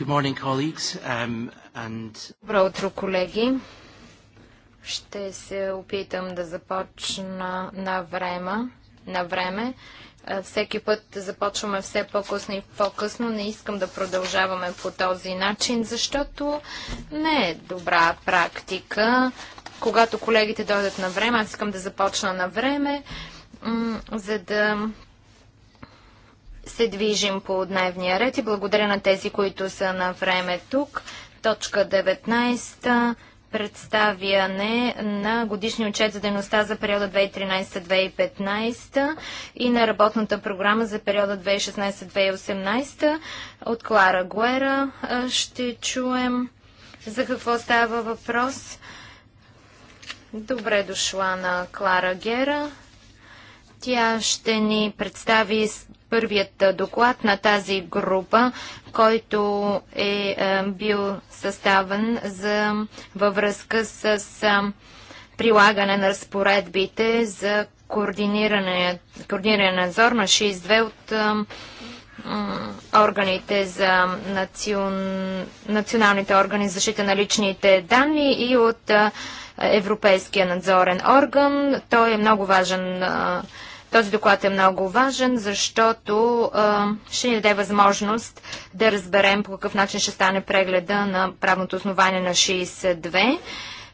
Um, Добро утро, колеги. Ще се опитам да започна на време. На време. Е, всеки път започваме все по-късно и по-късно. Не искам да продължаваме по този начин, защото не е добра практика. Когато колегите дойдат на време, аз искам да започна на време, за да се движим по дневния ред и благодаря на тези, които са на време тук. Точка 19. Представяне на годишния отчет за дейността за периода 2013-2015 и на работната програма за периода 2016-2018 от Клара Гуера. Ще чуем за какво става въпрос. Добре дошла на Клара Гера. Тя ще ни представи първият доклад на тази група, който е бил съставен за, във връзка с прилагане на разпоредбите за координиране, координиране надзор на 6.2 от органите за национ... националните органи за защита на личните данни и от Европейския надзорен орган. Той е много важен този доклад е много важен, защото а, ще ни даде възможност да разберем по какъв начин ще стане прегледа на правното основание на 62.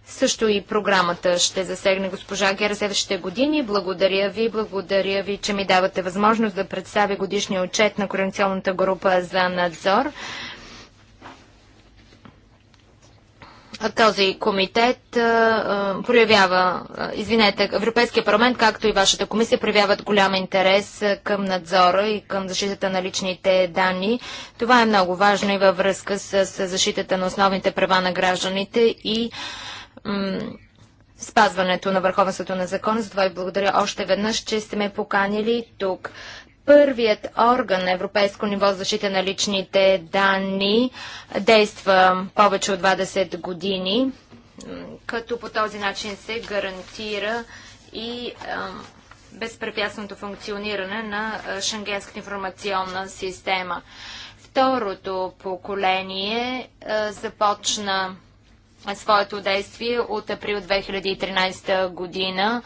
Също и програмата ще засегне госпожа Гера следващите години. Благодаря ви, благодаря ви, че ми давате възможност да представя годишния отчет на Коренционната група за надзор. този комитет проявява, извинете, Европейския парламент, както и вашата комисия, проявяват голям интерес към надзора и към защитата на личните данни. Това е много важно и във връзка с, с защитата на основните права на гражданите и спазването на върховенството на закона. Затова ви благодаря още веднъж, че сте ме поканили тук първият орган на европейско ниво за защита на личните данни действа повече от 20 години, като по този начин се гарантира и а, безпрепятственото функциониране на Шенгенската информационна система. Второто поколение а, започна своето действие от април 2013 година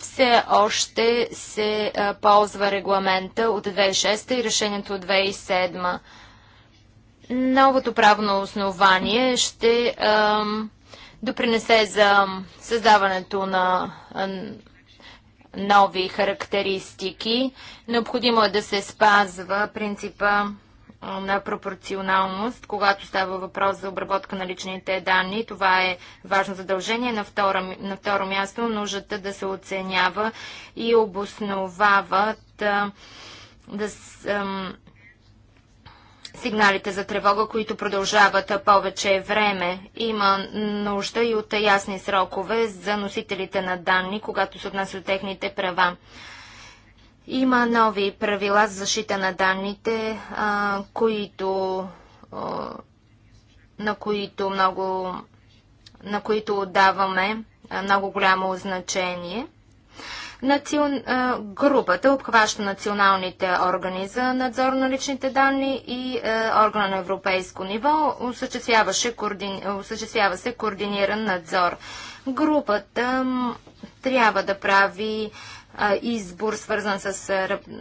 все още се ползва регламента от 2006 и решението от 2007. Новото правно основание ще допринесе за създаването на нови характеристики. Необходимо е да се спазва принципа на пропорционалност, когато става въпрос за обработка на личните данни. Това е важно задължение. На второ, на второ място нуждата да се оценява и обосновават да, да ам, сигналите за тревога, които продължават повече време. Има нужда и от ясни срокове за носителите на данни, когато се отнася от техните права. Има нови правила за защита на данните, а, които, а, на които много на които отдаваме много голямо значение. Национ... Групата обхваща националните органи за надзор на личните данни и е, органа на европейско ниво. Осъществяваше Осъществява се координиран надзор. Групата трябва да прави избор, свързан с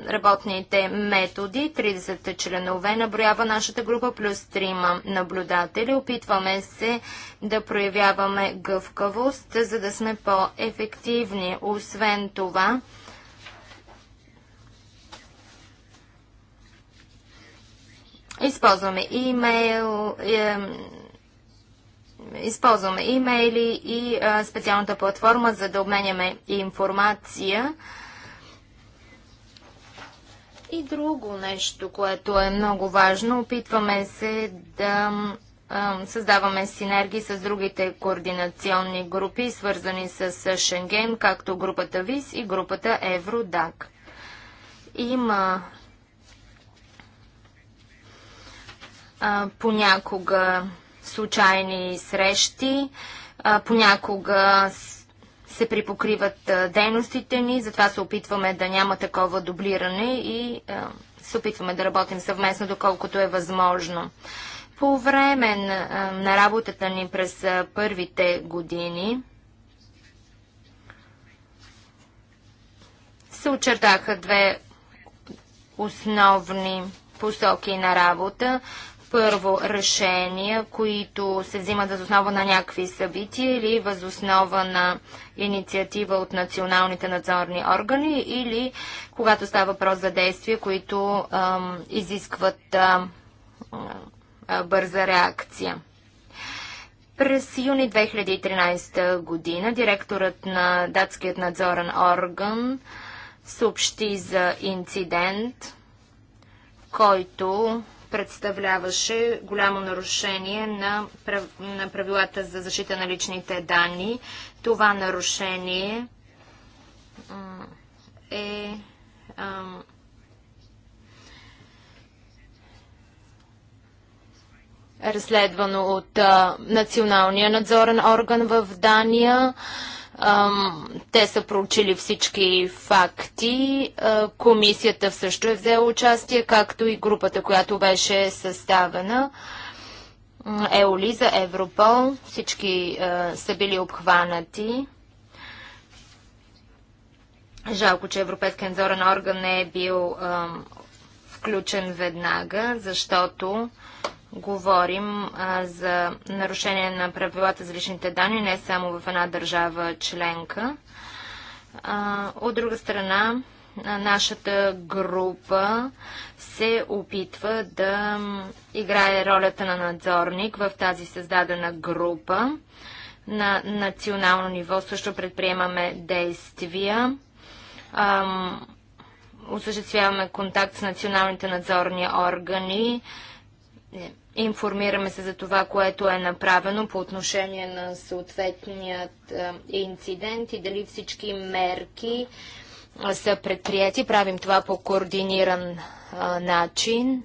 работните методи. 30 членове наброява нашата група, плюс 3 наблюдатели. Опитваме се да проявяваме гъвкавост, за да сме по-ефективни. Освен това, използваме имейл, е, използваме имейли и специалната платформа, за да обменяме информация. И друго нещо, което е много важно, опитваме се да създаваме синергии с другите координационни групи, свързани с Шенген, както групата ВИС и групата Евродак. Има понякога случайни срещи, понякога се припокриват дейностите ни, затова се опитваме да няма такова дублиране и се опитваме да работим съвместно, доколкото е възможно. По време на работата ни през първите години се очертаха две основни посоки на работа. Първо, решения, които се взимат въз основа на някакви събития или въз основа на инициатива от националните надзорни органи или когато става въпрос за действия, които ам, изискват ам, а, бърза реакция. През юни 2013 година директорът на датският надзорен орган съобщи за инцидент, който представляваше голямо нарушение на, прав... на правилата за защита на личните данни. Това нарушение е разследвано от а, националния надзорен орган в Дания. Те са проучили всички факти. Комисията също е взела участие, както и групата, която беше съставена. Еолиза, Европол, всички са били обхванати. Жалко, че Европейския надзорен орган не е бил включен веднага, защото говорим а, за нарушение на правилата за личните данни не само в една държава членка. А, от друга страна, нашата група се опитва да играе ролята на надзорник в тази създадена група. На национално ниво също предприемаме действия. Ам, осъществяваме контакт с националните надзорни органи. Е, Информираме се за това, което е направено по отношение на съответният е, инцидент и дали всички мерки е, са предприяти. Правим това по координиран е, начин.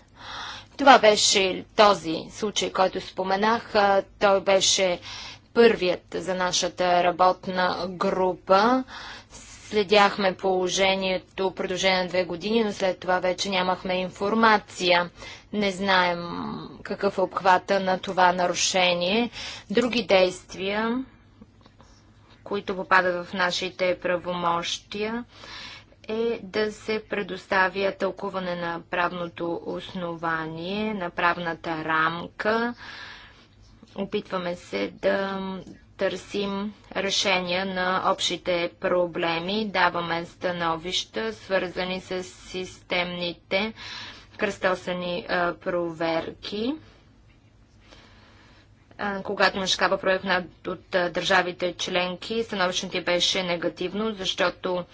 Това беше този случай, който споменах. той беше първият за нашата работна група. Следяхме положението продължение на две години, но след това вече нямахме информация. Не знаем какъв е обхвата на това нарушение. Други действия, които попадат в нашите правомощия, е да се предоставя тълкуване на правното основание, на правната рамка. Опитваме се да търсим решения на общите проблеми, даваме становища, свързани с системните кръстосани а, проверки. когато имаше такава проектна от държавите членки, становището беше негативно, защото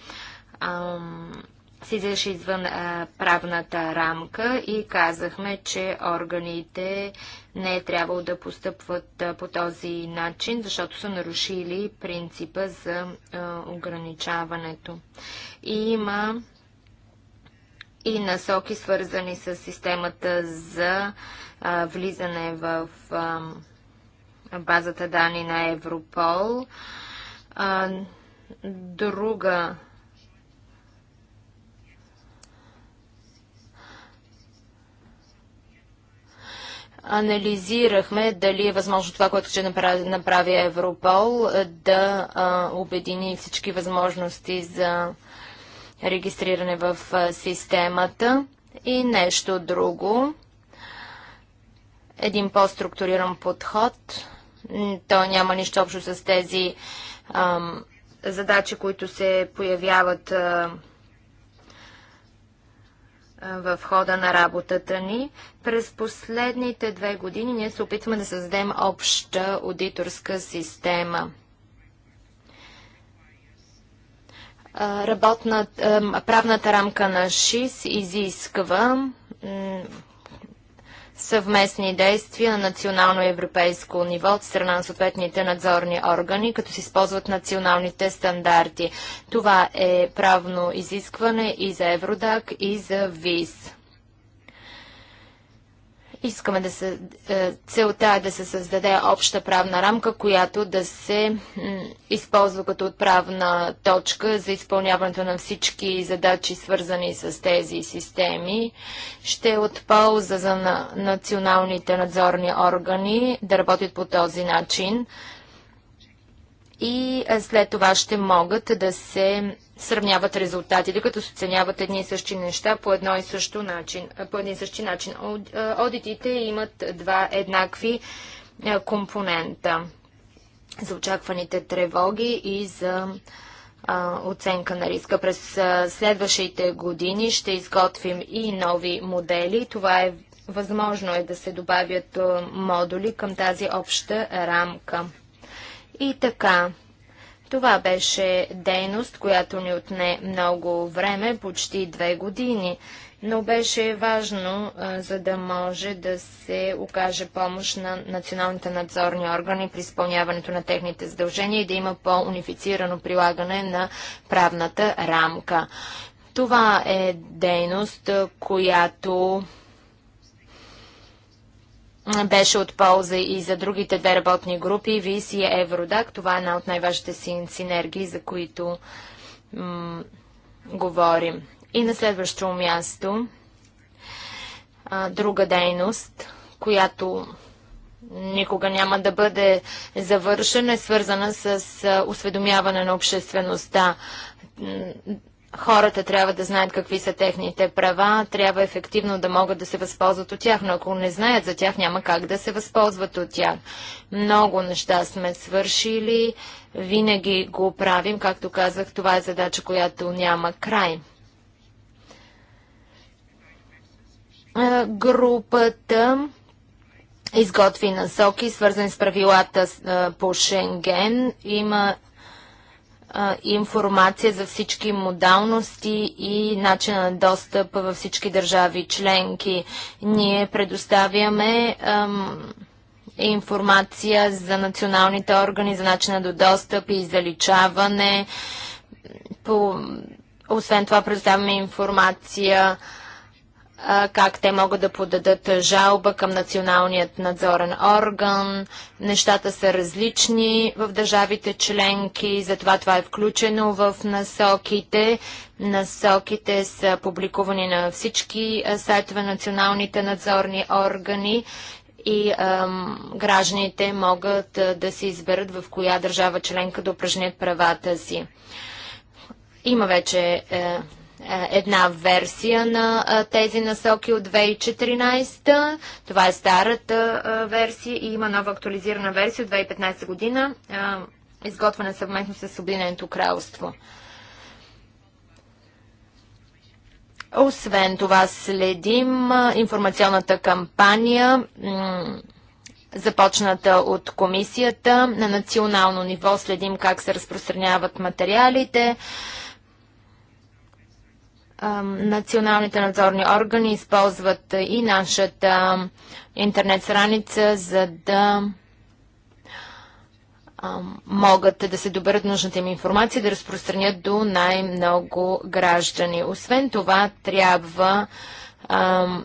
ам, се извън а, правната рамка и казахме, че органите не е трябвало да постъпват а, по този начин, защото са нарушили принципа за а, ограничаването. И има и насоки, свързани с системата за а, влизане в а, базата данни на Европол. А, друга Анализирахме дали е възможно това, което ще направи, направи Европол, е, да а, обедини всички възможности за регистриране в а, системата и нещо друго. Един по-структуриран подход. то няма нищо общо с тези задачи, които се появяват. А, в хода на работата ни. През последните две години ние се опитваме да създадем обща аудиторска система. Работна, правната рамка на ШИС изисква съвместни действия на национално и европейско ниво от страна на съответните надзорни органи, като се използват националните стандарти. Това е правно изискване и за Евродак, и за ВИС. Искаме да се, е, целта е да се създаде обща правна рамка, която да се използва като отправна точка за изпълняването на всички задачи, свързани с тези системи. Ще е от полза за националните надзорни органи да работят по този начин и е, след това ще могат да се сравняват резултати, докато се оценяват едни и същи неща по, едно и също начин, по един и същи начин. Одитите имат два еднакви компонента за очакваните тревоги и за оценка на риска. През следващите години ще изготвим и нови модели. Това е възможно е да се добавят модули към тази обща рамка. И така, това беше дейност, която ни отне много време, почти две години, но беше важно, за да може да се окаже помощ на националните надзорни органи при изпълняването на техните задължения и да има по-унифицирано прилагане на правната рамка. Това е дейност, която беше от полза и за другите две работни групи, ВИС и Евродак. Това е една от най-важните си синергии, за които говорим. И на следващо място, а, друга дейност, която никога няма да бъде завършена, е свързана с а, осведомяване на обществеността. Хората трябва да знаят какви са техните права, трябва ефективно да могат да се възползват от тях, но ако не знаят за тях, няма как да се възползват от тях. Много неща сме свършили, винаги го правим, както казах, това е задача, която няма край. Групата изготви насоки, свързани с правилата по Шенген. Има информация за всички модалности и начин на достъп във всички държави членки. Ние предоставяме информация за националните органи, за начина до достъп и заличаване. По... Освен това предоставяме информация как те могат да подадат жалба към националният надзорен орган. Нещата са различни в държавите членки, затова това е включено в насоките. Насоките са публикувани на всички сайтове на националните надзорни органи и ам, гражданите могат да се изберат в коя държава членка да упражнят правата си. Има вече е, е, една версия на е, тези насоки от 2014. Това е старата е, версия и има нова актуализирана версия от 2015 година, изготвена съвместно с Обединеното кралство. Освен това следим информационната кампания, започната от комисията. На национално ниво следим как се разпространяват материалите националните надзорни органи използват и нашата интернет страница, за да могат да се доберат нужната им информация, да разпространят до най-много граждани. Освен това, трябва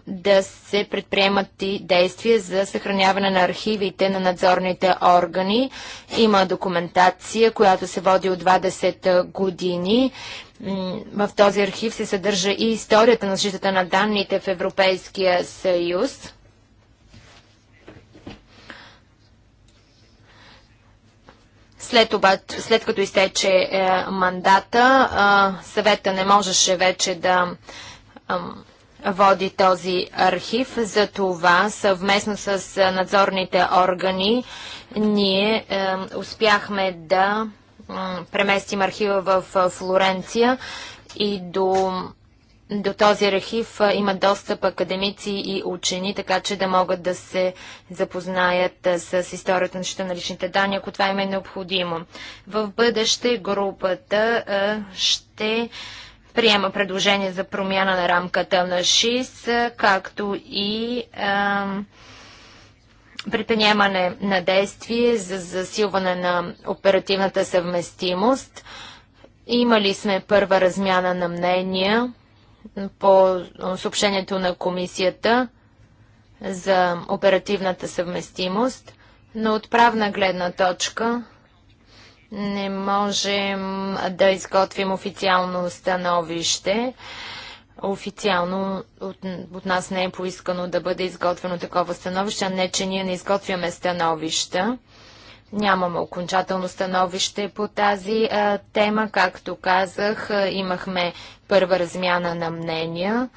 да се предприемат и действия за съхраняване на архивите на надзорните органи. Има документация, която се води от 20 години. В този архив се съдържа и историята на защитата на данните в Европейския съюз. След, обаче, след като изтече е, мандата, е, съвета не можеше вече да е, води този архив. За това съвместно с надзорните органи ние е, успяхме да е, преместим архива в Флоренция и до, до този архив има достъп академици и учени, така че да могат да се запознаят с историята на защита на личните данни, ако това им е необходимо. В бъдеще групата е, ще приема предложение за промяна на рамката на ШИС, както и предприемане на действие за засилване на оперативната съвместимост. Имали сме първа размяна на мнения по съобщението на комисията за оперативната съвместимост, но от правна гледна точка не можем да изготвим официално становище. Официално от, от нас не е поискано да бъде изготвено такова становище, а не, че ние не изготвяме становища. Нямаме окончателно становище по тази а, тема. Както казах, имахме първа размяна на мнения.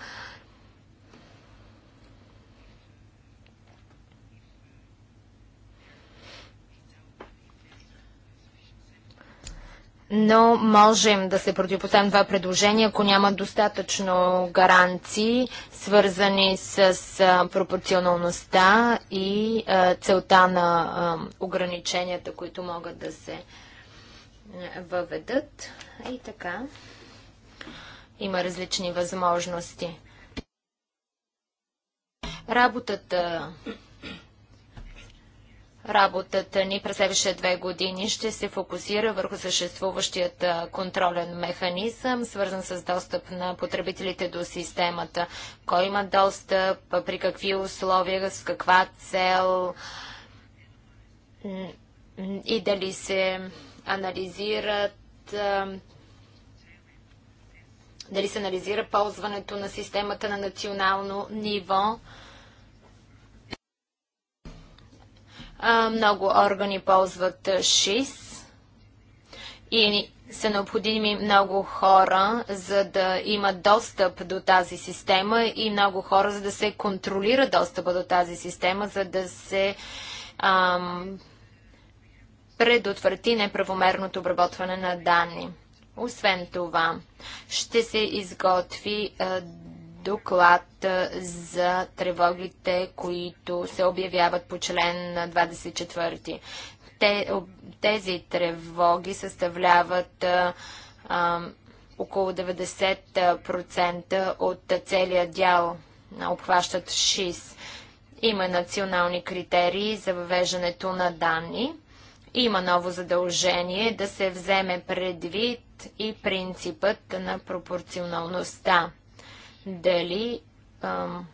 но можем да се противопоставим това предложение, ако няма достатъчно гаранции, свързани с пропорционалността и целта на ограниченията, които могат да се въведат. И така, има различни възможности. Работата Работата ни през следващите две години ще се фокусира върху съществуващият контролен механизъм, свързан с достъп на потребителите до системата. Кой има достъп, при какви условия, с каква цел и дали се анализират дали се анализира ползването на системата на национално ниво. А, много органи ползват ШИС и са необходими много хора, за да имат достъп до тази система и много хора, за да се контролира достъпа до тази система, за да се ам, предотврати неправомерното обработване на данни. Освен това, ще се изготви а, доклад за тревогите, които се обявяват по член 24. Те, тези тревоги съставляват а, около 90% от целия дял, обхващат 6. Има национални критерии за въвеждането на данни. Има ново задължение да се вземе предвид и принципът на пропорционалността дали ам,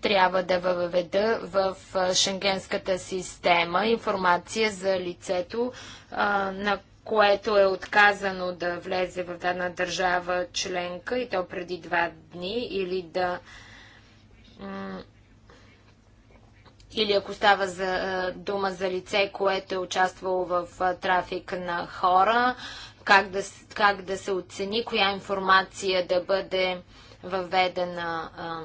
трябва да въведа в шенгенската система информация за лицето, а, на което е отказано да влезе в дадена държава членка и то преди два дни или да или ако става за, дума за лице, което е участвало в трафик на хора, как да, как да се оцени коя информация да бъде въведена а,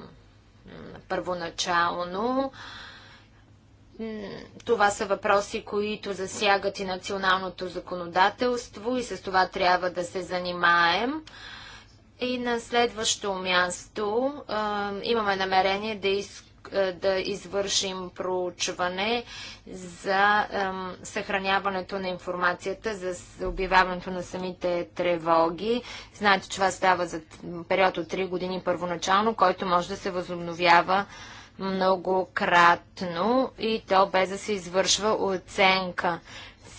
първоначално. Това са въпроси, които засягат и националното законодателство и с това трябва да се занимаем. И на следващо място а, имаме намерение да изключим е, да извършим проучване за съхраняването на информацията, за обявяването на самите тревоги. Знаете, че това става за период от 3 години първоначално, който може да се възобновява многократно и то без да се извършва оценка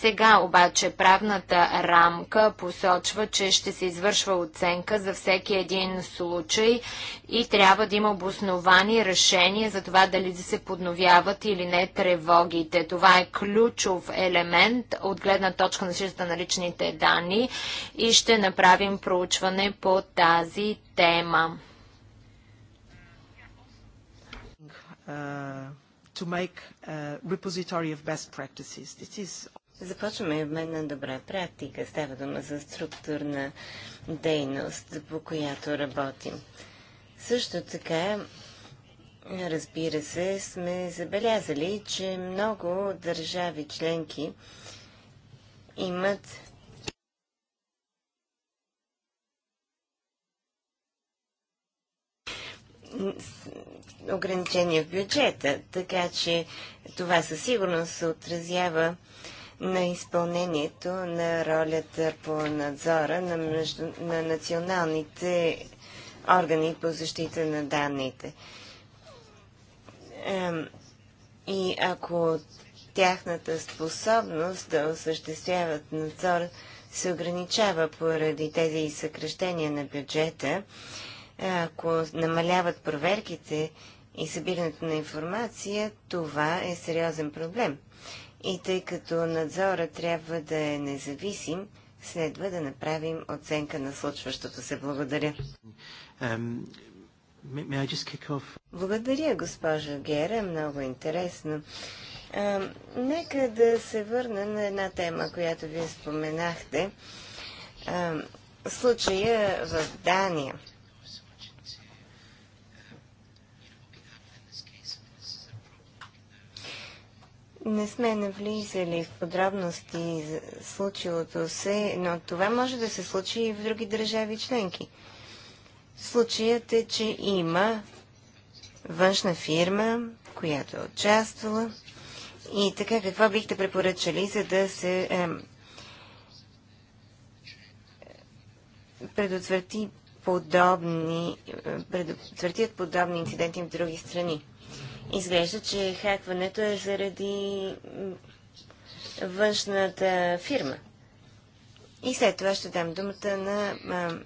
сега обаче правната рамка посочва, че ще се извършва оценка за всеки един случай и трябва да има обосновани решения за това дали да се подновяват или не тревогите. Това е ключов елемент от гледна точка на защита на личните данни и ще направим проучване по тази тема. Uh, to make a uh, repository of best practices. This is започваме обмен на добра практика. Става дума за структурна дейност, по която работим. Също така, разбира се, сме забелязали, че много държави членки имат ограничения в бюджета, така че това със сигурност се отразява на изпълнението на ролята по надзора на, между... на националните органи по защита на данните. И ако тяхната способност да осъществяват надзор се ограничава поради тези съкрещения на бюджета, ако намаляват проверките и събирането на информация, това е сериозен проблем. И тъй като надзора трябва да е независим, следва да направим оценка на случващото се. Благодаря. Благодаря, госпожо Гера. Много интересно. А, нека да се върна на една тема, която вие споменахте. А, случая в Дания. Не сме навлизали в подробности за случилото се, но това може да се случи и в други държави членки. Случаят е, че има външна фирма, която е участвала. И така, какво бихте препоръчали, за да се е, предотврати подобни, е, предотвратят подобни инциденти в други страни? Изглежда, че хакването е заради външната фирма. И след това ще дам думата на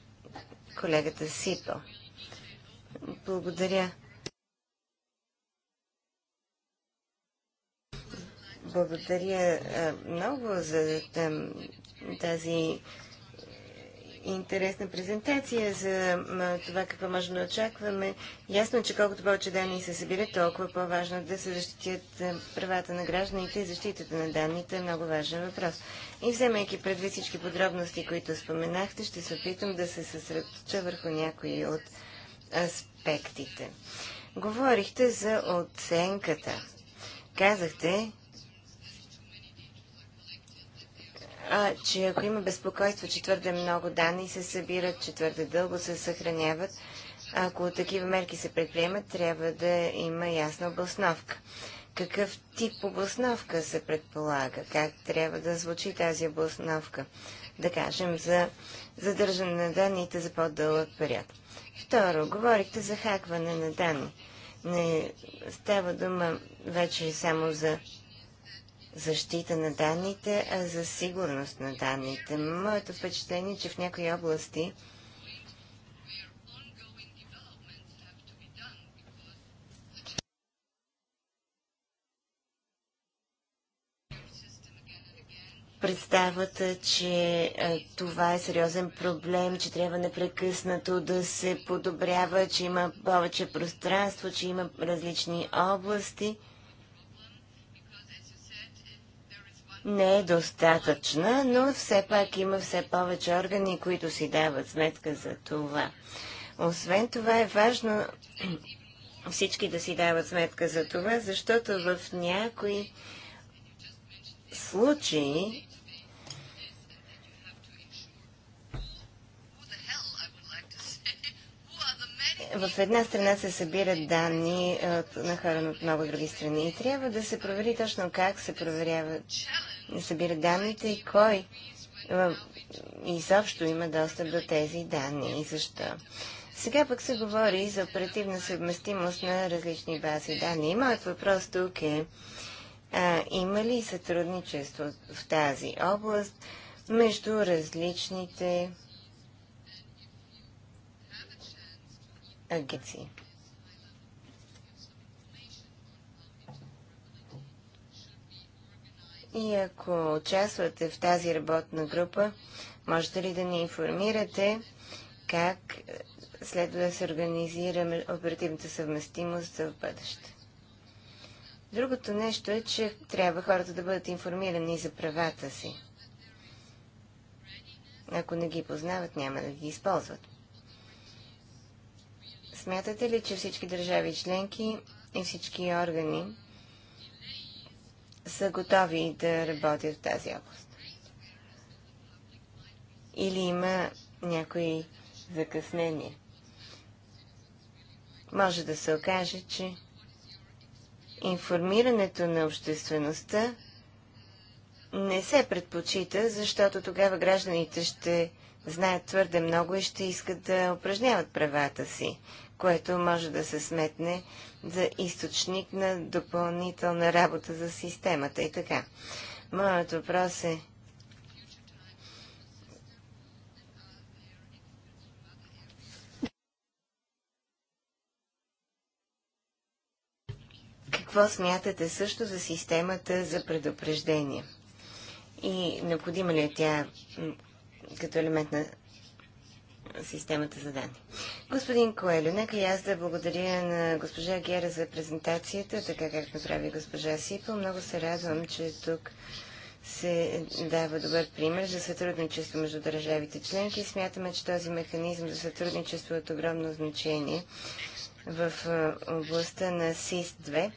колегата Сипо. Благодаря. Благодаря много за тази интересна презентация за това какво може да очакваме. Ясно е, че колкото повече данни се събират, толкова по-важно е да се защитят е, правата на гражданите и защитата на данните е много важен въпрос. И вземайки предвид всички подробности, които споменахте, ще се опитам да се съсредоточа върху някои от аспектите. Говорихте за оценката. Казахте, а, че ако има безпокойство, че твърде много данни се събират, че твърде дълго се съхраняват, ако такива мерки се предприемат, трябва да има ясна обосновка. Какъв тип обосновка се предполага? Как трябва да звучи тази обосновка? Да кажем за задържане на данните за по-дълъг период. Второ, говорихте за хакване на данни. Не става дума вече само за защита на данните, а за сигурност на данните. Моето впечатление е, че в някои области представата, че това е сериозен проблем, че трябва непрекъснато да се подобрява, че има повече пространство, че има различни области – не е достатъчна, но все пак има все повече органи, които си дават сметка за това. Освен това е важно всички да си дават сметка за това, защото в някои случаи в една страна се събират данни е, от, на хора от много други страни и трябва да се провери точно как се проверяват събира данните и кой изобщо има достъп до тези данни и защо. Сега пък се говори за оперативна съвместимост на различни бази данни. И моят въпрос тук е, а, има ли сътрудничество в тази област между различните агенции? И ако участвате в тази работна група, можете ли да ни информирате как следва да се организира оперативната съвместимост в бъдеще? Другото нещо е, че трябва хората да бъдат информирани за правата си. Ако не ги познават, няма да ги използват. Смятате ли, че всички държави членки и всички органи са готови да работят в тази област? Или има някои закъснения? Може да се окаже, че информирането на обществеността не се предпочита, защото тогава гражданите ще знаят твърде много и ще искат да упражняват правата си, което може да се сметне за източник на допълнителна работа за системата и така. Моят въпрос е какво смятате също за системата за предупреждение? И необходима ли е тя като елемент на системата за данни. Господин Коелю, нека и аз да благодаря на госпожа Гера за презентацията, така както направи госпожа Сипа. Много се радвам, че тук се дава добър пример за сътрудничество между държавите членки. Смятаме, че този механизъм за сътрудничество е от огромно значение в е, областта на СИС-2,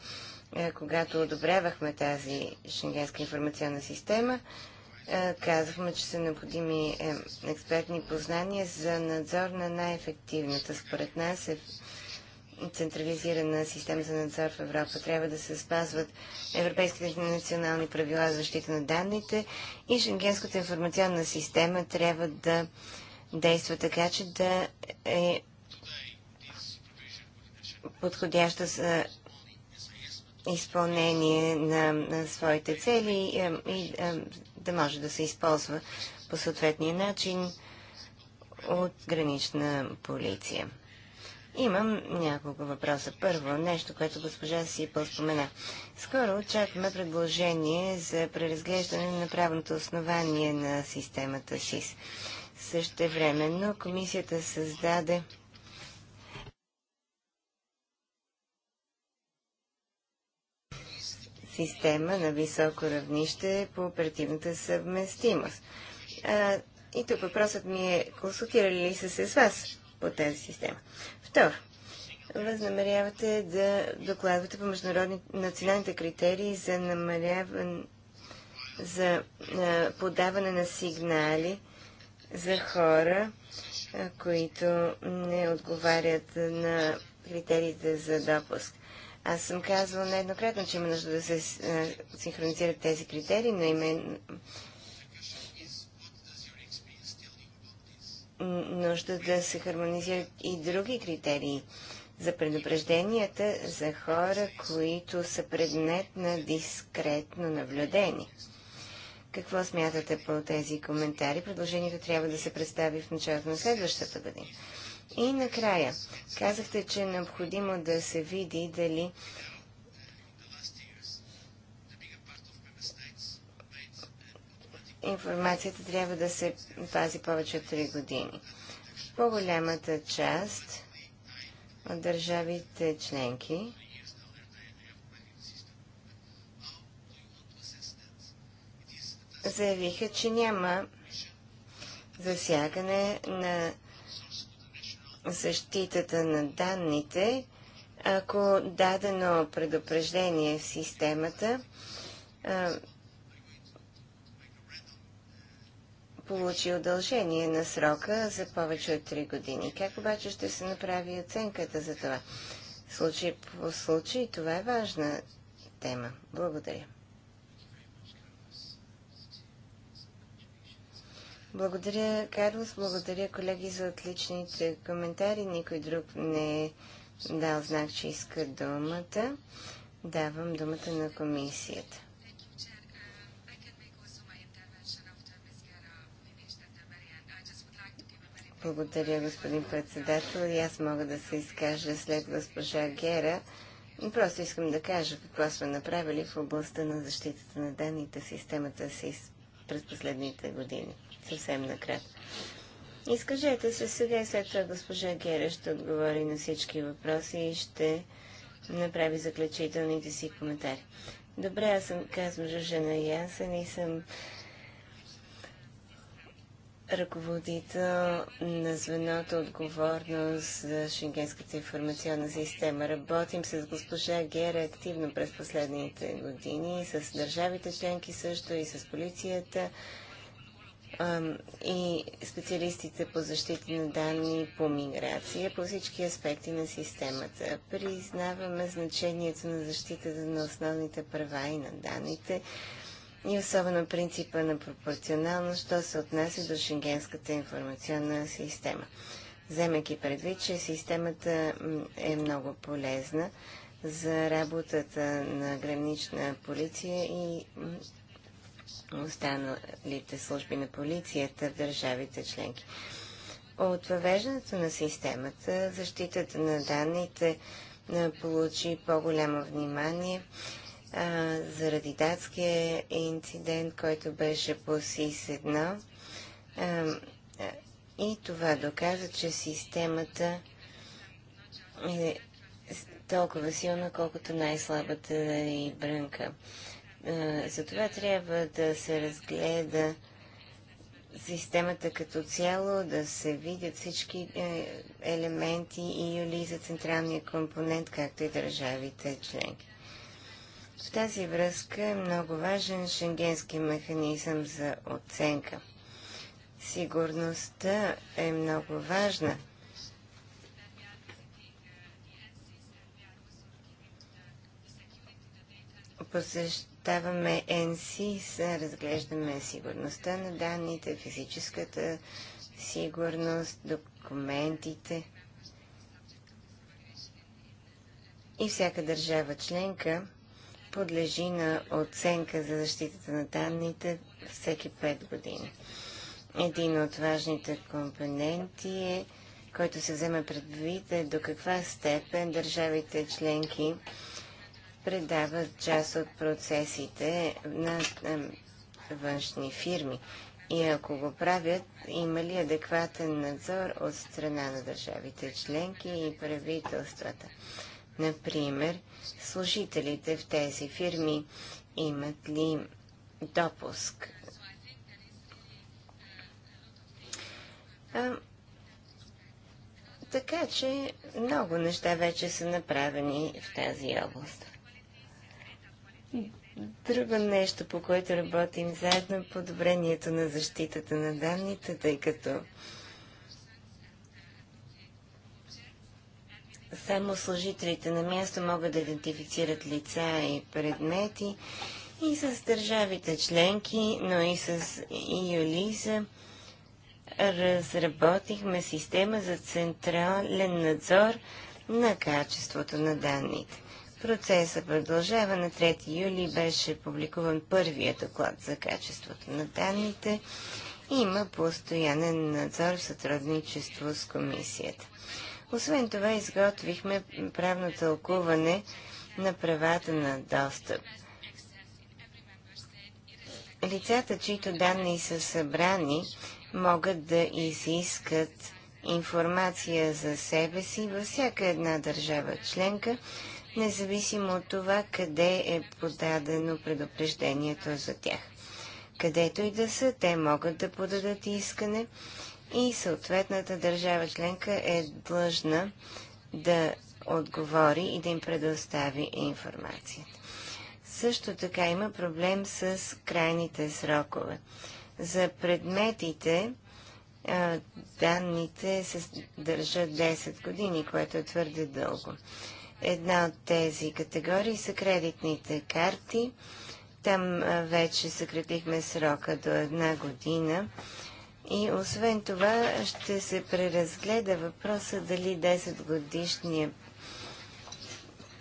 е, когато одобрявахме тази шенгенска информационна система. Е, казахме, че са необходими е, експертни познания за надзор на най-ефективната, според нас, е централизирана система за надзор в Европа. Трябва да се спазват европейските национални правила за защита на данните и Шенгенската информационна система трябва да действа така, че да е подходяща за изпълнение на, на своите цели е, и, и, и да може да се използва по съответния начин от гранична полиция. Имам няколко въпроса. Първо, нещо, което госпожа Сипъл спомена. Скоро очакваме предложение за преразглеждане на правното основание на системата СИС. времено комисията създаде система на високо равнище по оперативната съвместимост. А, и тук въпросът ми е, консултирали ли са се с вас по тази система? Второ, възнамерявате да докладвате по международни националните критерии за намаляване за а, подаване на сигнали за хора, а, които не отговарят на критериите за допуск. Аз съм казвала нееднократно, че има нужда да се е, синхронизират тези критерии, но има нужда да се хармонизират и други критерии за предупрежденията за хора, които са предмет на дискретно наблюдение. Какво смятате по тези коментари? Предложението трябва да се представи в началото на следващата година. И накрая, казахте, че е необходимо да се види дали информацията трябва да се пази повече от 3 години. По-голямата част от държавите членки заявиха, че няма засягане на защитата на данните, ако дадено предупреждение в системата получи удължение на срока за повече от 3 години. Как обаче ще се направи оценката за това? Случай по случай, това е важна тема. Благодаря. Благодаря, Карлос. Благодаря, колеги, за отличните коментари. Никой друг не е дал знак, че иска думата. Давам думата на комисията. Благодаря, господин председател. И аз мога да се изкажа след госпожа Гера. Просто искам да кажа какво сме направили в областта на защитата на данните системата си през последните години съвсем накрат. Изкажете се сега и след това госпожа Гера ще отговори на всички въпроси и ще направи заключителните си коментари. Добре, аз съм, казвам Жужена Янсен и съм ръководител на звеното отговорност за Шенгенската информационна система. Работим с госпожа Гера активно през последните години, с държавите членки също и с полицията и специалистите по защита на данни, по миграция, по всички аспекти на системата. Признаваме значението на защитата на основните права и на данните и особено принципа на пропорционалност, що се отнася до Шенгенската информационна система. Вземайки предвид, че системата е много полезна за работата на гранична полиция и останалите служби на полицията в държавите членки. От въвеждането на системата, защитата на данните получи по-голямо внимание а, заради датския инцидент, който беше по СИС-1. И това доказа, че системата е толкова силна, колкото най-слабата и брънка. Е, Затова трябва да се разгледа системата като цяло, да се видят всички е, елементи и юли за централния компонент, както и държавите членки. В тази връзка е много важен шенгенски механизъм за оценка. Сигурността е много важна. Посещ Даваме НСИС, разглеждаме сигурността на данните, физическата сигурност, документите. И всяка държава членка подлежи на оценка за защитата на данните всеки 5 години. Един от важните компоненти е, който се взема предвид, е до каква степен държавите членки предават част от процесите на външни фирми. И ако го правят, има ли адекватен надзор от страна на държавите членки и правителствата? Например, служителите в тези фирми имат ли допуск? А, така че много неща вече са направени в тази област. Друго нещо, по което работим заедно е подобрението на защитата на данните, тъй като само служителите на място могат да идентифицират лица и предмети и с държавите членки, но и с Юлиза разработихме система за централен надзор на качеството на данните. Процесът продължава. На 3 юли беше публикуван първият доклад за качеството на данните. Има постоянен надзор в сътрудничество с комисията. Освен това, изготвихме правно тълкуване на правата на достъп. Лицата, чието данни са събрани, могат да изискат информация за себе си във всяка една държава членка независимо от това къде е подадено предупреждението за тях. Където и да са, те могат да подадат искане и съответната държава членка е длъжна да отговори и да им предостави информацията. Също така има проблем с крайните срокове. За предметите данните се държат 10 години, което е твърде дълго. Една от тези категории са кредитните карти. Там вече съкратихме срока до една година. И освен това ще се преразгледа въпроса дали 10 годишния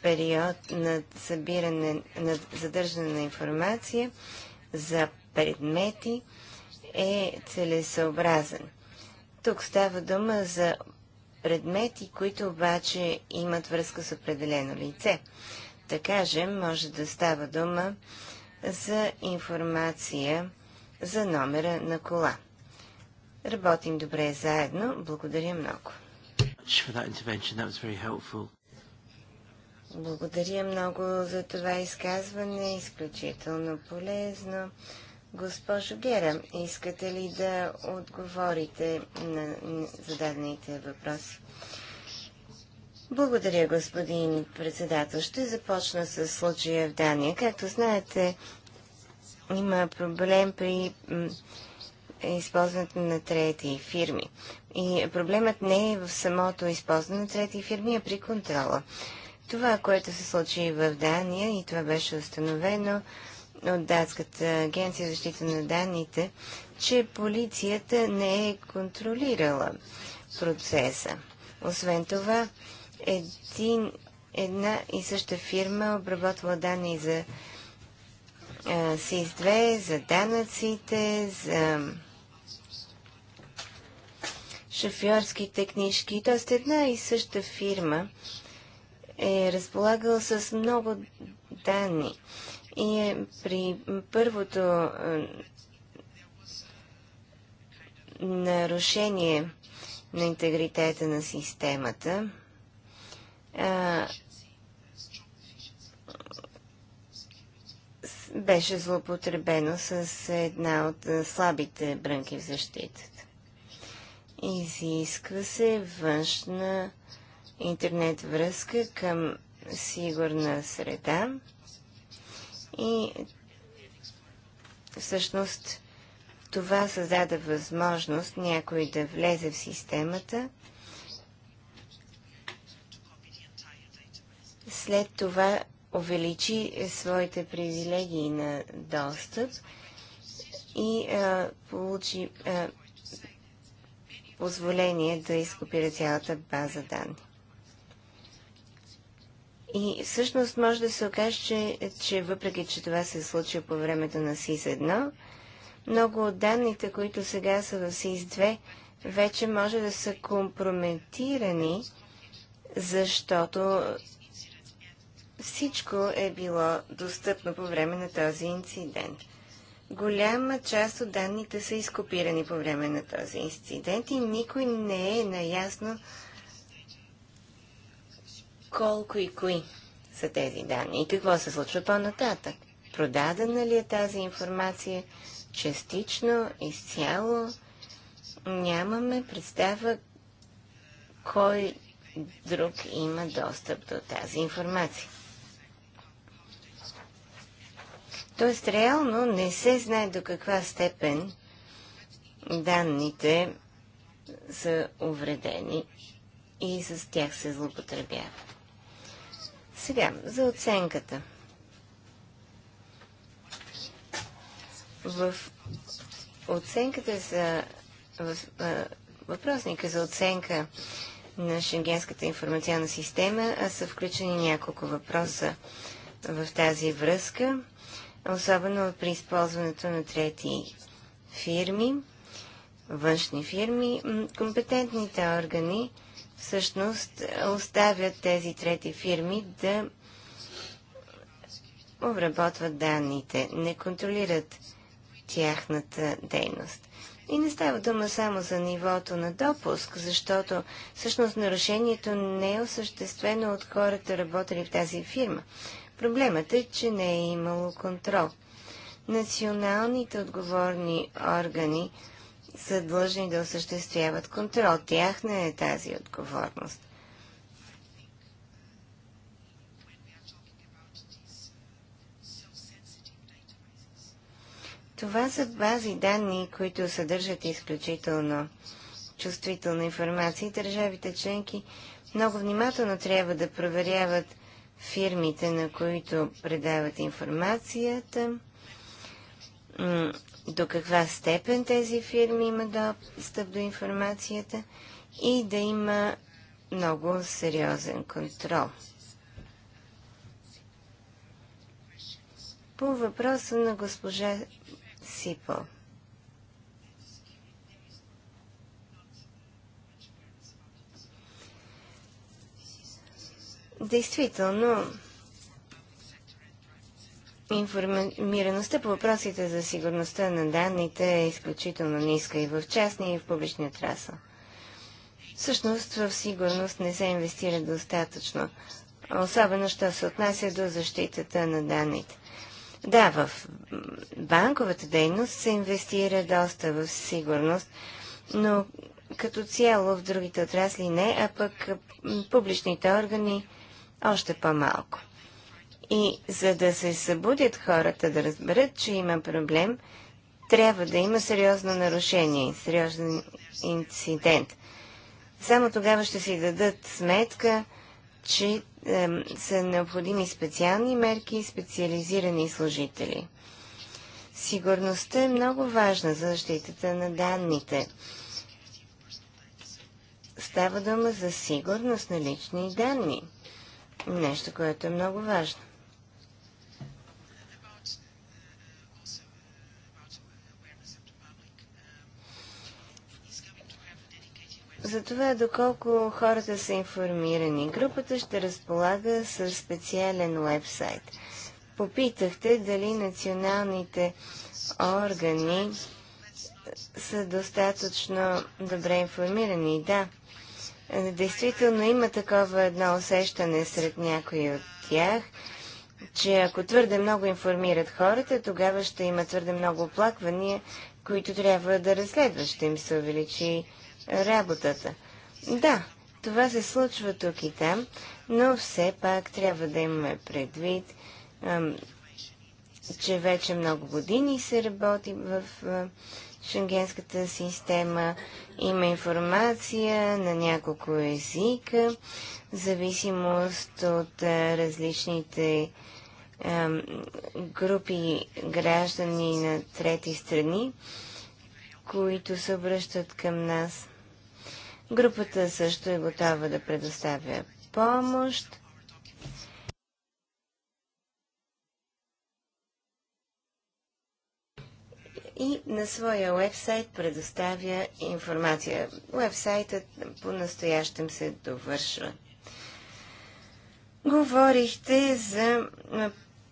период на събиране, на задържане на информация за предмети е целесъобразен. Тук става дума за предмети, които обаче имат връзка с определено лице. Да кажем, може да става дума за информация за номера на кола. Работим добре заедно. Благодаря много. Благодаря много за това изказване. Изключително полезно. Госпожо Гера, искате ли да отговорите на зададените въпроси? Благодаря, господин председател. Ще започна с случая в Дания. Както знаете, има проблем при използването на трети фирми. И проблемът не е в самото използване на трети фирми, а при контрола. Това, което се случи в Дания и това беше установено, от Датската агенция за защита на данните, че полицията не е контролирала процеса. Освен това, един, една и съща фирма обработвала данни за СИС-2, за данъците, за шофьорските книжки. Т.е. една и съща фирма е разполагала с много данни. И е при първото е, нарушение на интегритета на системата, е, беше злоупотребено с една от слабите брънки в защитата. Изисква се външна интернет връзка към сигурна среда и всъщност това създаде възможност някой да влезе в системата, след това увеличи своите привилегии на достъп и а, получи а, позволение да изкопира цялата база данни. И всъщност може да се окаже, че, че въпреки, че това се е случило по времето на СИС-1, много от данните, които сега са в СИС-2, вече може да са компрометирани, защото всичко е било достъпно по време на този инцидент. Голяма част от данните са изкопирани по време на този инцидент и никой не е наясно колко и кои са тези данни и какво се случва по-нататък. Продадена ли е тази информация частично, изцяло? Нямаме представа кой друг има достъп до тази информация. Тоест, реално не се знае до каква степен данните са увредени и с тях се злопотребяват. Сега, за оценката. В оценката за въпросника за оценка на Шенгенската информационна система са включени няколко въпроса в тази връзка, особено при използването на трети фирми, външни фирми. Компетентните органи всъщност оставят тези трети фирми да обработват данните, не контролират тяхната дейност. И не става дума само за нивото на допуск, защото всъщност нарушението не е осъществено от хората, работили в тази фирма. Проблемът е, че не е имало контрол. Националните отговорни органи са длъжни да осъществяват контрол. Тяхна е тази отговорност. Това са бази данни, които съдържат изключително чувствителна информация държавите членки много внимателно трябва да проверяват фирмите, на които предават информацията, до каква степен тези фирми имат достъп до информацията и да има много сериозен контрол. По въпроса на госпожа Сипо. Действително, Информираността по въпросите за сигурността на данните е изключително ниска и в частния, и в публичния отрасъл. Всъщност в сигурност не се инвестира достатъчно, особено що се отнася до защитата на данните. Да, в банковата дейност се инвестира доста в сигурност, но като цяло в другите отрасли не, а пък публичните органи още по-малко. И за да се събудят хората да разберат, че има проблем, трябва да има сериозно нарушение, сериозен инцидент. Само тогава ще си дадат сметка, че е, са необходими специални мерки и специализирани служители. Сигурността е много важна за защитата на данните. Става дума за сигурност на лични данни. Нещо, което е много важно. за това доколко хората са информирани. Групата ще разполага с специален вебсайт. Попитахте дали националните органи са достатъчно добре информирани. Да, действително има такова едно усещане сред някои от тях, че ако твърде много информират хората, тогава ще има твърде много оплаквания, които трябва да разследват. Ще им се увеличи работата. Да, това се случва тук и там, но все пак трябва да имаме предвид, че вече много години се работи в шенгенската система, има информация на няколко езика, в зависимост от различните групи граждани на трети страни, които се обръщат към нас – Групата също е готова да предоставя помощ. и на своя уебсайт предоставя информация. Уебсайтът по-настоящем се довършва. Говорихте за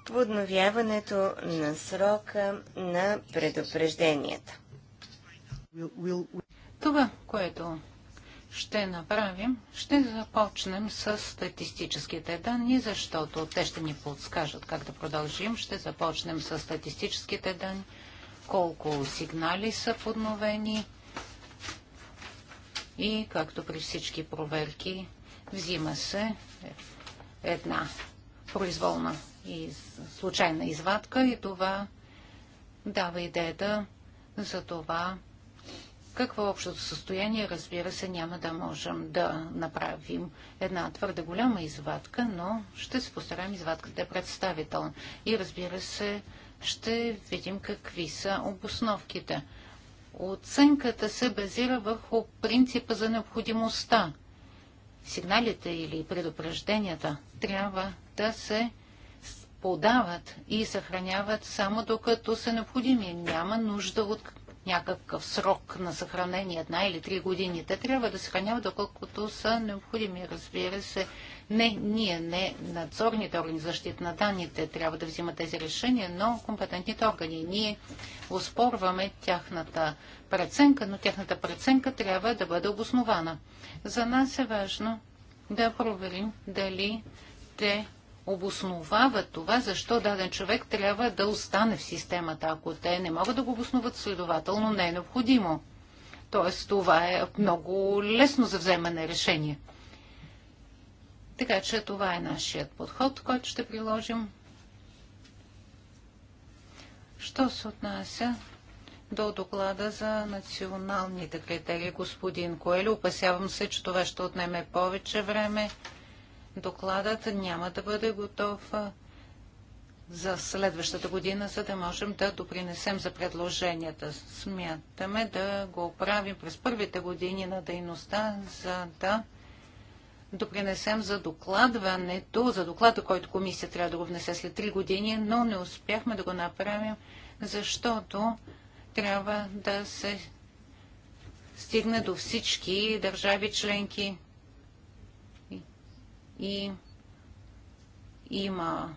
подновяването на срока на предупрежденията. Това, което ще направим? Ще започнем с статистическите данни, защото те ще ни подскажат как да продължим. Ще започнем с статистическите данни, колко сигнали са подновени и, както при всички проверки, взима се една произволна и случайна извадка и това дава идеята за това, какво общото състояние? Разбира се, няма да можем да направим една твърде голяма извадка, но ще се постараем извадката да е представителна. И разбира се, ще видим какви са обосновките. Оценката се базира върху принципа за необходимостта. Сигналите или предупрежденията трябва да се подават и съхраняват само докато са необходими. Няма нужда от някакъв срок на съхранение една или три години. Те трябва да съхраняват доколкото са необходими. Разбира се, не ние, не надзорните органи защита на данните трябва да взимат тези решения, но компетентните органи. Ние успорваме тяхната преценка, но тяхната преценка трябва да бъде обоснована. За нас е важно да проверим дали те Обосновава това, защо даден човек трябва да остане в системата. Ако те не могат да го обосноват, следователно не е необходимо. Тоест, това е много лесно за вземане решение. Така че това е нашият подход, който ще приложим. Що се отнася до доклада за националните критерии, господин Коели, опасявам се, че това ще отнеме повече време докладът няма да бъде готов за следващата година, за да можем да допринесем за предложенията. Смятаме да го правим през първите години на дейността, за да допринесем за докладването, за доклада, който комисия трябва да го внесе след 3 години, но не успяхме да го направим, защото трябва да се стигне до всички държави членки и има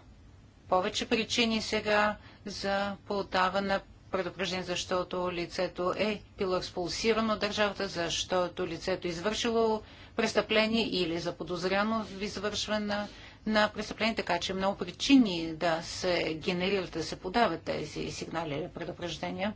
повече причини сега за подаване на предупреждение, защото лицето е било експулсирано от държавата, защото лицето е извършило престъпление или заподозряно в извършване на, на престъпление, така че много причини да се генерират, да се подават тези сигнали или предупреждения.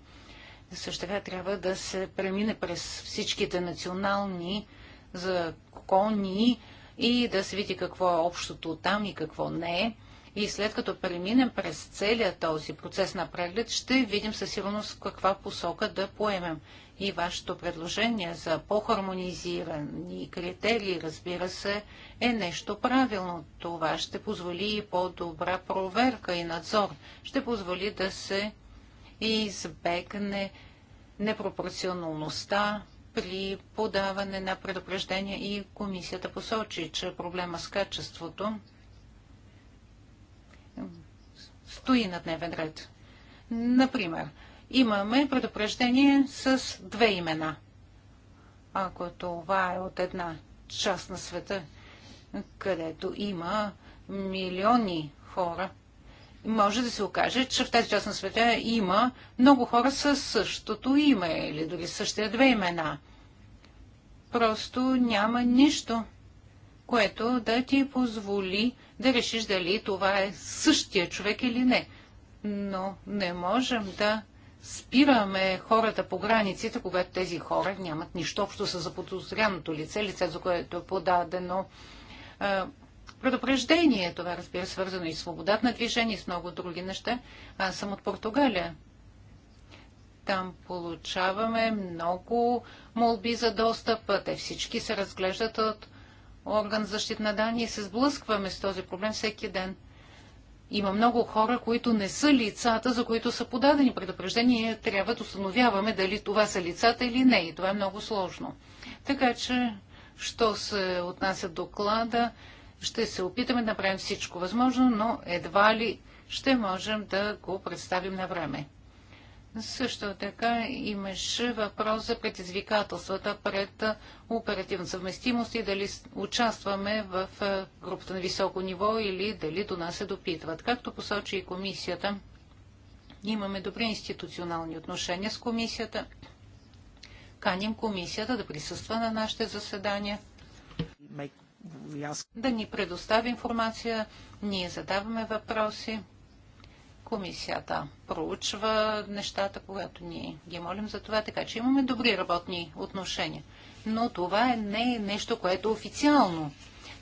Също така трябва да се премине през всичките национални закони, и да се види какво е общото там и какво не е. И след като преминем през целият този процес на преглед, ще видим със сигурност в каква посока да поемем. И вашето предложение за по-хармонизирани критерии, разбира се, е нещо правилно. Това ще позволи и по-добра проверка и надзор. Ще позволи да се избегне непропорционалността, при подаване на предупреждения и комисията посочи, че проблема с качеството стои на дневен ред. Например, имаме предупреждение с две имена. Ако това е от една част на света, където има милиони хора, може да се окаже, че в тази част на света има много хора с същото име или дори същите две имена. Просто няма нищо, което да ти позволи да решиш дали това е същия човек или не. Но не можем да спираме хората по границите, когато тези хора нямат нищо общо с заподозряното лице, лице, за което е подадено предупреждение. Това, разбира, свързано и с свободата на движение, и с много други неща. Аз съм от Португалия. Там получаваме много молби за достъп. Те всички се разглеждат от орган за защита на данни и се сблъскваме с този проблем всеки ден. Има много хора, които не са лицата, за които са подадени предупреждения. Трябва да установяваме дали това са лицата или не. И това е много сложно. Така че, що се отнася доклада, ще се опитаме да направим всичко възможно, но едва ли ще можем да го представим на време. Също така имаше въпрос за предизвикателствата пред оперативна съвместимост и дали участваме в групата на високо ниво или дали до нас се допитват. Както посочи и комисията, имаме добри институционални отношения с комисията. Каним комисията да присъства на нашите заседания да ни предостави информация. Ние задаваме въпроси. Комисията проучва нещата, когато ние ги молим за това, така че имаме добри работни отношения. Но това е не е нещо, което е официално.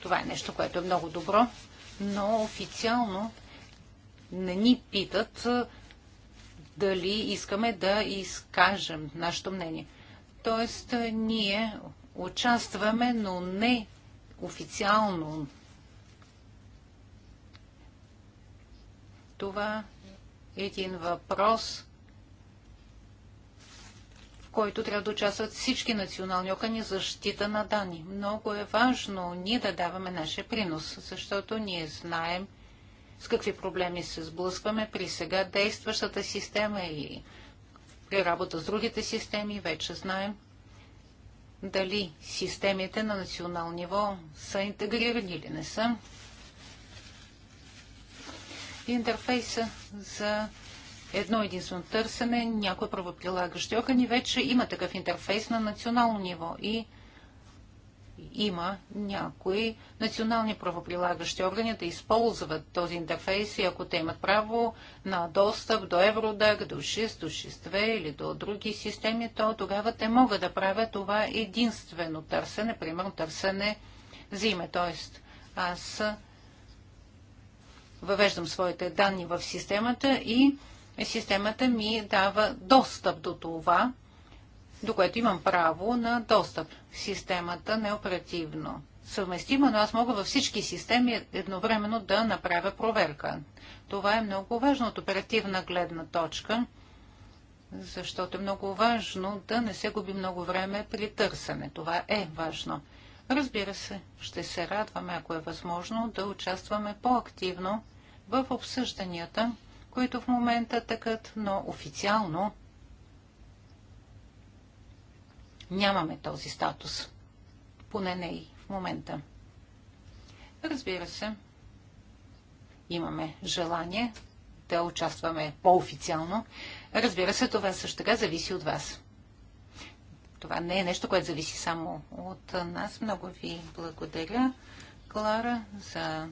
Това е нещо, което е много добро, но официално не ни питат дали искаме да изкажем нашето мнение. Тоест, ние участваме, но не официално. Това е един въпрос, в който трябва да участват всички национални органи за защита на данни. Много е важно ние да даваме нашия принос, защото ние знаем с какви проблеми се сблъскваме при сега действащата система и при работа с другите системи. Вече знаем, дали системите на национално ниво са интегрирани или не са. Интерфейса за едно единствено търсене, някои правоприлагащи органи вече има такъв интерфейс на национално ниво и има някои национални правоприлагащи органи да използват този интерфейс и ако те имат право на достъп до Евродак, до 6, до 6.2 или до други системи, то тогава те могат да правят това единствено търсене, примерно търсене за име. Тоест, аз въвеждам своите данни в системата и системата ми дава достъп до това, до което имам право на достъп. в Системата неоперативно е съвместимо, но аз мога във всички системи едновременно да направя проверка. Това е много важно от оперативна гледна точка, защото е много важно да не се губи много време при търсене. Това е важно. Разбира се, ще се радваме, ако е възможно, да участваме по-активно в обсъжданията, които в момента тъкат, но официално нямаме този статус. Поне не и в момента. Разбира се, имаме желание да участваме по-официално. Разбира се, това също така зависи от вас. Това не е нещо, което зависи само от нас. Много ви благодаря, Клара, за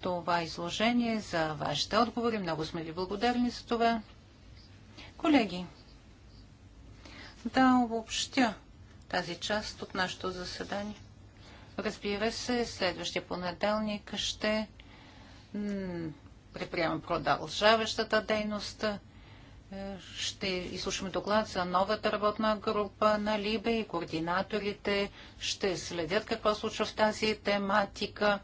това изложение, за вашите отговори. Много сме ви благодарни за това. Колеги, да обобщя тази част от нашето заседание. Разбира се, следващия понеделник ще предприемем продължаващата дейност. Е, ще изслушаме доклад за новата работна група на Либе и координаторите ще следят какво случва в тази тематика,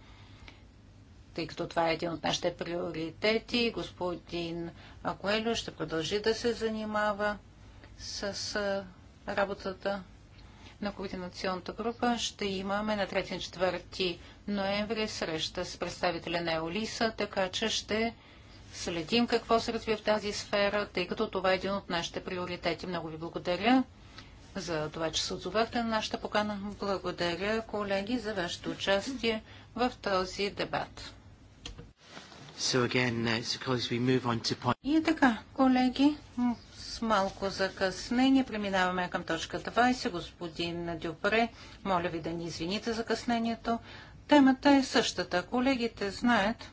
тъй като това е един от нашите приоритети. Господин Акуелю ще продължи да се занимава с работата на координационната група ще имаме на 3-4 ноември среща с представителя на Еолиса, така че ще следим какво се развива в тази сфера, тъй като това е един от нашите приоритети. Много ви благодаря за това, че се отзовахте на нашата покана. Благодаря, колеги, за вашето участие в този дебат. So again, uh, we move on to point... И така, колеги, малко закъснение. Преминаваме към точка 20. Господин Дюпре, моля ви да ни извините закъснението. Темата е същата. Колегите знаят,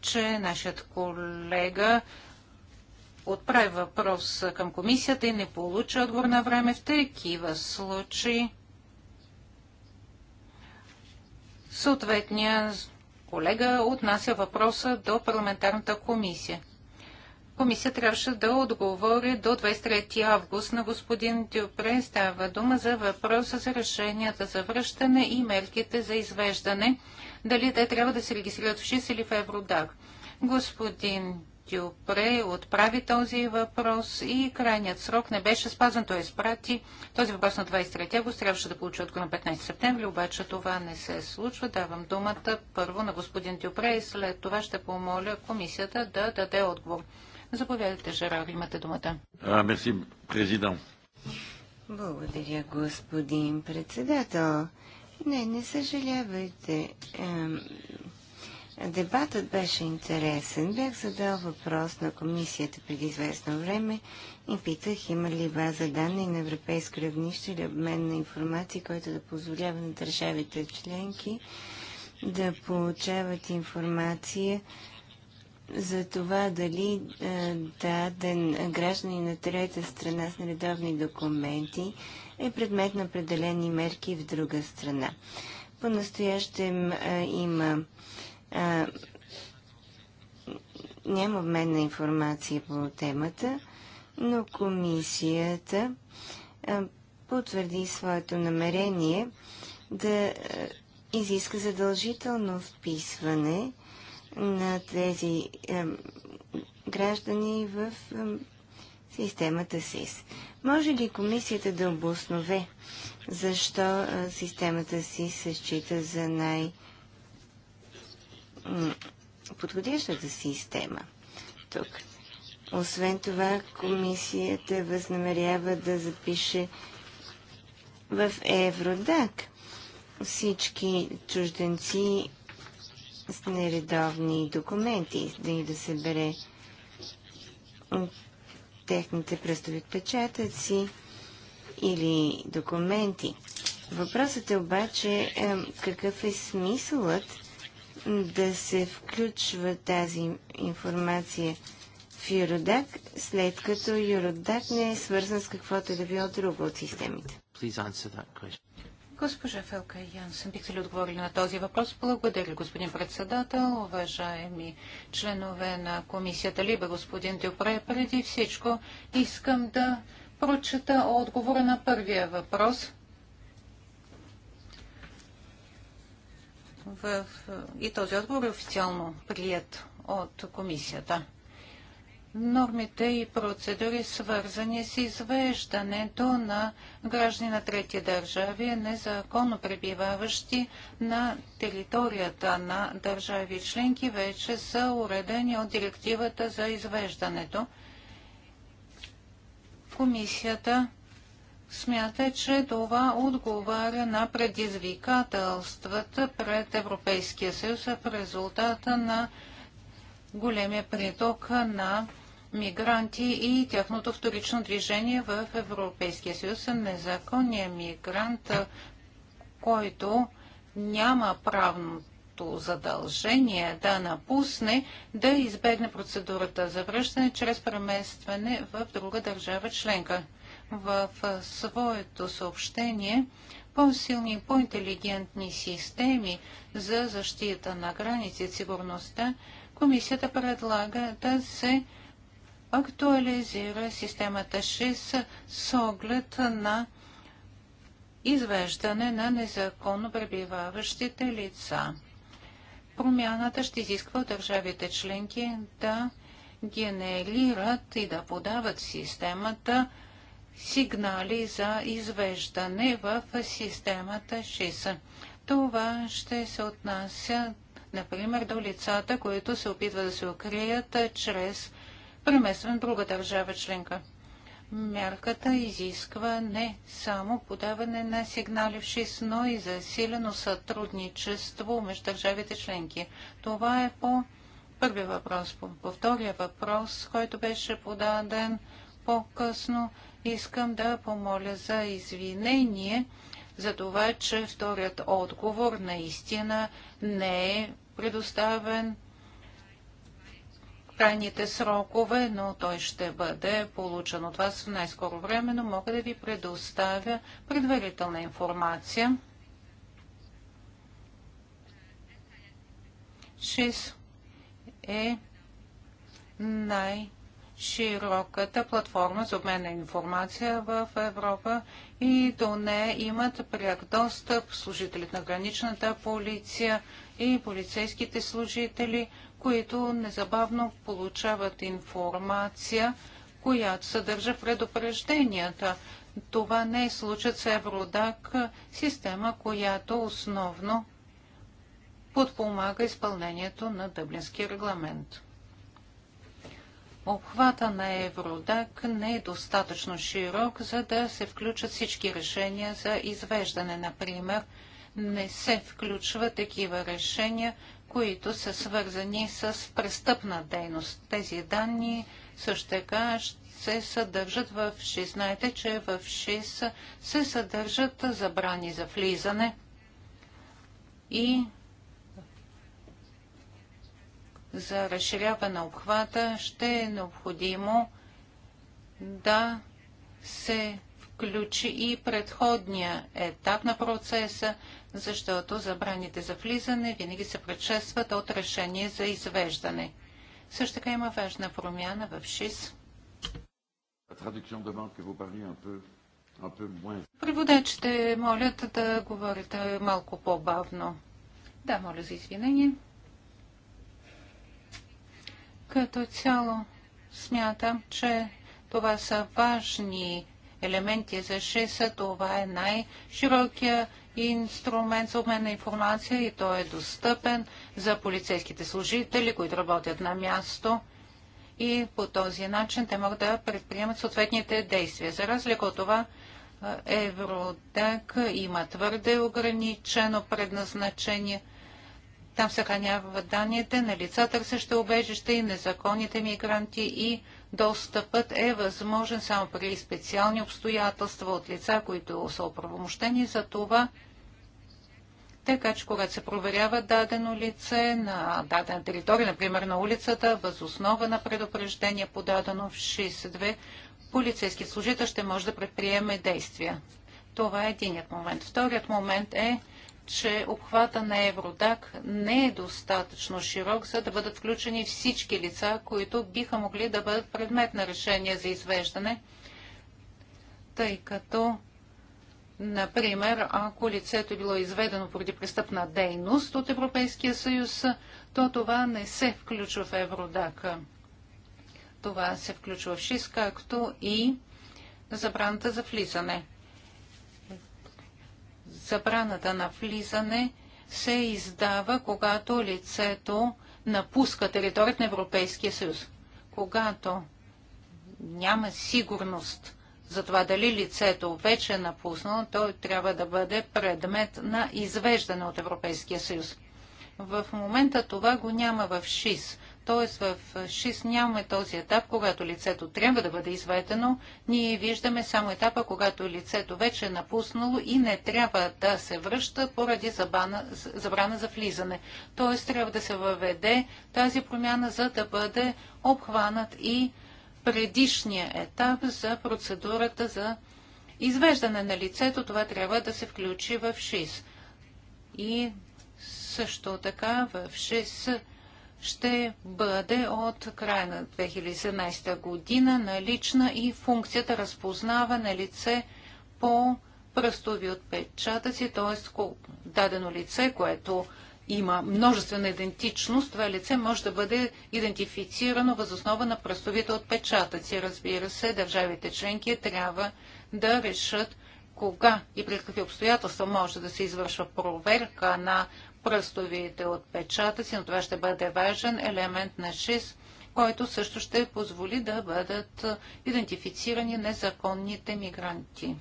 че нашият колега отправи въпрос към комисията и не получи отговор на време. В такива случаи съответния колега отнася въпроса до парламентарната комисия комисия трябваше да отговори до 23 август на господин Дюпре. Става дума за въпроса за решенията за връщане и мерките за извеждане. Дали те трябва да се регистрират в ШИС или в Евродак. Господин Дюпре отправи този въпрос и крайният срок не беше спазен. Той изпрати този въпрос на 23 август. Трябваше да получи отговор на 15 септември, обаче това не се случва. Давам думата първо на господин Дюпре и след това ще помоля комисията да даде отговор. Заповядайте, Жерар, имате думата. Мерси, президент. Благодаря, господин председател. Не, не съжалявайте. Дебатът беше интересен. Бях задал въпрос на комисията преди известно време и питах има ли база данни на европейско равнище или обмен на информация, който да позволява на държавите членки да получават информация за това дали е, даден гражданин на трета страна с нередовни документи е предмет на определени мерки в друга страна. По-настоящем е, има е, няма мен на информация по темата, но комисията потвърди своето намерение да изиска задължително вписване на тези е, граждани в е, системата СИС. Може ли комисията да обоснове защо е, системата СИС се счита за най- подходящата система тук? Освен това, комисията възнамерява да запише в Евродак всички чужденци с нередовни документи, да и да събере от техните пръстови отпечатъци или документи. Въпросът е обаче какъв е смисълът да се включва тази информация в Юродак, след като Юродак не е свързан с каквото е да било друго от системите. Госпожа Фелка Янсен, бихте ли отговорили на този въпрос? Благодаря, господин председател, уважаеми членове на комисията Либе, господин Дюпре. Преди всичко искам да прочета отговора на първия въпрос. В... И този отговор е официално прият от комисията нормите и процедури, свързани с извеждането на граждани на трети държави, незаконно пребиваващи на територията на държави членки, вече са уредени от директивата за извеждането. Комисията смята, че това отговаря на предизвикателствата пред Европейския съюз в резултата на големия приток на мигранти и тяхното вторично движение в Европейския съюз. Незаконният мигрант, който няма правното задължение да напусне, да избегне процедурата за връщане чрез преместване в друга държава членка. В своето съобщение по-силни и по-интелигентни системи за защита на граници и сигурността, комисията предлага да се актуализира системата ШИС с оглед на извеждане на незаконно пребиваващите лица. Промяната ще изисква от държавите членки да генерират и да подават системата сигнали за извеждане в системата 6. Това ще се отнася, например, до лицата, които се опитват да се укрият чрез преместване в друга държава членка. Мярката изисква не само подаване на сигнали в ШИС, но и засилено сътрудничество между държавите членки. Това е по първия въпрос. По, по втория въпрос, който беше подаден по-късно, искам да помоля за извинение за това, че вторият отговор наистина не е предоставен крайните срокове, но той ще бъде получен от вас в най-скоро време, но мога да ви предоставя предварителна информация. 6 е най-широката платформа за обмен на информация в Европа и до нея имат пряк достъп служителите на граничната полиция и полицейските служители, които незабавно получават информация, която съдържа предупрежденията. Това не е случат с Евродак, система, която основно подпомага изпълнението на Дъблинския регламент. Обхвата на Евродак не е достатъчно широк, за да се включат всички решения за извеждане. Например, не се включват такива решения, които са свързани с престъпна дейност. Тези данни също така се съдържат в ШИ. Знаете, че в ШИ се съдържат забрани за влизане и за разширяване на обхвата ще е необходимо да се включи и предходния етап на процеса, защото забраните за влизане винаги се предшестват от решение за извеждане. Също така има важна промяна в ШИС. Преводачите молят да говорите малко по-бавно. Да, моля за извинение. Като цяло смятам, че това са важни елементи за ШИСа. Това е най-широкия инструмент за обмен на информация и той е достъпен за полицейските служители, които работят на място и по този начин те могат да предприемат съответните действия. За разлика от това, е, Евротек има твърде ограничено предназначение. Там съхраняват данните на лица, търсещи убежище и незаконните мигранти и Достъпът е възможен само при специални обстоятелства от лица, които са оправомощени за това. Така че, когато се проверява дадено лице на дадена територия, например на улицата, възоснова на предупреждение, подадено в 62, полицейски служител ще може да предприеме действия. Това е единият момент. Вторият момент е че обхвата на Евродак не е достатъчно широк, за да бъдат включени всички лица, които биха могли да бъдат предмет на решение за извеждане, тъй като, например, ако лицето е било изведено поради престъпна дейност от Европейския съюз, то това не се включва в Евродака. Това се включва в ШИС, както и забраната за влизане забраната на влизане се издава, когато лицето напуска територията на Европейския съюз. Когато няма сигурност за това дали лицето вече е напуснало, то трябва да бъде предмет на извеждане от Европейския съюз. В момента това го няма в ШИС, т.е. в ШИС нямаме този етап, когато лицето трябва да бъде изведено. Ние виждаме само етапа, когато лицето вече е напуснало и не трябва да се връща поради забана, забрана за влизане. Т.е. трябва да се въведе тази промяна, за да бъде обхванат и предишния етап за процедурата за извеждане на лицето. Това трябва да се включи в ШИС. И също така в 6 ще бъде от края на 2017 година налична и функцията разпознаване лице по пръстови отпечатъци, т.е. дадено лице, което има множествена идентичност, това лице може да бъде идентифицирано възоснова на пръстовите отпечатъци. Разбира се, държавите членки трябва да решат кога и при какви обстоятелства може да се извършва проверка на пръстовите отпечатъци, но това ще бъде важен елемент на 6, който също ще позволи да бъдат идентифицирани незаконните мигранти.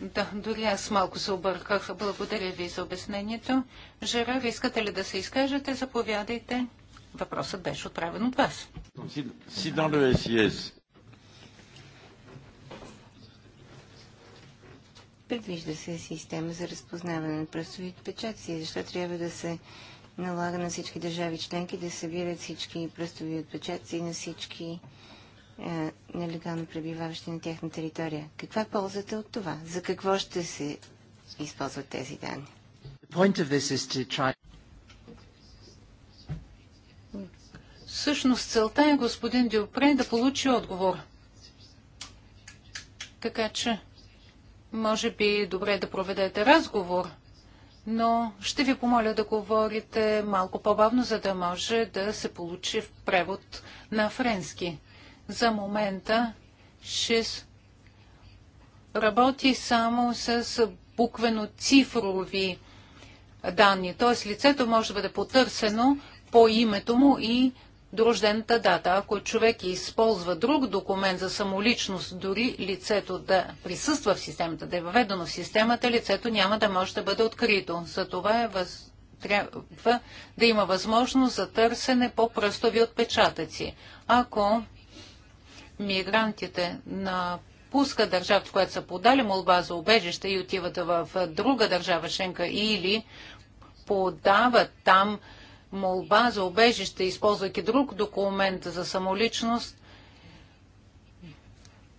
Да, дори аз малко се обърках. Благодаря ви за обяснението. Жера, искате ли да се изкажете? Заповядайте. Въпросът беше отправен от вас. Предвижда се система за разпознаване на пръстови отпечатъци. Защо трябва да се налага на всички държави членки да събират всички пръстови отпечатъци на всички е, нелегално пребиваващи на тяхна територия? Каква е ползата от това? За какво ще се използват тези данни? Всъщност целта е господин Дюпре да получи отговор. Така че може би добре е да проведете разговор, но ще ви помоля да говорите малко по-бавно, за да може да се получи в превод на френски. За момента ще работи само с буквено-цифрови данни. Т.е. лицето може да бъде потърсено по името му и до рождената дата. Ако човек използва друг документ за самоличност, дори лицето да присъства в системата, да е въведено в системата, лицето няма да може да бъде открито. Затова е въз... трябва да има възможност за търсене по пръстови отпечатъци. Ако мигрантите на пуска държавата, в която са подали молба за убежище и отиват в друга държава Шенка или подават там молба за обежище, използвайки друг документ за самоличност,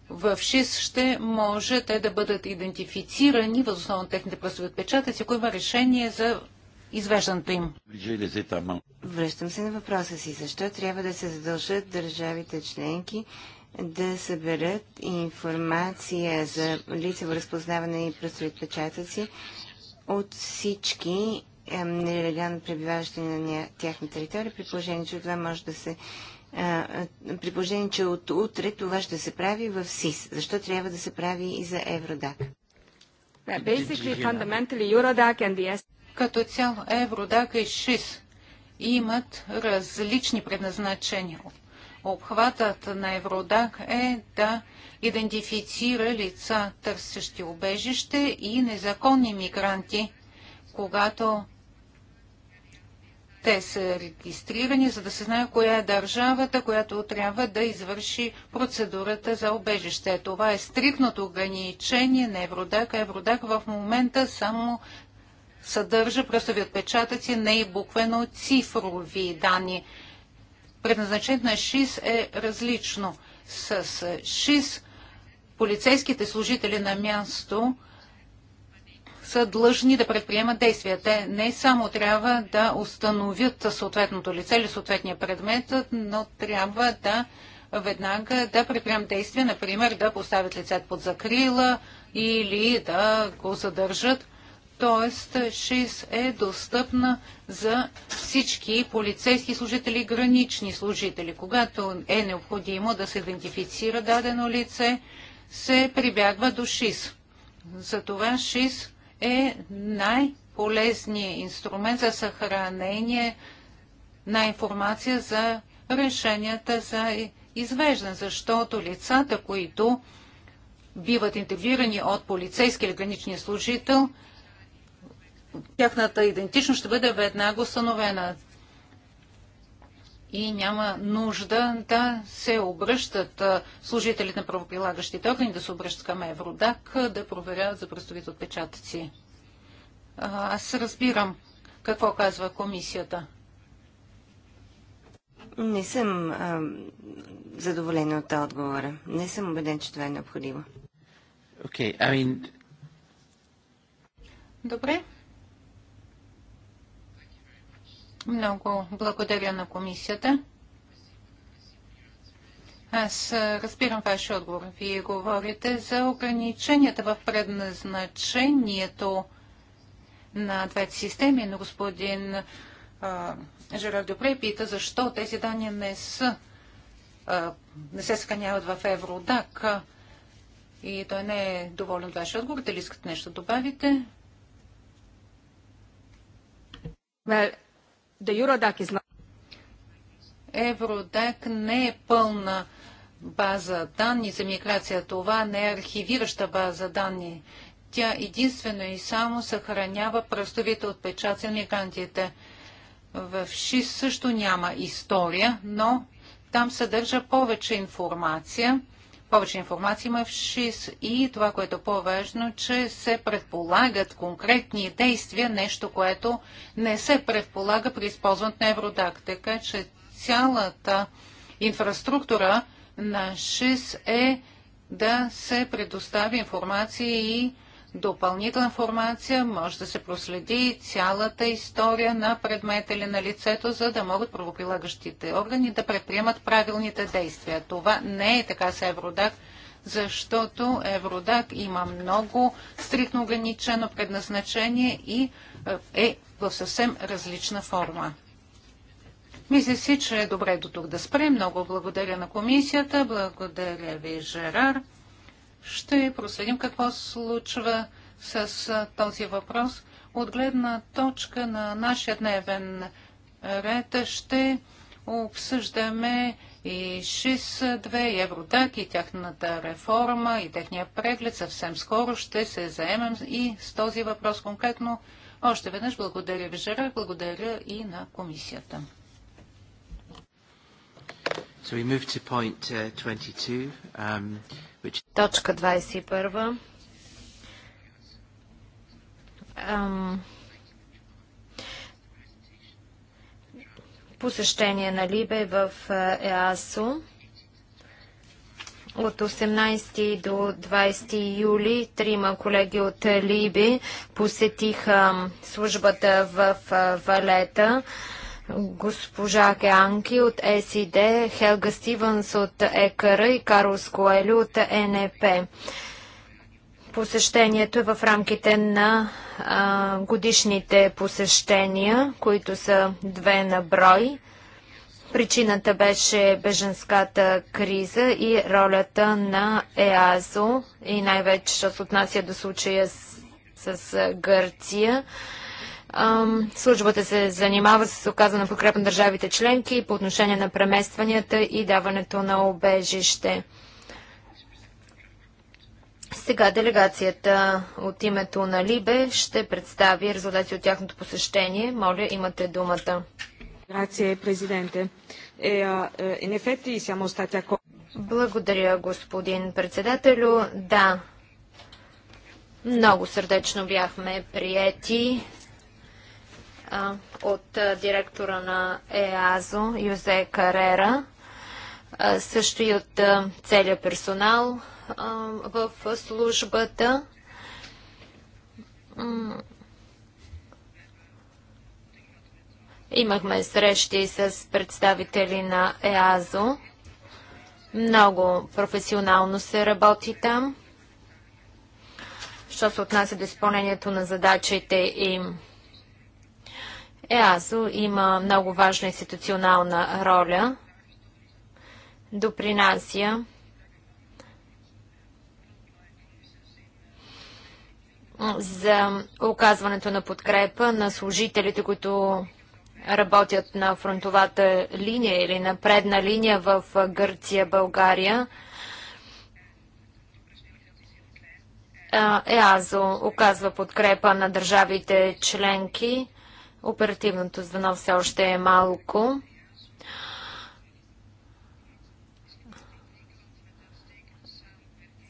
в ШИС ще може те да бъдат идентифицирани въз основа на техните пръстови отпечатъци, ако има решение за извеждането им. Връщам се на въпроса си. Защо трябва да се задължат държавите членки да съберат информация за лицево разпознаване и пръстови отпечатъци от всички е, нелегално пребиваващи на тяхна територия, при положение, че това може да се при положение, че от утре това ще се прави в СИС. Защо трябва да се прави и за Евродак? Като цяло Евродак и ШИС имат различни предназначения. Обхватът на Евродак е да идентифицира лица, търсещи убежище и незаконни мигранти, когато те са регистрирани, за да се знае коя е държавата, която трябва да извърши процедурата за обежище. Това е стрикното ограничение на Евродак. Евродак в момента само съдържа пръстови отпечатъци, не и буквено цифрови данни. Предназначението на ШИС е различно. С ШИС полицейските служители на място – са длъжни да предприемат действия. Те не само трябва да установят съответното лице или съответния предмет, но трябва да веднага да предприемат действия, например да поставят лицето под закрила или да го задържат. Тоест, ШИС е достъпна за всички полицейски служители и гранични служители. Когато е необходимо да се идентифицира дадено лице, се прибягва до ШИС. Затова ШИС е най-полезният инструмент за съхранение на информация за решенията за извеждане, защото лицата, които биват интервюирани от полицейски или граничния служител, тяхната идентичност ще бъде веднага установена и няма нужда да се обръщат служителите на правоприлагащите органи, да се обръщат към Евродак, да проверяват за пръстовите отпечатъци. Аз разбирам какво казва комисията. Не съм а, задоволена от отговора. Не съм убеден, че това е необходимо. Okay, I mean... Добре. Много благодаря на комисията. Аз разбирам вашия отговор. Вие говорите за ограниченията в предназначението на двете системи, но господин Жерар Добре пита защо тези данни не, са, а, не се сканяват в Евродак. И той не е доволен от вашия отговор. Дали искате нещо да добавите? Well, Евродак не е пълна база данни за миграция. Това не е архивираща база данни. Тя единствено и само съхранява пръстовите отпечатъци на мигрантите. В ШИС също няма история, но там съдържа повече информация повече информация има в ШИС и това, което е по-важно, че се предполагат конкретни действия, нещо, което не се предполага при използването на Евродак. Така че цялата инфраструктура на ШИС е да се предостави информация и допълнителна информация, може да се проследи цялата история на предмета или на лицето, за да могат правоприлагащите органи да предприемат правилните действия. Това не е така с Евродак, защото Евродак има много стрикно ограничено предназначение и е, е в съвсем различна форма. Мисля си, че е добре до тук да спрем. Много благодаря на комисията. Благодаря ви, Жерар ще проследим какво случва с този въпрос. От гледна точка на нашия дневен ред ще обсъждаме и ШИС-2, и Евротак, и тяхната реформа, и техния преглед. Съвсем скоро ще се заемем и с този въпрос конкретно. Още веднъж благодаря ви, Жерар, благодаря и на комисията. So we move to point uh, 22. Um, Точка 21. Ам... Посещение на Либе в ЕАСО от 18 до 20 юли трима колеги от Либи посетиха службата в Валета госпожа Кеанки от СИД, Хелга Стивенс от ЕКР и Карлос Коели от е НЕП. Посещението е в рамките на а, годишните посещения, които са две на брой. Причината беше беженската криза и ролята на ЕАЗО и най-вече, що се отнася до случая с, с Гърция. Службата се занимава с оказана подкрепа на държавите членки по отношение на преместванията и даването на обежище. Сега делегацията от името на Либе ще представи резултати от тяхното посещение. Моля, имате думата. Е, е, е, Благодаря, господин председателю. Да, много сърдечно бяхме приети от директора на ЕАЗО Юзе Карера, също и от целият персонал в службата. Имахме срещи с представители на ЕАЗО. Много професионално се работи там. Що се отнася до изпълнението на задачите им. ЕАСО има много важна институционална роля, допринася за оказването на подкрепа на служителите, които работят на фронтовата линия или на предна линия в Гърция, България. ЕАЗО оказва подкрепа на държавите членки Оперативното звено все още е малко.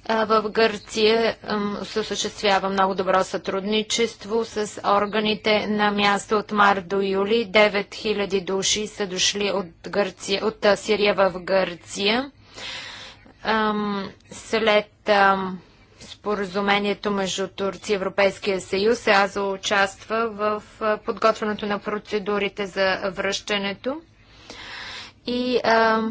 В Гърция се осъществява много добро сътрудничество с органите на място от мар до юли. 9000 души са дошли от, Гърция, от Сирия в Гърция. След споразумението между Турция и Европейския съюз. ЕАЗО участва в подготвянето на процедурите за връщането и а,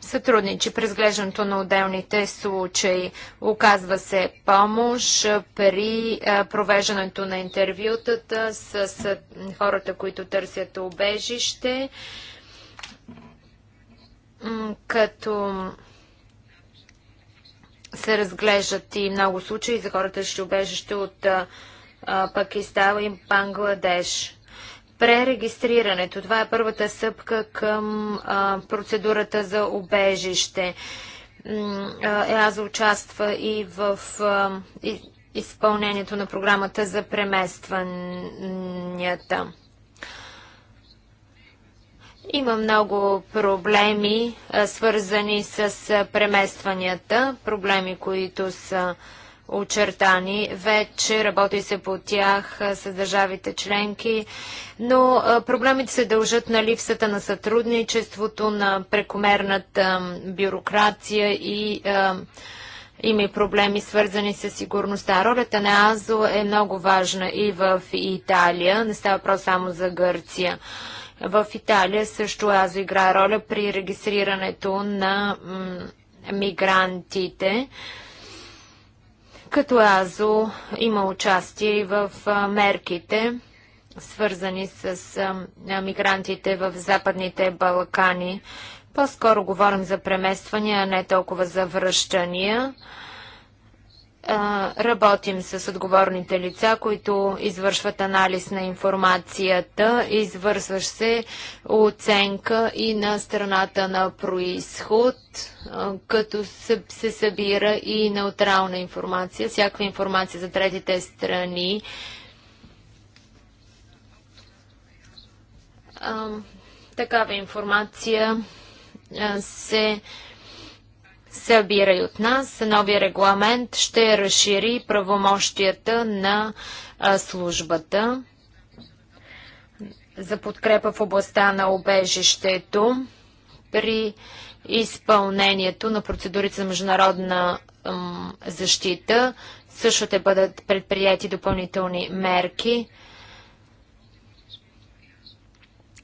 сътрудничи при разглеждането на отделните случаи. Оказва се помощ при провеждането на интервютата с, с хората, които търсят обежище, като се разглеждат и много случаи за хората ще убежище от Пакистан и Бангладеш. Пререгистрирането. Това е първата съпка към а, процедурата за обежище. Аз участва и в а, и, изпълнението на програмата за преместванията. Има много проблеми, свързани с преместванията, проблеми, които са очертани. Вече работи се по тях с държавите членки, но проблемите се дължат на липсата на сътрудничеството, на прекомерната бюрокрация и има и проблеми свързани с сигурността. Ролята на Азо е много важна и в Италия, не става просто само за Гърция. В Италия също Азо играе роля при регистрирането на мигрантите. Като Азо има участие и в мерките, свързани с мигрантите в Западните Балкани. По-скоро говорим за премествания, а не толкова за връщания. Работим с отговорните лица, които извършват анализ на информацията, извършваш се оценка и на страната на происход, като се, събира и неутрална информация, всякаква информация за третите страни. такава информация се събира и от нас. Новия регламент ще разшири правомощията на службата за подкрепа в областта на обежището при изпълнението на процедурите за международна защита. Също ще бъдат предприяти допълнителни мерки.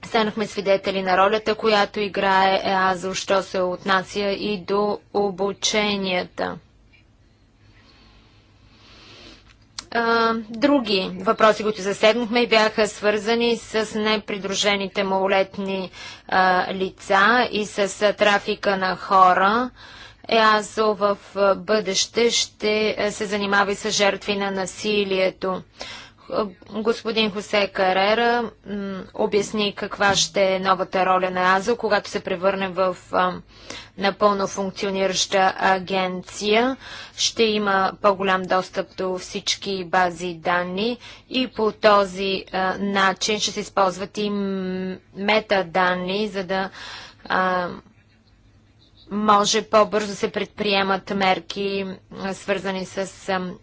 Станахме свидетели на ролята, която играе ЕАЗО, що се отнася и до обученията. Други въпроси, които заседнахме, бяха свързани с непридружените малолетни лица и с трафика на хора. ЕАЗО в бъдеще ще се занимава и с жертви на насилието. Е, господин Хосе Карера обясни каква ще е новата роля на АЗО, когато се превърне в напълно функционираща агенция. Ще има по-голям достъп до всички бази данни и по този начин ще се използват и метаданни, за да може по-бързо се предприемат мерки, свързани с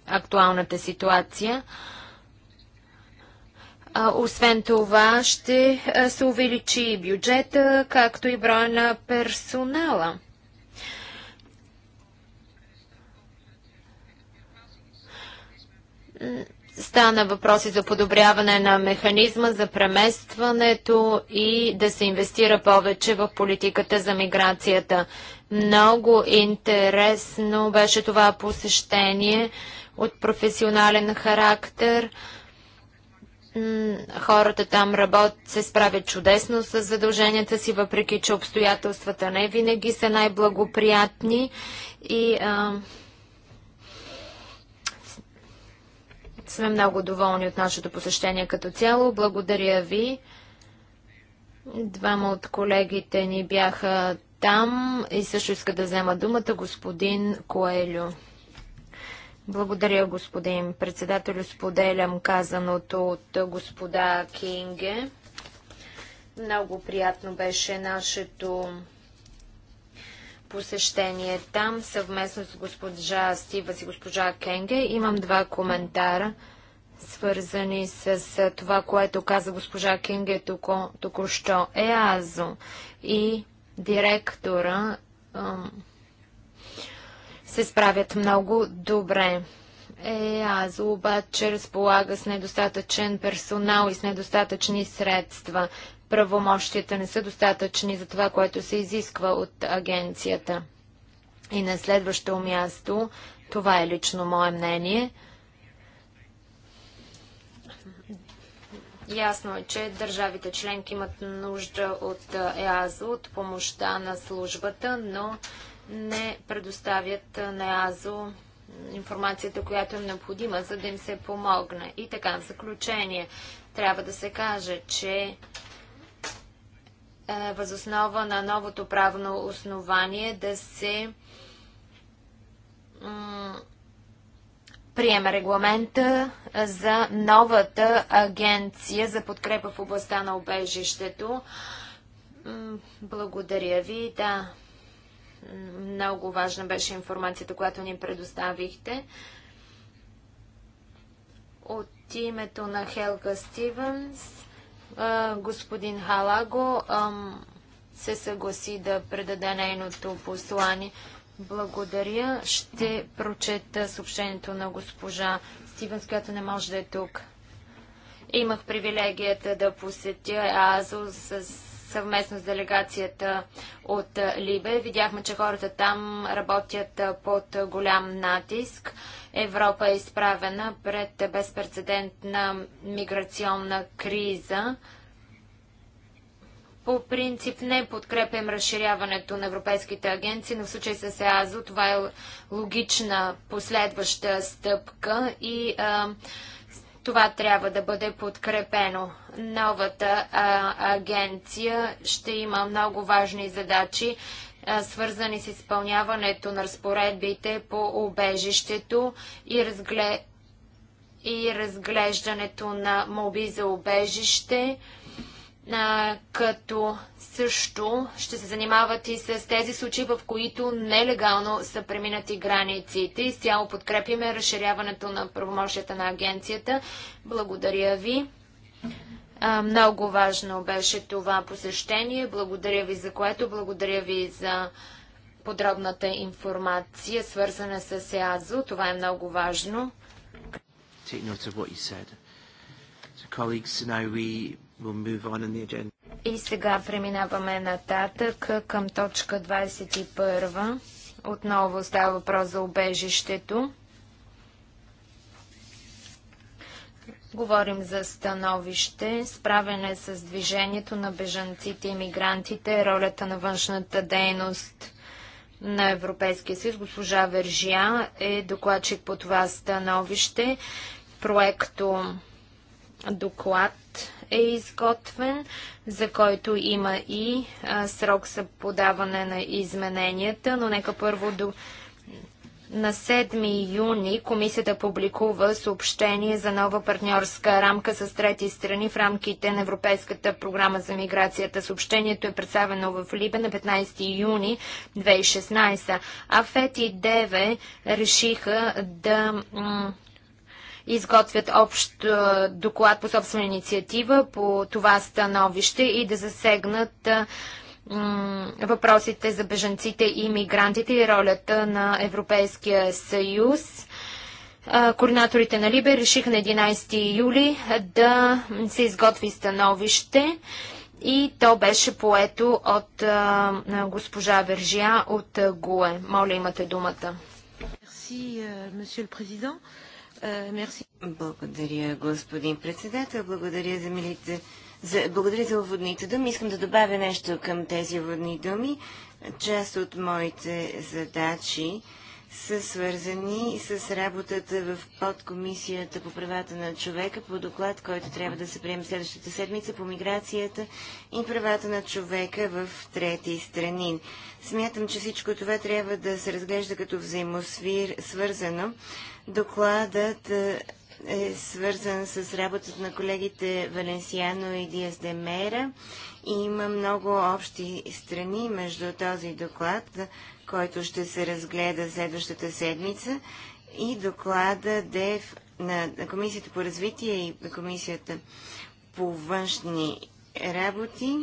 актуалната ситуация. Освен това ще се увеличи и бюджета, както и броя на персонала. Стана въпроси за подобряване на механизма за преместването и да се инвестира повече в политиката за миграцията. Много интересно беше това посещение от професионален характер хората там работят, се справят чудесно с задълженията си, въпреки че обстоятелствата не винаги са най-благоприятни и а, сме много доволни от нашето посещение като цяло. Благодаря ви. Двама от колегите ни бяха там и също иска да взема думата господин Коелю. Благодаря, господин председател. Споделям казаното от господа Кинге. Много приятно беше нашето посещение там, съвместно с госпожа Стивас и госпожа Кенге. Имам два коментара, свързани с това, което каза госпожа Кенге току-що. Току е, ЕАЗО и директора се справят много добре. ЕАЗО обаче разполага с недостатъчен персонал и с недостатъчни средства. Правомощията не са достатъчни за това, което се изисква от агенцията. И на следващо място, това е лично мое мнение, Ясно е, че държавите членки имат нужда от ЕАЗО, от помощта на службата, но не предоставят на АЗО информацията, която е необходима, за да им се помогне. И така, в заключение, трябва да се каже, че е, възоснова на новото правно основание да се приема регламента за новата агенция за подкрепа в областта на обежището. Благодаря ви. Да, много важна беше информацията, която ни предоставихте. От името на Хелга Стивенс, господин Халаго се съгласи да предаде нейното послание. Благодаря. Ще прочета съобщението на госпожа Стивенс, която не може да е тук. Имах привилегията да посетя АЗО с съвместно с делегацията от Либе. Видяхме, че хората там работят под голям натиск. Европа е изправена пред безпредседентна миграционна криза. По принцип не подкрепям разширяването на европейските агенции, но в случай с ЕАЗО това е логична последваща стъпка и а, това трябва да бъде подкрепено. Новата а, агенция ще има много важни задачи, а, свързани с изпълняването на разпоредбите по обежището и, разгле... и разглеждането на моби за обежище. А, а, като също ще се занимават и с тези случаи, в които нелегално са преминати границите. Изцяло подкрепиме разширяването на правомощията на агенцията. Благодаря ви. А, много важно беше това посещение. Благодаря ви за което. Благодаря ви за подробната информация, свързана с ЕАЗО. Това е много важно. Take note of what you said. So colleagues, now we и сега преминаваме нататък към точка 21. Отново става въпрос за убежището. Говорим за становище, справяне с движението на бежанците и мигрантите, ролята на външната дейност на Европейския съюз. Госпожа Вержия е докладчик по това становище. Проекто доклад е изготвен, за който има и а, срок за подаване на измененията, но нека първо до... На 7 юни комисията публикува съобщение за нова партньорска рамка с трети страни в рамките на Европейската програма за миграцията. Съобщението е представено в Либе на 15 юни 2016. а ФЕТ и Деве решиха да изготвят общ доклад по собствена инициатива по това становище и да засегнат въпросите за бежанците и мигрантите и ролята на Европейския съюз. Координаторите на Либе решиха на 11 юли да се изготви становище и то беше поето от госпожа Вержия от ГУЕ. Моля, имате думата. Merci, monsieur е, благодаря, господин председател. Благодаря за милите... За, благодаря за уводните думи. Искам да добавя нещо към тези уводни думи. Част от моите задачи са свързани с работата в подкомисията по правата на човека по доклад, който трябва да се приеме следващата седмица по миграцията и правата на човека в трети страни. Смятам, че всичко това трябва да се разглежда като взаимосвързано. Докладът е, е свързан с работата на колегите Валенсиано и Диас Мера и има много общи страни между този доклад, който ще се разгледа следващата седмица и доклада на Комисията по развитие и Комисията по външни работи,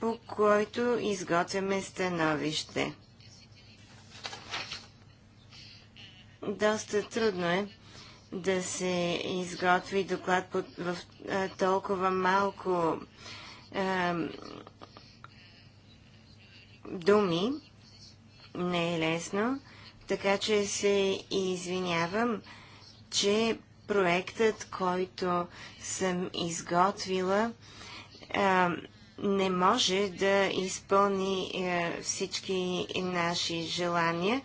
по който изготвяме становище. Доста трудно е да се изготви доклад в толкова малко думи. Не е лесно. Така че се извинявам, че проектът, който съм изготвила, не може да изпълни всички наши желания,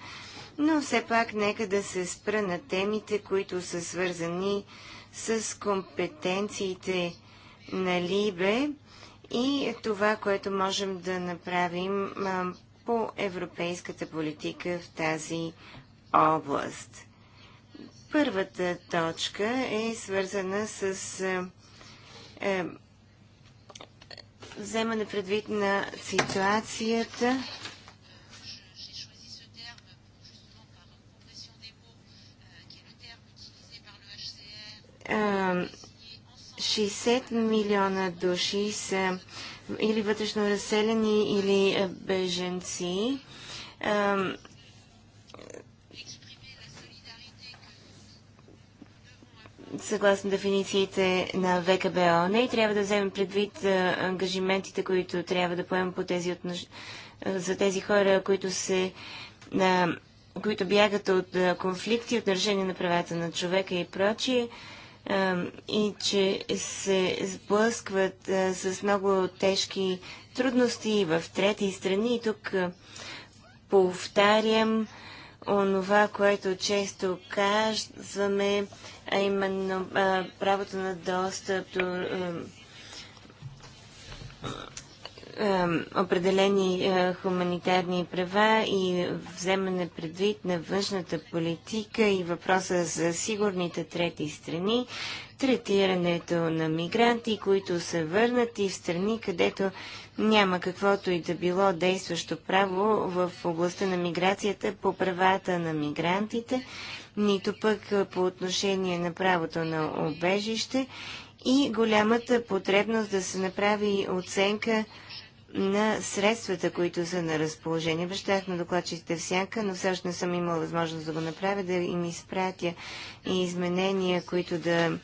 но все пак нека да се спра на темите, които са свързани с компетенциите на Либе и това, което можем да направим по европейската политика в тази област. Първата точка е свързана с е, вземане предвид на ситуацията. Е, 60 милиона души са или вътрешно разселени, или е, беженци. съгласно дефинициите на ВКБО. Не и трябва да вземем предвид е, ангажиментите, които трябва да поемем по тези отнош... Е, за тези хора, които се които бягат от конфликти, от нарушение на правата на човека и прочие и че се сблъскват с много тежки трудности в трети страни. И тук повтарям онова, което често казваме, а именно правото на достъп до определени хуманитарни права и вземане предвид на външната политика и въпроса за сигурните трети страни, третирането на мигранти, които са върнати в страни, където няма каквото и да било действащо право в областта на миграцията по правата на мигрантите, нито пък по отношение на правото на обежище и голямата потребност да се направи оценка на средствата, които са на разположение. Обещах на докладчиците всяка, но все още не съм имала възможност да го направя, да им изпратя и изменения, които да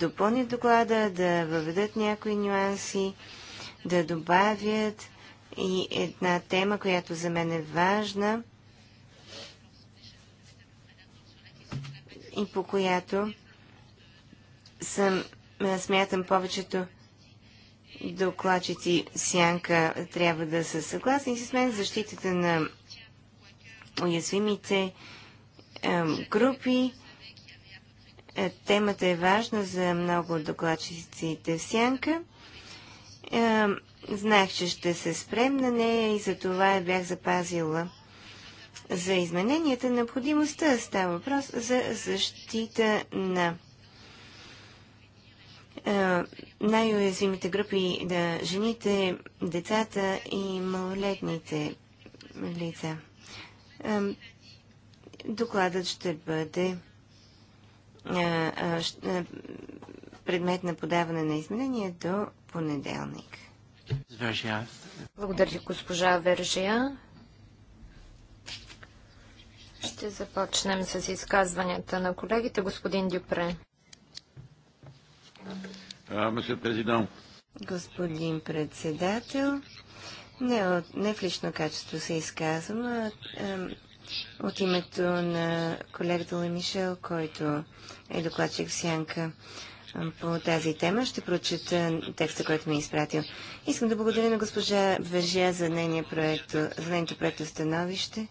допълнят доклада, да въведат някои нюанси, да добавят и една тема, която за мен е важна и по която съм, смятам повечето докладчици Сянка трябва да са съгласни с мен. Защитата на уязвимите групи. Е, темата е важна за много от докладчиците в Сянка. знаех, че ще се спрем на нея и за това я бях запазила. За измененията необходимостта става въпрос за защита на е, най-уязвимите групи да жените, децата и малолетните лица. Е, докладът ще бъде е, предмет на подаване на изменения до понеделник. Благодаря, госпожа Вержия. Ще започнем с изказванията на колегите. Господин Дюпре. Господин председател, не, от, не в лично качество се изказвам, а, а от името на колегата Лемишел, който е докладчик в Сянка по тази тема. Ще прочета текста, който ми е изпратил. Искам да благодаря на госпожа Вежа за, нейния проект, за нейното проекто становище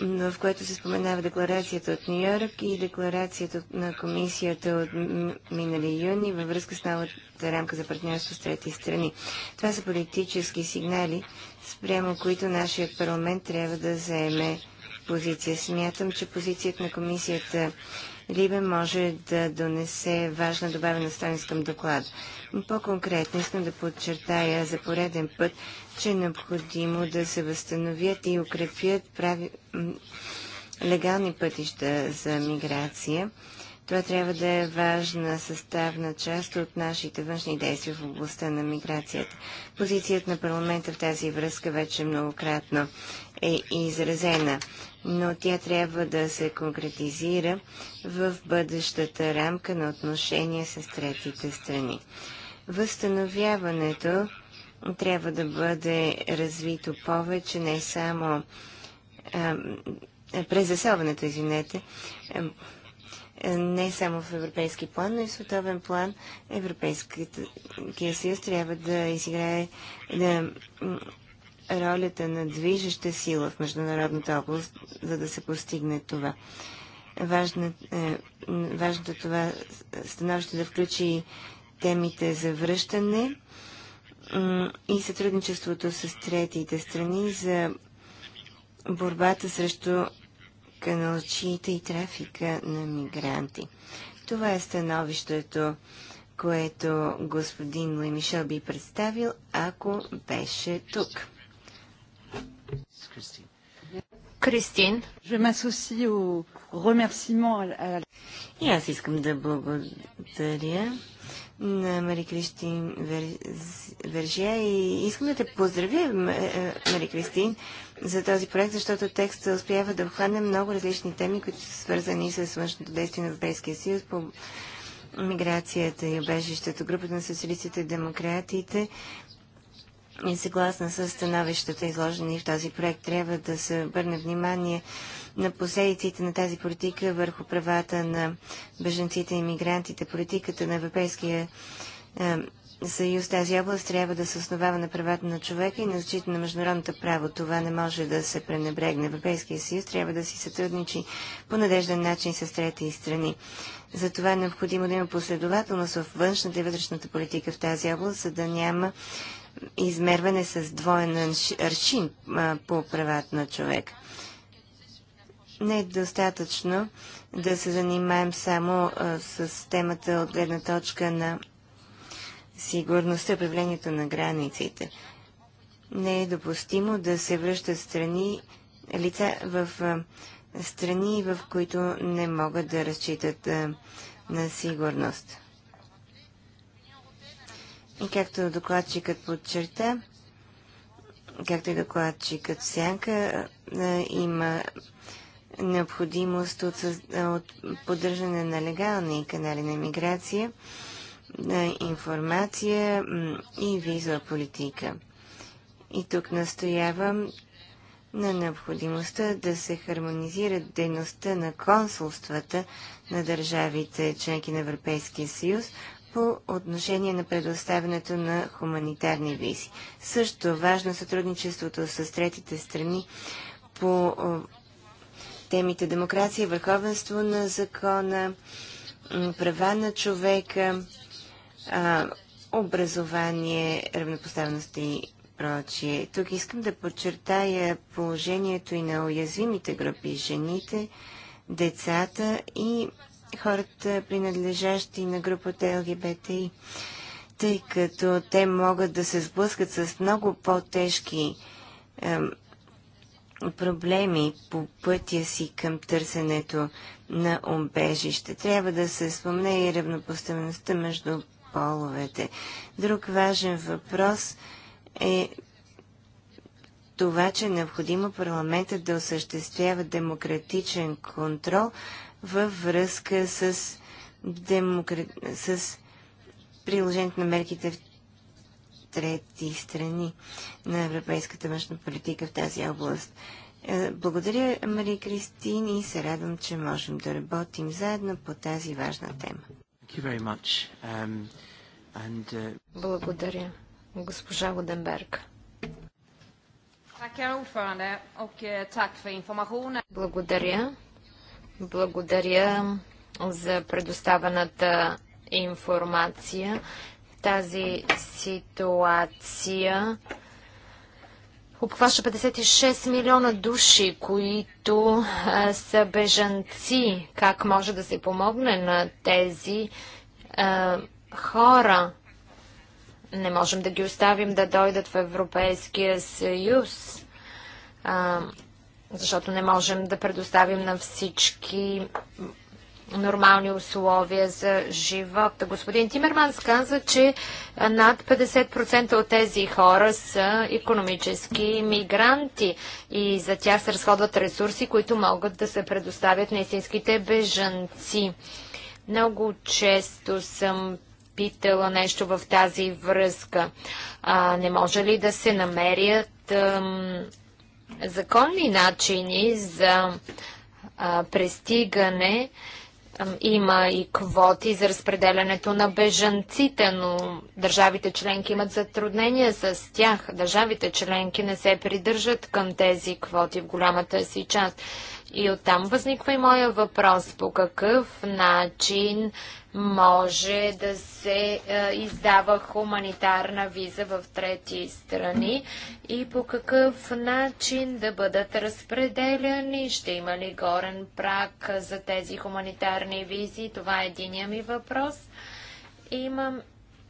в което се споменава декларацията от Нью Йорк и декларацията на комисията от минали юни във връзка с новата рамка за партньорство с трети страни. Това са политически сигнали, спрямо които нашият парламент трябва да заеме позиция. Смятам, че позицията на комисията Либе може да донесе важна добавена стойност към доклада. По-конкретно искам да подчертая за пореден път, че е необходимо да се възстановят и укрепят прави... легални пътища за миграция това трябва да е важна съставна част от нашите външни действия в областта на миграцията. Позицията на парламента в тази връзка вече многократно е изразена, но тя трябва да се конкретизира в бъдещата рамка на отношения с третите страни. Възстановяването трябва да бъде развито повече, не само а, презасоването, извинете, а, не само в европейски план, но и в световен план Европейския съюз трябва да изиграе да, ролята на движеща сила в международната област, за да се постигне това. Важно, е, важното е това становище да включи темите за връщане и сътрудничеството с третите страни за борбата срещу практика на очите и трафика на мигранти. Това е становището, което господин Лемишел би представил, ако беше тук. Кристин. И аз искам да благодаря на Мари Кристин Вержия и искам да те поздравя, Мари Кристин, за този проект, защото текстът успява да обхване много различни теми, които са свързани с външното действие на Европейския съюз по миграцията и обежището. Групата на социалистите и демократите е съгласна с становищата, изложени в този проект. Трябва да се обърне внимание на последиците на тази политика върху правата на беженците и мигрантите. Политиката на Европейския е, съюз тази област трябва да се основава на правата на човека и на защита на международното право. Това не може да се пренебрегне. Европейския съюз трябва да си сътрудничи по надежден начин с трети страни. Затова е необходимо да има последователност в външната и вътрешната политика в тази област, за да няма измерване с двоен аршин по правата на човек. Не е достатъчно да се занимаем само с темата от гледна точка на сигурността, управлението на границите. Не е допустимо да се връщат страни, лица в страни, в които не могат да разчитат на сигурност. И както докладчикът подчерта, както и докладчикът Сянка, има необходимост от, от поддържане на легални канали на миграция информация и виза политика. И тук настоявам на необходимостта да се хармонизира дейността на консулствата на държавите членки на Европейския съюз по отношение на предоставянето на хуманитарни визи. Също важно е сътрудничеството с третите страни по темите демокрация, върховенство на закона, права на човека, образование, равнопоставеност и прочие. Тук искам да подчертая положението и на уязвимите групи – жените, децата и хората, принадлежащи на групата ЛГБТИ, тъй като те могат да се сблъскат с много по-тежки проблеми по пътя си към търсенето на обежище. Трябва да се спомне и равнопоставеността между половете. Друг важен въпрос е това, че е необходимо парламентът да осъществява демократичен контрол във връзка с, демокра... с приложението на мерките в трети страни на европейската външна политика в тази област. Е, благодаря, Мария Кристин, и се радвам, че можем да работим заедно по тази важна тема. Um, uh, Благодаря. Госпожа Годенберг. Eh, Благодаря. Благодаря за предоставената информация. Тази ситуация обхваща 56 милиона души, които а, са бежанци. Как може да се помогне на тези а, хора? Не можем да ги оставим да дойдат в Европейския съюз, а, защото не можем да предоставим на всички нормални условия за живот. Господин Тимерманс каза, че над 50% от тези хора са економически мигранти и за тях се разходват ресурси, които могат да се предоставят на истинските бежанци. Много често съм питала нещо в тази връзка. А, не може ли да се намерят ам, законни начини за а, престигане има и квоти за разпределянето на бежанците, но държавите членки имат затруднения с тях. Държавите членки не се придържат към тези квоти в голямата си част. И оттам възниква и моя въпрос. По какъв начин може да се е, издава хуманитарна виза в трети страни и по какъв начин да бъдат разпределяни, ще има ли горен прак за тези хуманитарни визи, това е единия ми въпрос. Имам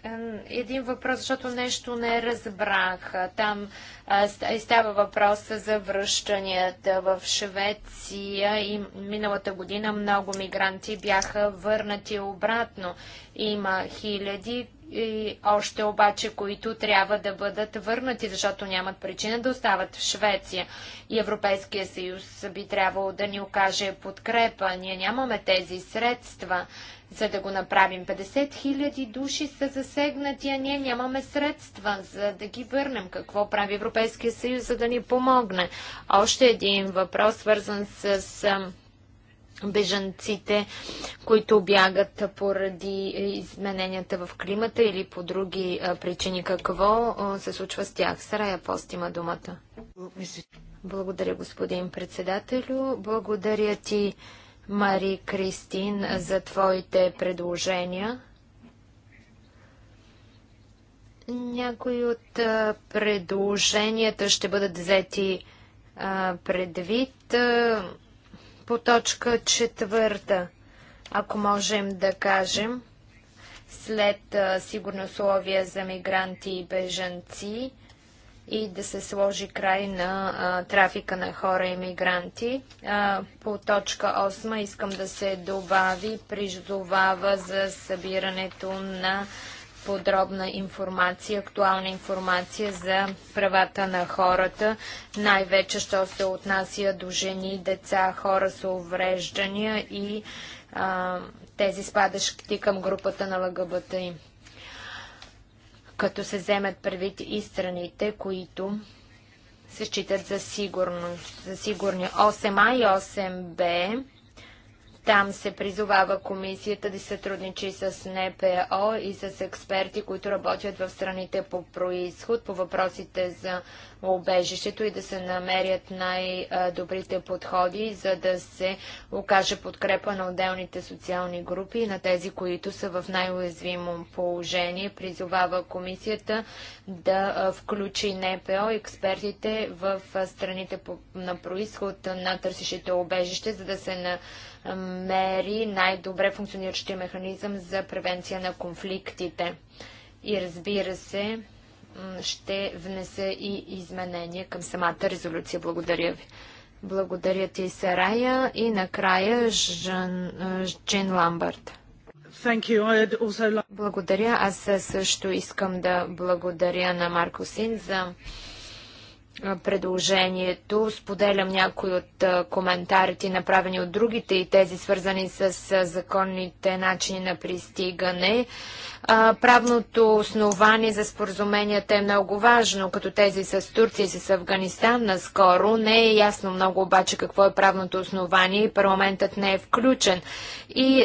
е, един въпрос, защото нещо не разбрах. Там а, става въпрос за връщанията в Швеция и миналата година много мигранти бяха върнати обратно. Има хиляди и още обаче, които трябва да бъдат върнати, защото нямат причина да остават в Швеция. И Европейския съюз би трябвало да ни окаже подкрепа. Ние нямаме тези средства за да го направим. 50 хиляди души са засегнати, а ние нямаме средства, за да ги върнем. Какво прави Европейския съюз, за да ни помогне? Още един въпрос, свързан с, с бежанците, които бягат поради измененията в климата или по други причини. Какво се случва с тях? Сарая Пост има думата. Благодаря, господин председателю. Благодаря ти Мари Кристин, за твоите предложения. Някои от предложенията ще бъдат взети предвид по точка четвърта, ако можем да кажем, след сигурно условия за мигранти и бежанци и да се сложи край на а, трафика на хора и мигранти. А, по точка 8 искам да се добави призовава за събирането на подробна информация, актуална информация за правата на хората, най-вече, що се отнася до жени, деца, хора с увреждания и а, тези спадащи към групата на ЛГБТИ. им като се вземат предвид и страните, които се считат за, сигурно, за сигурни. 8А и 8Б. Там се призовава комисията да сътрудничи с НПО и с експерти, които работят в страните по происход, по въпросите за обежището и да се намерят най-добрите подходи, за да се окаже подкрепа на отделните социални групи и на тези, които са в най-уязвимо положение. Призовава комисията да включи НПО експертите в страните на происход на търсещите обежище, за да се на мери най-добре функциониращия механизъм за превенция на конфликтите. И разбира се, ще внеса и изменения към самата резолюция. Благодаря ви. Благодаря ти, Сарая. И накрая Жан, Джин Ламбърт. Also... Благодаря. Аз също искам да благодаря на Марко Син за предложението. Споделям някои от коментарите, направени от другите и тези свързани с законните начини на пристигане. Правното основание за споразуменията е много важно, като тези с Турция и с Афганистан наскоро. Не е ясно много обаче какво е правното основание и парламентът не е включен. И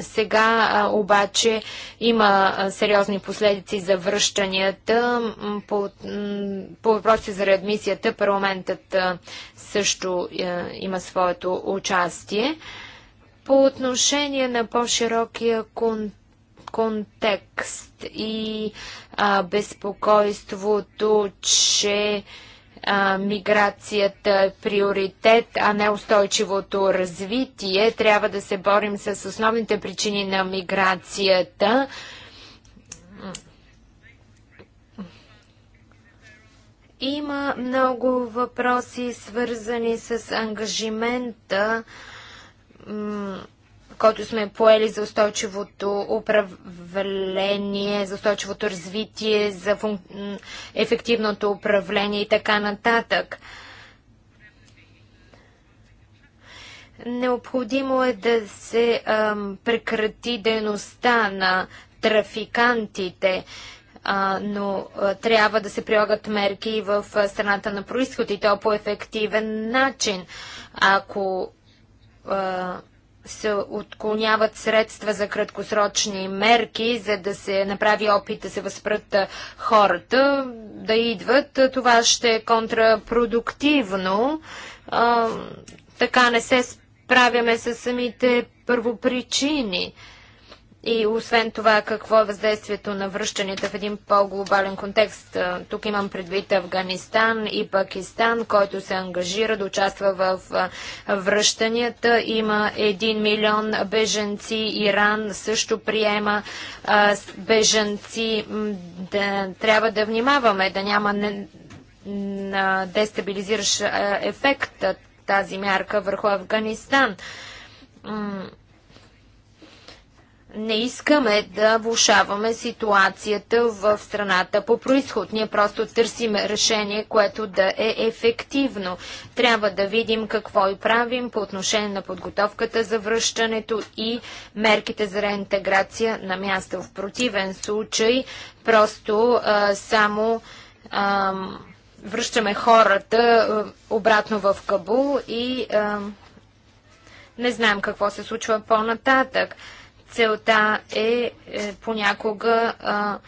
сега обаче има сериозни последици за връщанията. По, по въпроси за реадмисията парламентът също има своето участие. По отношение на по-широкия контекст и а, безпокойството, че миграцията е приоритет, а не устойчивото развитие. Трябва да се борим с основните причини на миграцията. Има много въпроси, свързани с ангажимента който сме поели за устойчивото управление, за устойчивото развитие, за функ... ефективното управление и така нататък. Необходимо е да се ам, прекрати дейността на трафикантите, а, но а, трябва да се прилагат мерки в а, страната на происход и то по ефективен начин. Ако а, се отклоняват средства за краткосрочни мерки, за да се направи опит да се възпрат хората да идват. Това ще е контрапродуктивно. А, така не се справяме с самите първопричини. И освен това, какво е въздействието на връщанията в един по-глобален контекст? Тук имам предвид Афганистан и Пакистан, който се ангажира да участва в връщанията. Има 1 милион беженци. Иран също приема беженци. Да, трябва да внимаваме да няма не, на дестабилизиращ ефект тази мярка върху Афганистан не искаме да влушаваме ситуацията в страната по происход. Ние просто търсим решение, което да е ефективно. Трябва да видим какво и правим по отношение на подготовката за връщането и мерките за реинтеграция на място. В противен случай просто а, само а, връщаме хората обратно в Кабул и а, не знаем какво се случва по-нататък целта е, е понякога а,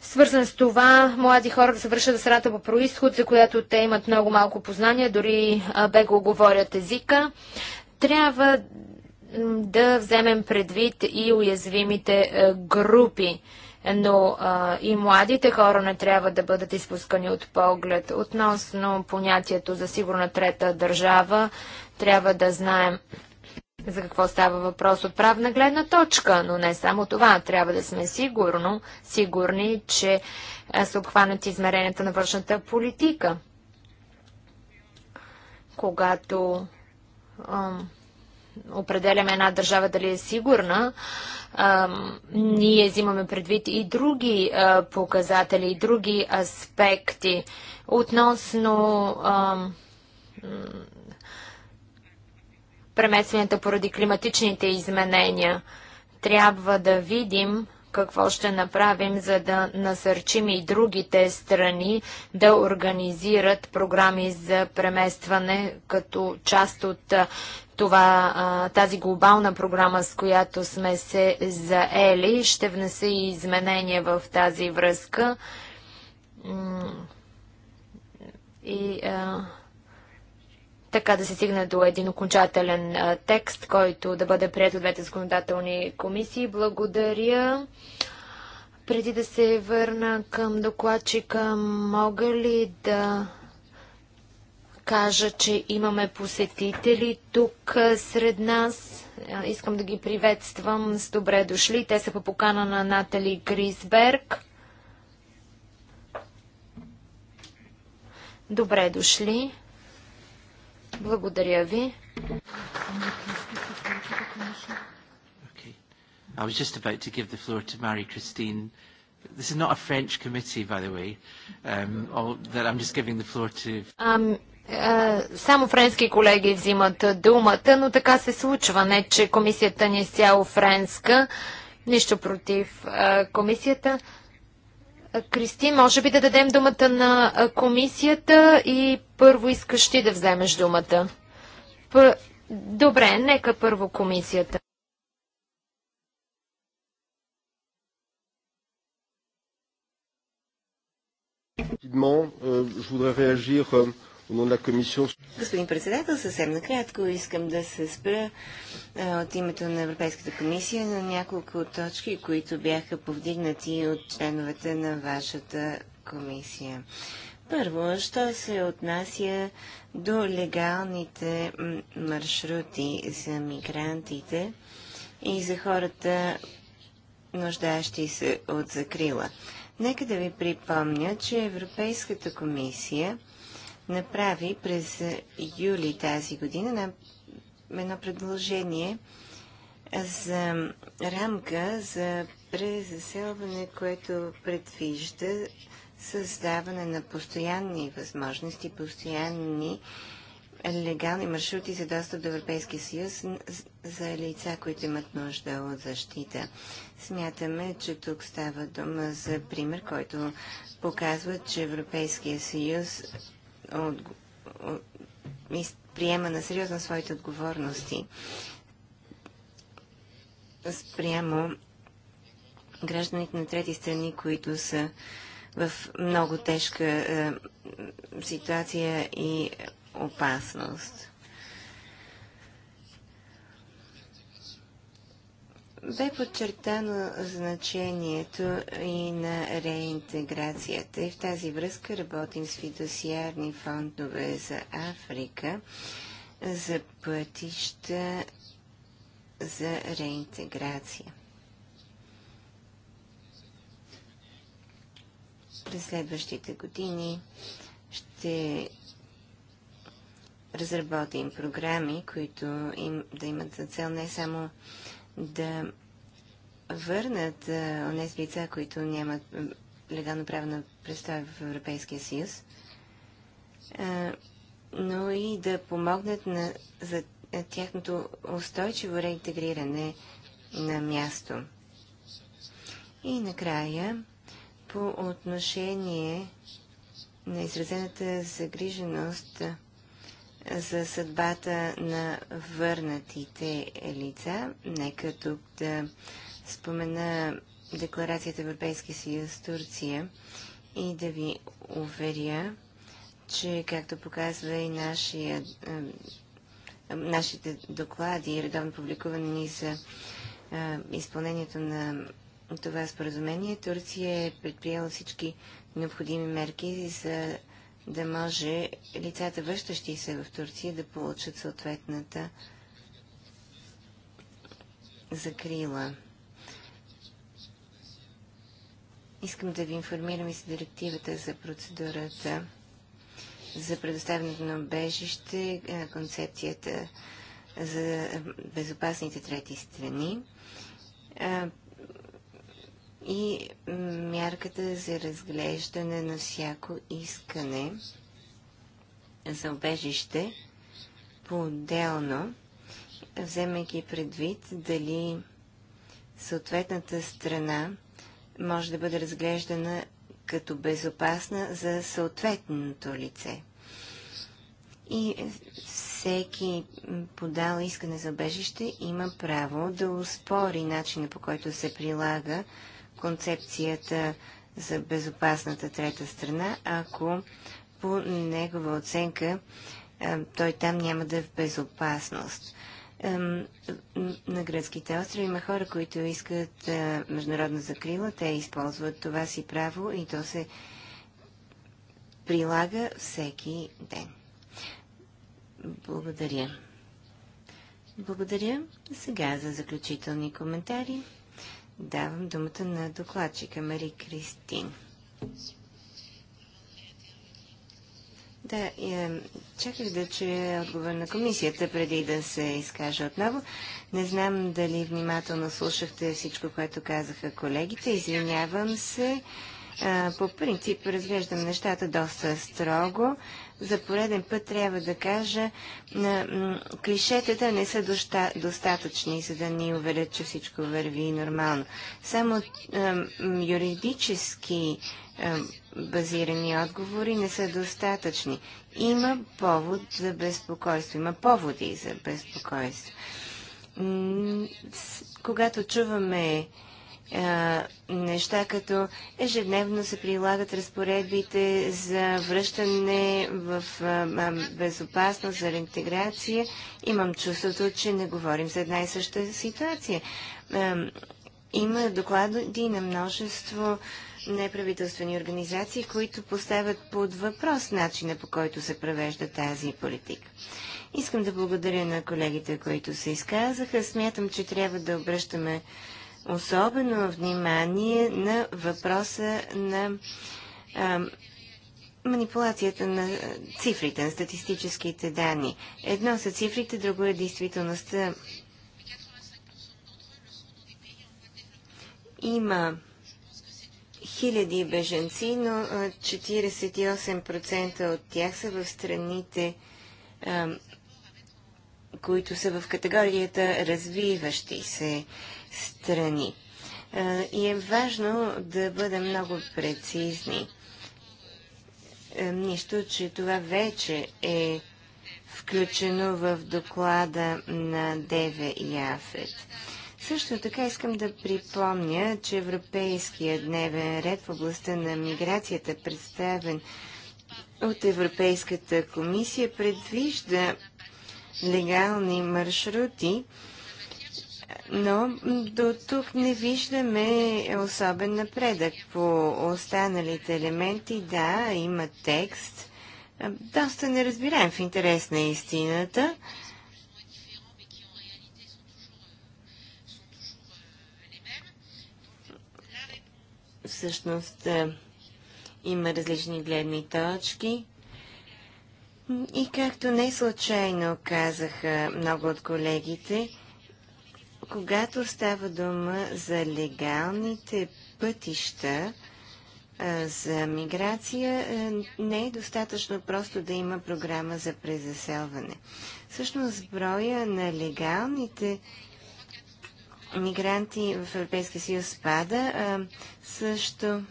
свързан с това млади хора да да страната по происход, за която те имат много малко познания, дори а, бегло говорят езика. Трябва да вземем предвид и уязвимите а, е, групи, но а, и младите хора не трябва да бъдат изпускани от поглед. Относно понятието за сигурна трета държава, трябва да знаем за какво става въпрос от правна гледна точка, но не само това. Трябва да сме сигурно, сигурни, че са обхванати измеренията на външната политика. Когато ам, определяме една държава дали е сигурна, ам, ние взимаме предвид и други а, показатели, и други аспекти относно ам, преместванията поради климатичните изменения. Трябва да видим какво ще направим, за да насърчим и другите страни да организират програми за преместване като част от това, тази глобална програма, с която сме се заели. Ще внеса и изменения в тази връзка. И а, така да се стигне до един окончателен а, текст, който да бъде прият от двете законодателни комисии. Благодаря. Преди да се върна към докладчика, мога ли да кажа, че имаме посетители тук а, сред нас? А, искам да ги приветствам с добре дошли. Те са по покана на Натали Грисберг. Добре дошли. Благодаря ви. I was just about to give the floor to Marie-Christine. This is not a French committee, by the way, um, all, that I'm just giving the floor to... Um, uh, само френски колеги взимат думата, но така се случва. Не, че комисията ни е сяло френска. Нищо против uh, комисията. Кристи, може би да дадем думата на комисията и първо искаш ти да вземеш думата. П... Добре, нека първо комисията. Rapidement, euh, je voudrais réagir euh, Господин председател, съвсем накратко искам да се спра а, от името на Европейската комисия на няколко точки, които бяха повдигнати от членовете на вашата комисия. Първо, що се отнася до легалните маршрути за мигрантите и за хората, нуждаещи се от закрила. Нека да ви припомня, че Европейската комисия – направи през юли тази година на едно предложение за рамка за презаселване, което предвижда създаване на постоянни възможности, постоянни легални маршрути за достъп до Европейския съюз за лица, които имат нужда от защита. Смятаме, че тук става дума за пример, който показва, че Европейския съюз от, от, приема на сериозно своите отговорности спрямо гражданите на трети страни, които са в много тежка е, ситуация и опасност. Бе подчертано значението и на реинтеграцията и в тази връзка работим с фидосиарни фондове за Африка, за пътища за реинтеграция. През следващите години ще разработим програми, които им, да имат за цел не само да върнат онези лица, които нямат легално право на престой в Европейския съюз, но и да помогнат на, за тяхното устойчиво реинтегриране на място. И накрая, по отношение на изразената загриженост за съдбата на върнатите лица. Нека тук да спомена Декларацията Европейски съюз Турция и да ви уверя, че, както показва и нашия, нашите доклади редовно публикувани за изпълнението на това споразумение, Турция е предприела всички необходими мерки за да може лицата, връщащи се в Турция, да получат съответната закрила. Искам да ви информирам и с директивата за процедурата за предоставянето на обежище, концепцията за безопасните трети страни и мярката за разглеждане на всяко искане за обежище по-отделно, вземайки предвид дали съответната страна може да бъде разглеждана като безопасна за съответното лице. И всеки подал искане за обежище има право да успори начина по който се прилага концепцията за безопасната трета страна, ако по негова оценка той там няма да е в безопасност. На гръцките острови има хора, които искат международна закрила. Те използват това си право и то се прилага всеки ден. Благодаря. Благодаря сега за заключителни коментари. Давам думата на докладчика Мари Кристин. Да, е, чаках да чуя отговор на комисията преди да се изкаже отново. Не знам дали внимателно слушахте всичко, което казаха колегите. Извинявам се. По принцип разглеждам нещата доста строго. За пореден път трябва да кажа, клишетата не са доста, достатъчни, за да ни уверят, че всичко върви нормално. Само юридически базирани отговори не са достатъчни. Има повод за безпокойство, има поводи за безпокойство. Когато чуваме неща, като ежедневно се прилагат разпоредбите за връщане в безопасност, за реинтеграция. Имам чувството, че не говорим за една и съща ситуация. има доклади на множество неправителствени организации, които поставят под въпрос начина по който се превежда тази политика. Искам да благодаря на колегите, които се изказаха. Смятам, че трябва да обръщаме особено внимание на въпроса на а, манипулацията на цифрите, на статистическите данни. Едно са цифрите, друго е действителността. Има хиляди беженци, но 48% от тях са в страните, които са в категорията развиващи се страни. И е важно да бъдем много прецизни. Нищо, че това вече е включено в доклада на Деве и Афет. Също така искам да припомня, че Европейския дневен ред в областта на миграцията, представен от Европейската комисия, предвижда легални маршрути но до тук не виждаме особен напредък по останалите елементи. Да, има текст. Доста не разбираем в интерес на истината. Всъщност има различни гледни точки. И както не случайно казаха много от колегите, когато става дума за легалните пътища за миграция, не е достатъчно просто да има програма за презаселване. Всъщност, броя на легалните мигранти в Европейския съюз спада, а, също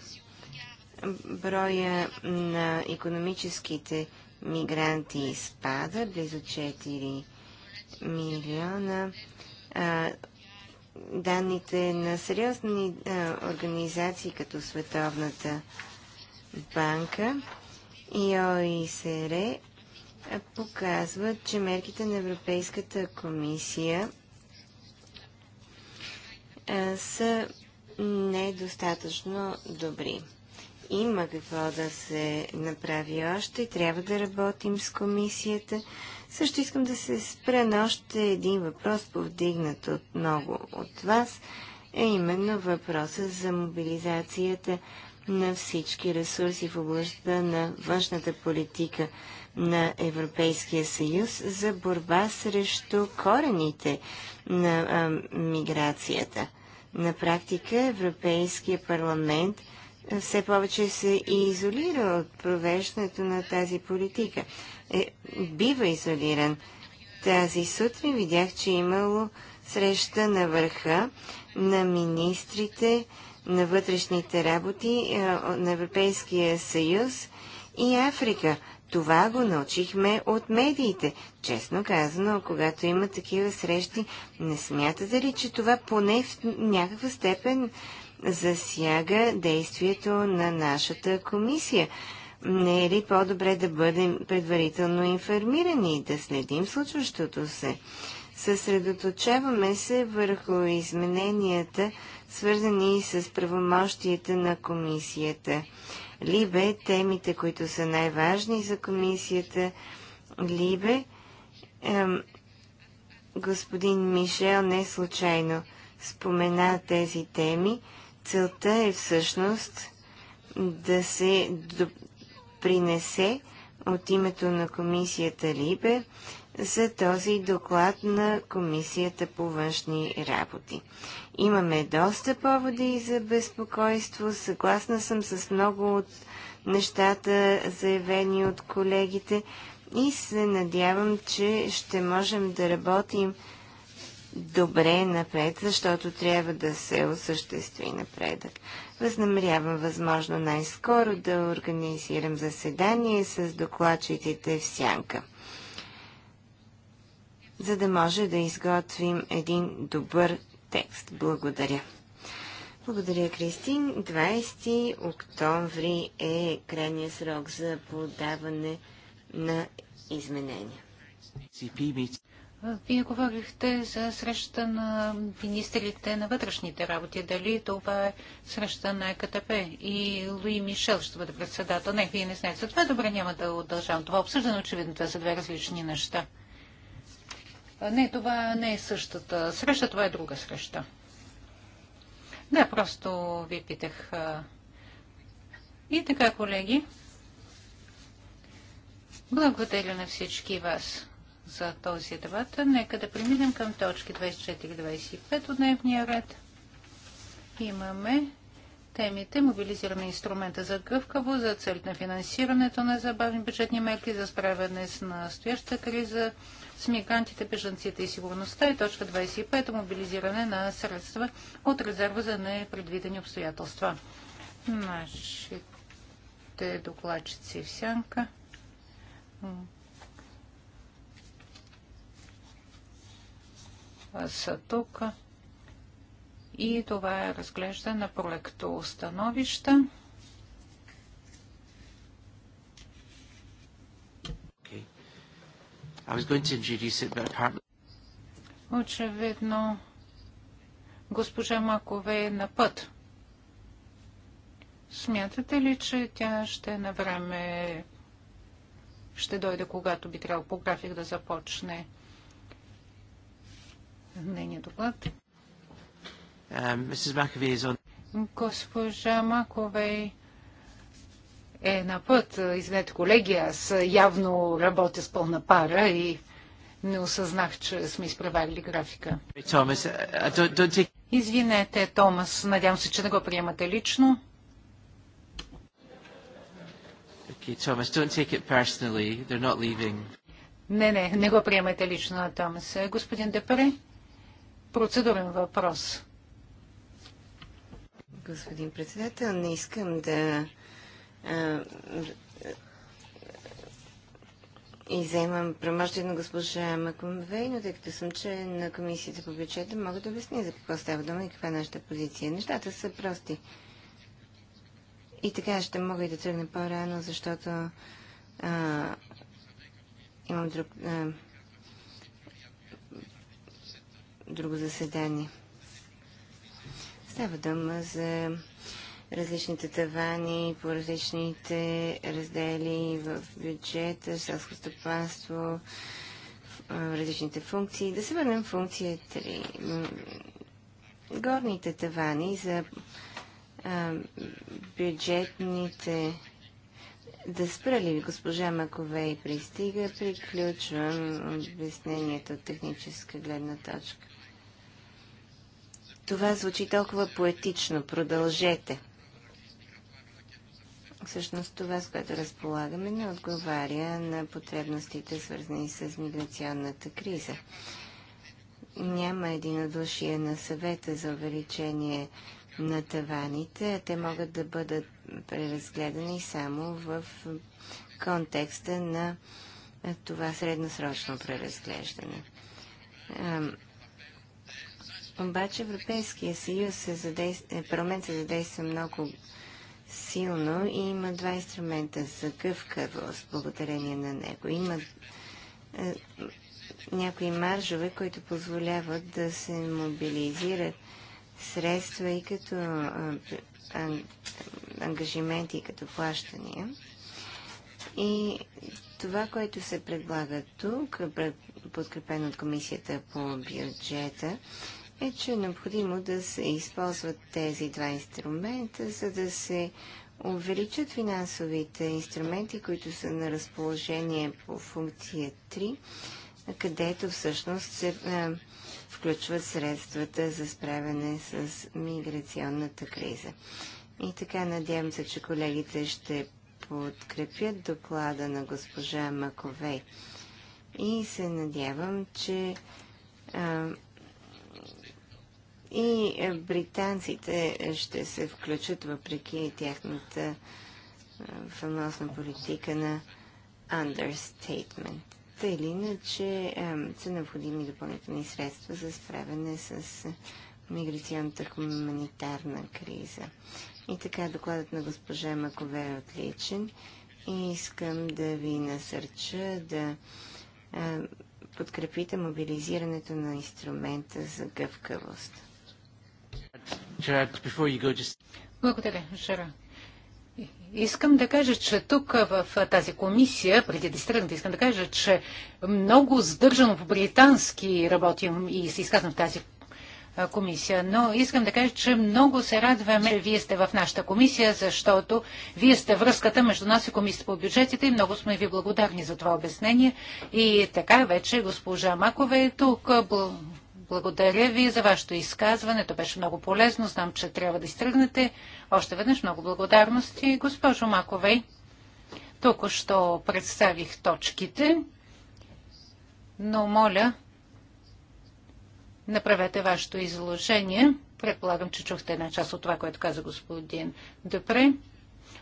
броя на економическите мигранти спада, близо 4 милиона данните на сериозни а, организации, като Световната банка и ОИСР, показват, че мерките на Европейската комисия а, са недостатъчно добри. Има какво да се направи още. Трябва да работим с комисията. Също искам да се спра на още един въпрос, повдигнат от много от вас, е именно въпроса за мобилизацията на всички ресурси в областта на външната политика на Европейския съюз за борба срещу корените на а, миграцията. На практика Европейския парламент все повече се изолира от провеждането на тази политика е, бива изолиран. Тази сутрин видях, че е имало среща на върха на министрите на вътрешните работи е, на Европейския съюз и Африка. Това го научихме от медиите. Честно казано, когато има такива срещи, не смятате ли, че това поне в някаква степен засяга действието на нашата комисия? не е ли по-добре да бъдем предварително информирани и да следим случващото се? Съсредоточаваме се върху измененията, свързани с правомощията на комисията. Либе темите, които са най-важни за комисията. Либе ем, господин Мишел не случайно спомена тези теми. Целта е всъщност да се допринесе от името на комисията Либе за този доклад на комисията по външни работи. Имаме доста поводи за безпокойство. Съгласна съм с много от нещата, заявени от колегите и се надявам, че ще можем да работим добре напред, защото трябва да се осъществи напредък. Възнамерявам възможно най-скоро да организирам заседание с докладчиците в сянка, за да може да изготвим един добър текст. Благодаря. Благодаря, Кристин. 20 октомври е крайния срок за подаване на изменения. Вие говорихте за среща на министрите на вътрешните работи. Дали това е среща на ЕКТП и Луи Мишел ще бъде председател? Не, вие не знаете. За това добре няма да удължавам. Това обсъждане очевидно. Това са две различни неща. Не, това не е същата среща, това е друга среща. Да, просто ви питах. И така, колеги, благодаря на всички вас за този дебат. Нека да преминем към точки 24-25 от дневния ред. Имаме темите мобилизираме инструмента за гъвкаво за цел на финансирането на забавни бюджетни мерки за справяне с настоящата криза с мигрантите, бежанците и сигурността и точка 25 мобилизиране на средства от резерва за непредвидени обстоятелства. Нашите докладчици в сянка. са тук. И това е разглеждане на проекто Очевидно, госпожа Макове е на път. Смятате ли, че тя ще на време ще дойде, когато би трябвало по график да започне нейния доклад. Е Госпожа Маковей е на път. Извинете, колеги, аз явно работя с пълна пара и не осъзнах, че сме изпреварили графика. Uh, Извинете, Томас, надявам се, че не го приемате лично. Okay, Не, не, не го приемайте лично, Томас. Господин Депре? процедурен въпрос. Господин председател, не искам да а, иземам премощите на госпожа Макомвей, но тъй като съм член на комисията по бюджета, мога да обясня за какво става дума и каква е нашата позиция. Нещата са прости. И така ще мога и да тръгна по-рано, защото а, имам друг а, друго заседание. Става дума за различните тавани по различните раздели в бюджета, селско стопанство, различните функции. Да се върнем в функция 3. Горните тавани за бюджетните да спра ли госпожа Маковей пристига, приключвам обяснението от техническа гледна точка. Това звучи толкова поетично. Продължете. Всъщност това, с което разполагаме, не отговаря на потребностите, свързани с миграционната криза. Няма единодушие на съвета за увеличение на таваните. Те могат да бъдат преразгледани само в контекста на това средносрочно преразглеждане. Обаче Европейския съюз се задейств... Е, парламент се задейства много силно и има два инструмента за гъвкавост, благодарение на него. Има е, някои маржове, които позволяват да се мобилизират средства и като е, а, ангажименти, и като плащания. И това, което се предлага тук, подкрепено от Комисията по бюджета, е, че е необходимо да се използват тези два инструмента, за да се увеличат финансовите инструменти, които са на разположение по функция 3, където всъщност се е, включват средствата за справяне с миграционната криза. И така надявам се, че колегите ще подкрепят доклада на госпожа Маковей. И се надявам, че а, и е, британците ще се включат въпреки тяхната е, фамозна политика на understatement. Та или иначе е, са необходими допълнителни средства за справяне с миграционната хуманитарна криза. И така докладът на госпожа Макове е отличен и искам да ви насърча да подкрепите мобилизирането на инструмента за гъвкавост. Благодаря, Жара. Искам да кажа, че тук в тази комисия, преди да стръгнете, искам да кажа, че много сдържано по британски работим и се изказвам в тази комисия. Но искам да кажа, че много се радваме, че вие сте в нашата комисия, защото вие сте връзката между нас и комисията по бюджетите и много сме ви благодарни за това обяснение. И така вече госпожа Макова е тук. Благодаря ви за вашето изказване. То беше много полезно. Знам, че трябва да изтръгнете. Още веднъж много благодарности. Госпожо Маковей, току-що представих точките, но моля, направете вашето изложение. Предполагам, че чухте една част от това, което каза господин Депре.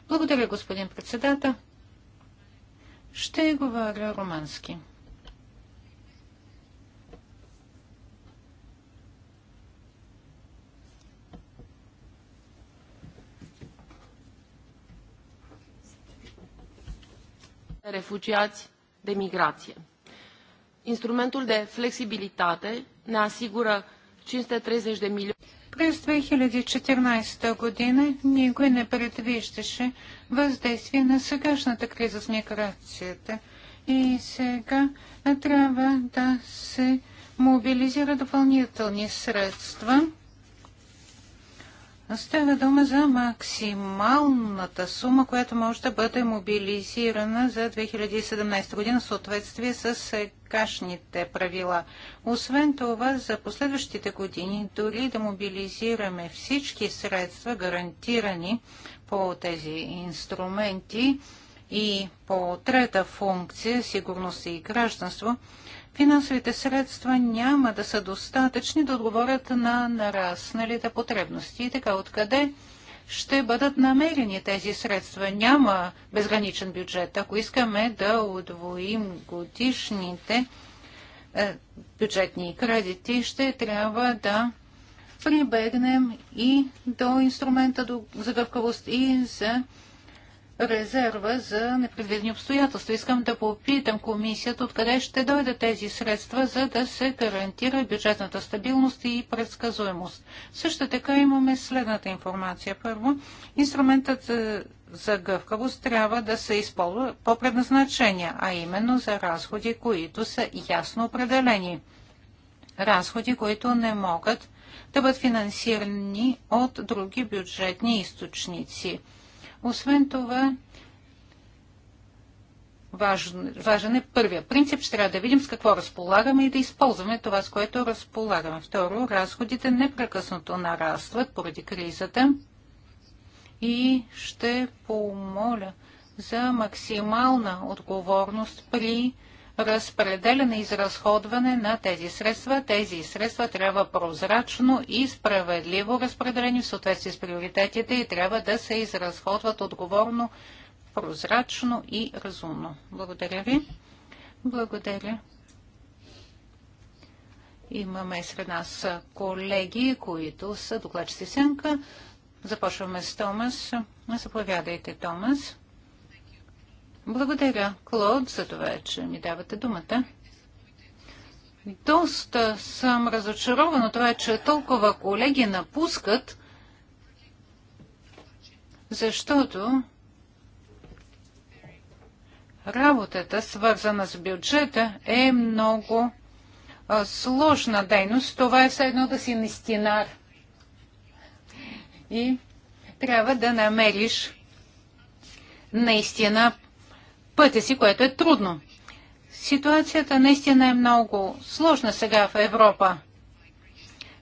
Благодаря, господин председател. Ще говоря романски. refugiați de migrație. Instrumentul de flexibilitate ne asigură 530 de milioane. През 2014 година никой не предвиждаше въздействие на сегашната криза с миграцията. И сега трябва да се мобилизира допълнителни средства Става дума за максималната сума, която може да бъде мобилизирана за 2017 година в съответствие с сегашните правила. Освен това, за последващите години, дори да мобилизираме всички средства, гарантирани по тези инструменти и по трета функция, сигурност и гражданство, финансовите средства няма да са достатъчни да отговорят на нарасналите потребности. И така, откъде ще бъдат намерени тези средства? Няма безграничен бюджет. Ако искаме да удвоим годишните е, бюджетни кредити, ще трябва да прибегнем и до инструмента за гъвкавост и за резерва за непредвидени обстоятелства. Искам да попитам комисията откъде ще дойдат тези средства, за да се гарантира бюджетната стабилност и предсказуемост. Също така имаме следната информация. Първо, инструментът за гъвкавост трябва да се използва по предназначение, а именно за разходи, които са ясно определени. Разходи, които не могат да бъдат финансирани от други бюджетни източници. Освен това, важен, важен е първия принцип. Ще трябва да видим с какво разполагаме и да използваме това, с което разполагаме. Второ, разходите непрекъснато нарастват поради кризата и ще помоля за максимална отговорност при разпределяне и изразходване на тези средства. Тези средства трябва прозрачно и справедливо разпределени в съответствие с приоритетите и трябва да се изразходват отговорно, прозрачно и разумно. Благодаря ви. Благодаря. Имаме сред нас колеги, които са докладчици Сенка. Започваме с Томас. Заповядайте, Томас. Благодаря, Клод, за това, че ми давате думата. Доста съм разочарована това, че толкова колеги напускат, защото работата, свързана с бюджета, е много сложна дейност. Това е все едно да си нестинар. И трябва да намериш наистина пътя си, което е трудно. Ситуацията наистина е много сложна сега в Европа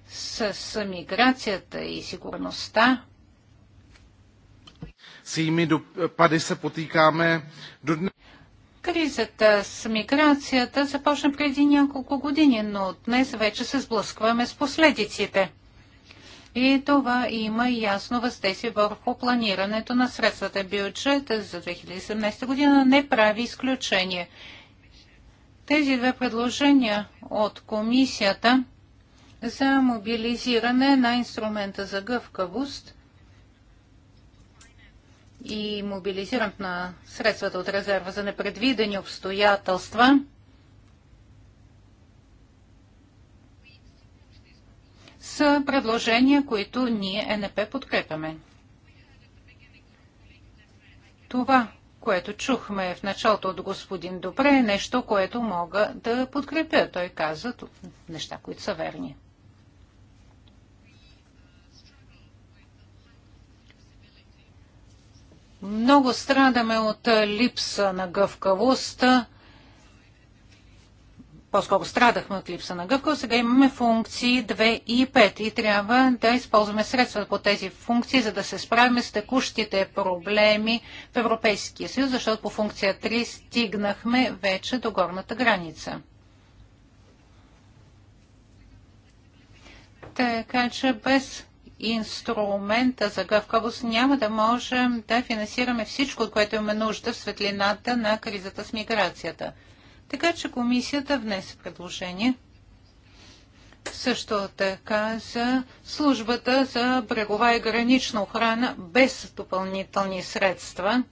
с, миграцията и сигурността. Е, се потикаме до Кризата с миграцията започна преди няколко години, но днес вече се сблъскваме с последиците и това има ясно въздействие върху планирането на средствата. Бюджета за 2017 година не прави изключение. Тези две предложения от комисията за мобилизиране на инструмента за гъвкавост и мобилизирането на средствата от резерва за непредвидени обстоятелства – са предложения, които ние НП подкрепяме. Това, което чухме в началото от господин Добре, е нещо, което мога да подкрепя. Той каза неща, които са верни. Много страдаме от липса на гъвкавост по-скоро страдахме от липса на гъвкавост, сега имаме функции 2 и 5 и трябва да използваме средства по тези функции, за да се справим с текущите проблеми в Европейския съюз, защото по функция 3 стигнахме вече до горната граница. Така че без инструмента за гъвкавост няма да можем да финансираме всичко, от което имаме нужда в светлината на кризата с миграцията. Така че комисията внесе предложение също така за службата за брегова и гранична охрана без допълнителни средства.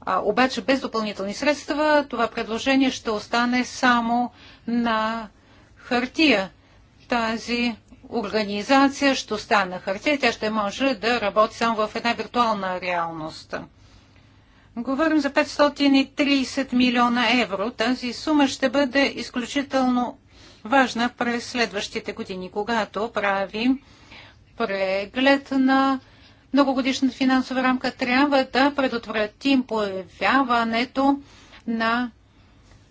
А, обаче без допълнителни средства това предложение ще остане само на хартия. Тази организация ще остане на хартия, тя ще може да работи само в една виртуална реалност. Говорим за 530 милиона евро. Тази сума ще бъде изключително важна през следващите години, когато правим преглед на многогодишната финансова рамка. Трябва да предотвратим появяването на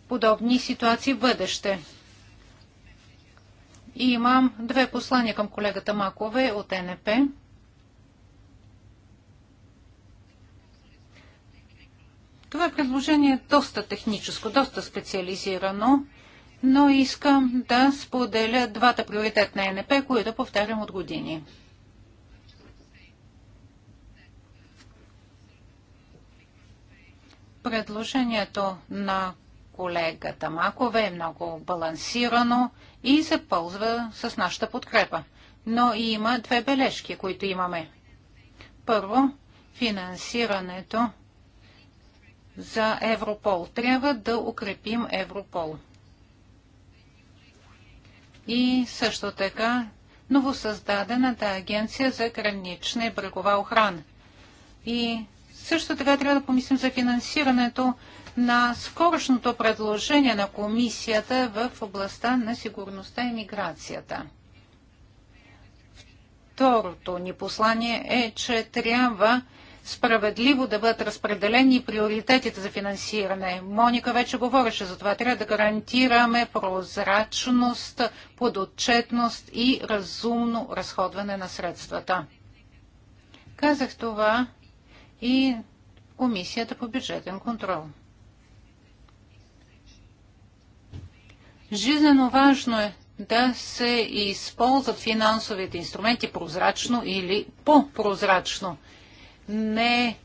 подобни ситуации в бъдеще. И имам две послания към колегата Макове от НП. Това предложение е доста техническо, доста специализирано, но искам да споделя двата приоритет на ЕНП, които повтарям от години. Предложението на колегата Макове е много балансирано и се ползва с нашата подкрепа. Но и има две бележки, които имаме. Първо, финансирането за Европол. Трябва да укрепим Европол. И също така новосъздадената агенция за гранична и брегова охрана. И също така трябва да помислим за финансирането на скорошното предложение на комисията в областта на сигурността и миграцията. Второто ни послание е, че трябва справедливо да бъдат разпределени приоритетите за финансиране. Моника вече говореше за това. Трябва да гарантираме прозрачност, подотчетност и разумно разходване на средствата. Казах това и Комисията по бюджетен контрол. Жизнено важно е да се използват финансовите инструменти прозрачно или по-прозрачно не е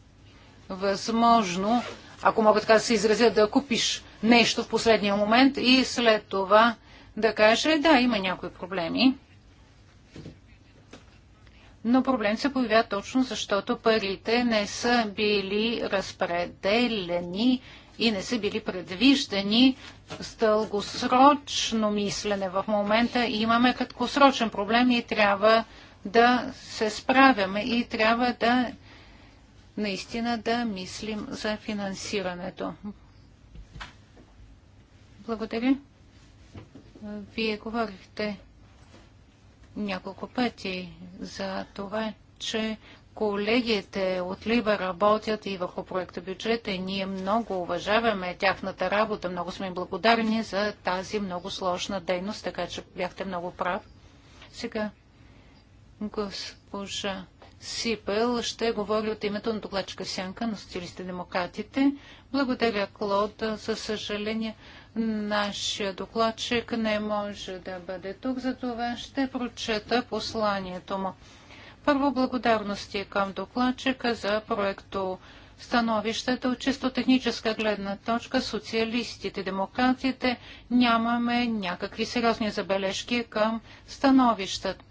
възможно, ако мога така да се изразя, да купиш нещо в последния момент и след това да каже, е, да, има някои проблеми. Но проблем се появява точно защото парите не са били разпределени и не са били предвиждани с дългосрочно мислене. В момента имаме краткосрочен проблем и трябва да се справяме и трябва да наистина да мислим за финансирането. Благодаря. Вие говорихте няколко пъти за това, че колегите от Либа работят и върху проекта бюджета и ние много уважаваме тяхната работа, много сме благодарни за тази много сложна дейност, така че бяхте много прав. Сега госпожа Сипел ще говори от името на докладчика Сянка на социалистите демократите. Благодаря, Клод. За съжаление, нашия докладчик не може да бъде тук, затова ще прочета посланието му. Първо благодарности към докладчика за проекто становището. От чисто техническа гледна точка социалистите, демократите нямаме някакви сериозни забележки към становищата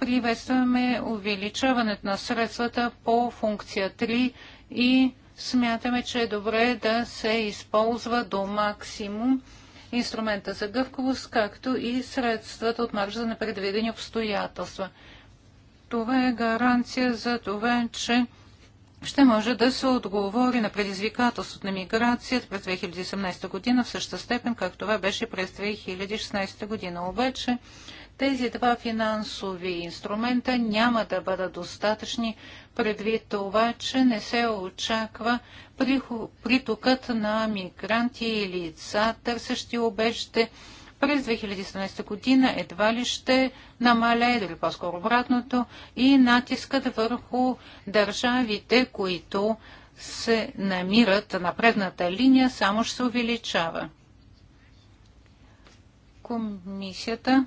приветстваме увеличаването на средствата по функция 3 и смятаме, че е добре да се използва до максимум инструмента за гъвковост, както и средствата от марш за непредвидени обстоятелства. Това е гаранция за това, че ще може да се отговори на предизвикателството на миграцията през 2017 година в същата степен, как това беше през 2016 година. Обаче, тези два финансови инструмента няма да бъдат достатъчни предвид това, че не се очаква притокът на мигранти и лица, търсещи обежите през 2017 година едва ли ще намаля, дали по-скоро обратното, и натискът върху държавите, които се намират на предната линия, само ще се увеличава. Комисията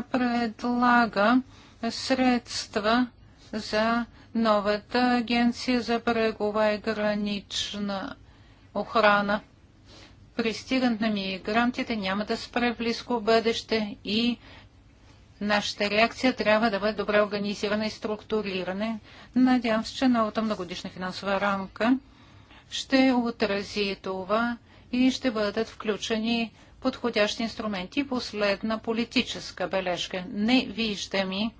предлага средства за новата агенция за брегова и гранична охрана. Пристигат на мигрантите няма да спре в близко бъдеще и нашата реакция трябва да бъде добре организирана и структурирана. Надявам се, че новата многодишна финансова рамка ще отрази това и ще бъдат включени подходящи инструменти. Последна политическа бележка. Не виждаме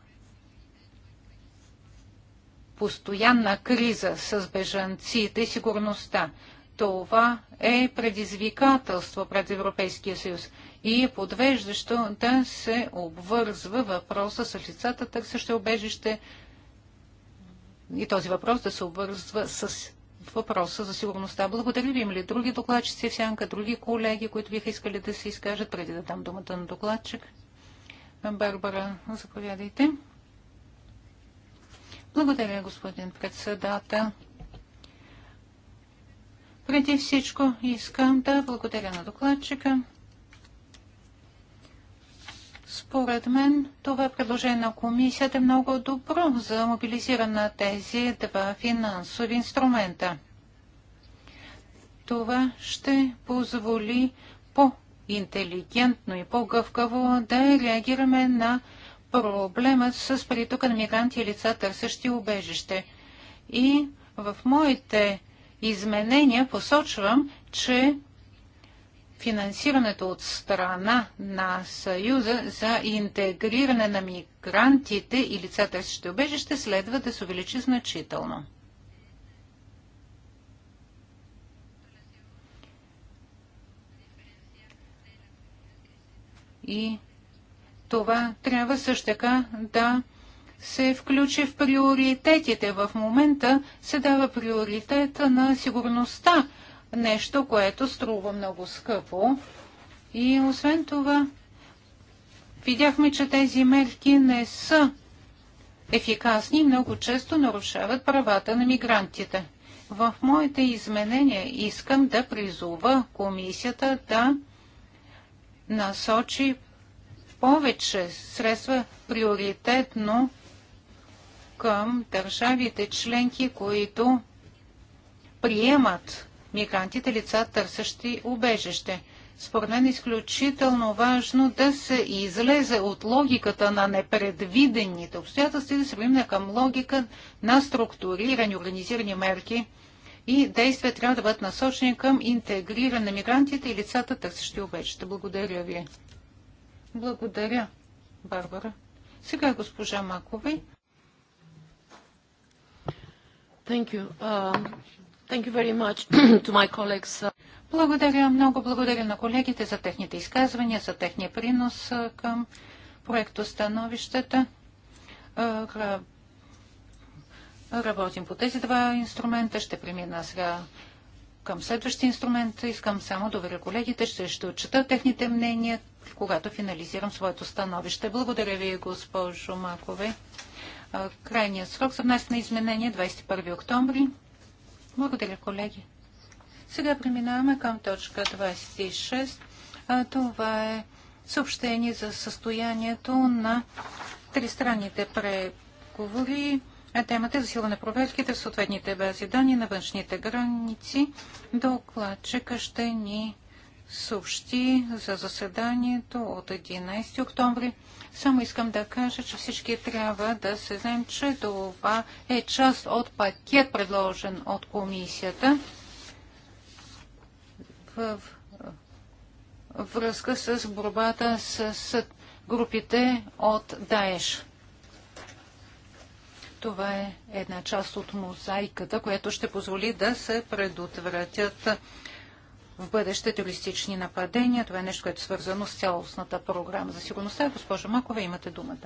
постоянна криза с бежанците и сигурността. Това е предизвикателство пред Европейския съюз и е подвеждащо да се обвързва въпроса с лицата, търсещи обежище и този въпрос да се обвързва с въпроса за сигурността. Благодаря ви. Има ли други докладчици в сянка, други колеги, които биха искали да се изкажат преди да дам думата на докладчик? Барбара, заповядайте. Благодаря, господин председател. Преди всичко искам да благодаря на докладчика според мен това предложение на комисията е много добро за мобилизиране на тези два финансови инструмента. Това ще позволи по-интелигентно и по-гъвкаво да реагираме на проблема с притока на мигранти и лица, търсещи убежище. И в моите изменения посочвам, че финансирането от страна на Съюза за интегриране на мигрантите и лицата търсещи убежище следва да се увеличи значително. И това трябва също така да се включи в приоритетите. В момента се дава приоритета на сигурността нещо, което струва много скъпо. И освен това, видяхме, че тези мерки не са ефикасни и много често нарушават правата на мигрантите. В моите изменения искам да призова комисията да насочи повече средства приоритетно към държавите членки, които приемат мигрантите, лица търсещи убежище. Според мен е изключително важно да се излезе от логиката на непредвидените обстоятелства и да се премине към логика на структурирани, организирани мерки и действия трябва да бъдат насочени към интегриране на мигрантите и лицата търсещи убежище. Благодаря ви. Благодаря, Барбара. Сега госпожа Макови. Thank you. Uh, Uh, благодаря, много благодаря на колегите за техните изказвания, за техния принос към проекто становищата. Работим по тези два инструмента. Ще премина сега към следващия инструмент. Искам само да уверя колегите, ще, ще отчета техните мнения, когато финализирам своето становище. Благодаря ви, госпожо Макове. Крайният срок за внасяне на изменение 21 октомври. Благодаря, колеги. Сега преминаваме към точка 26. А, това е съобщение за състоянието на тристранните преговори. темата е сила на проверките в съответните бази данни на външните граници. Докладчика ще ни съобщи за заседанието от 11 октомври. Само искам да кажа, че всички трябва да се знаем, че това е част от пакет, предложен от комисията в връзка с борбата с, с групите от Даеш. Това е една част от мозайката, която ще позволи да се предотвратят в бъдеще терористични нападения. Това е нещо, което е свързано с цялостната програма за сигурността. Госпожа Макова, имате думата.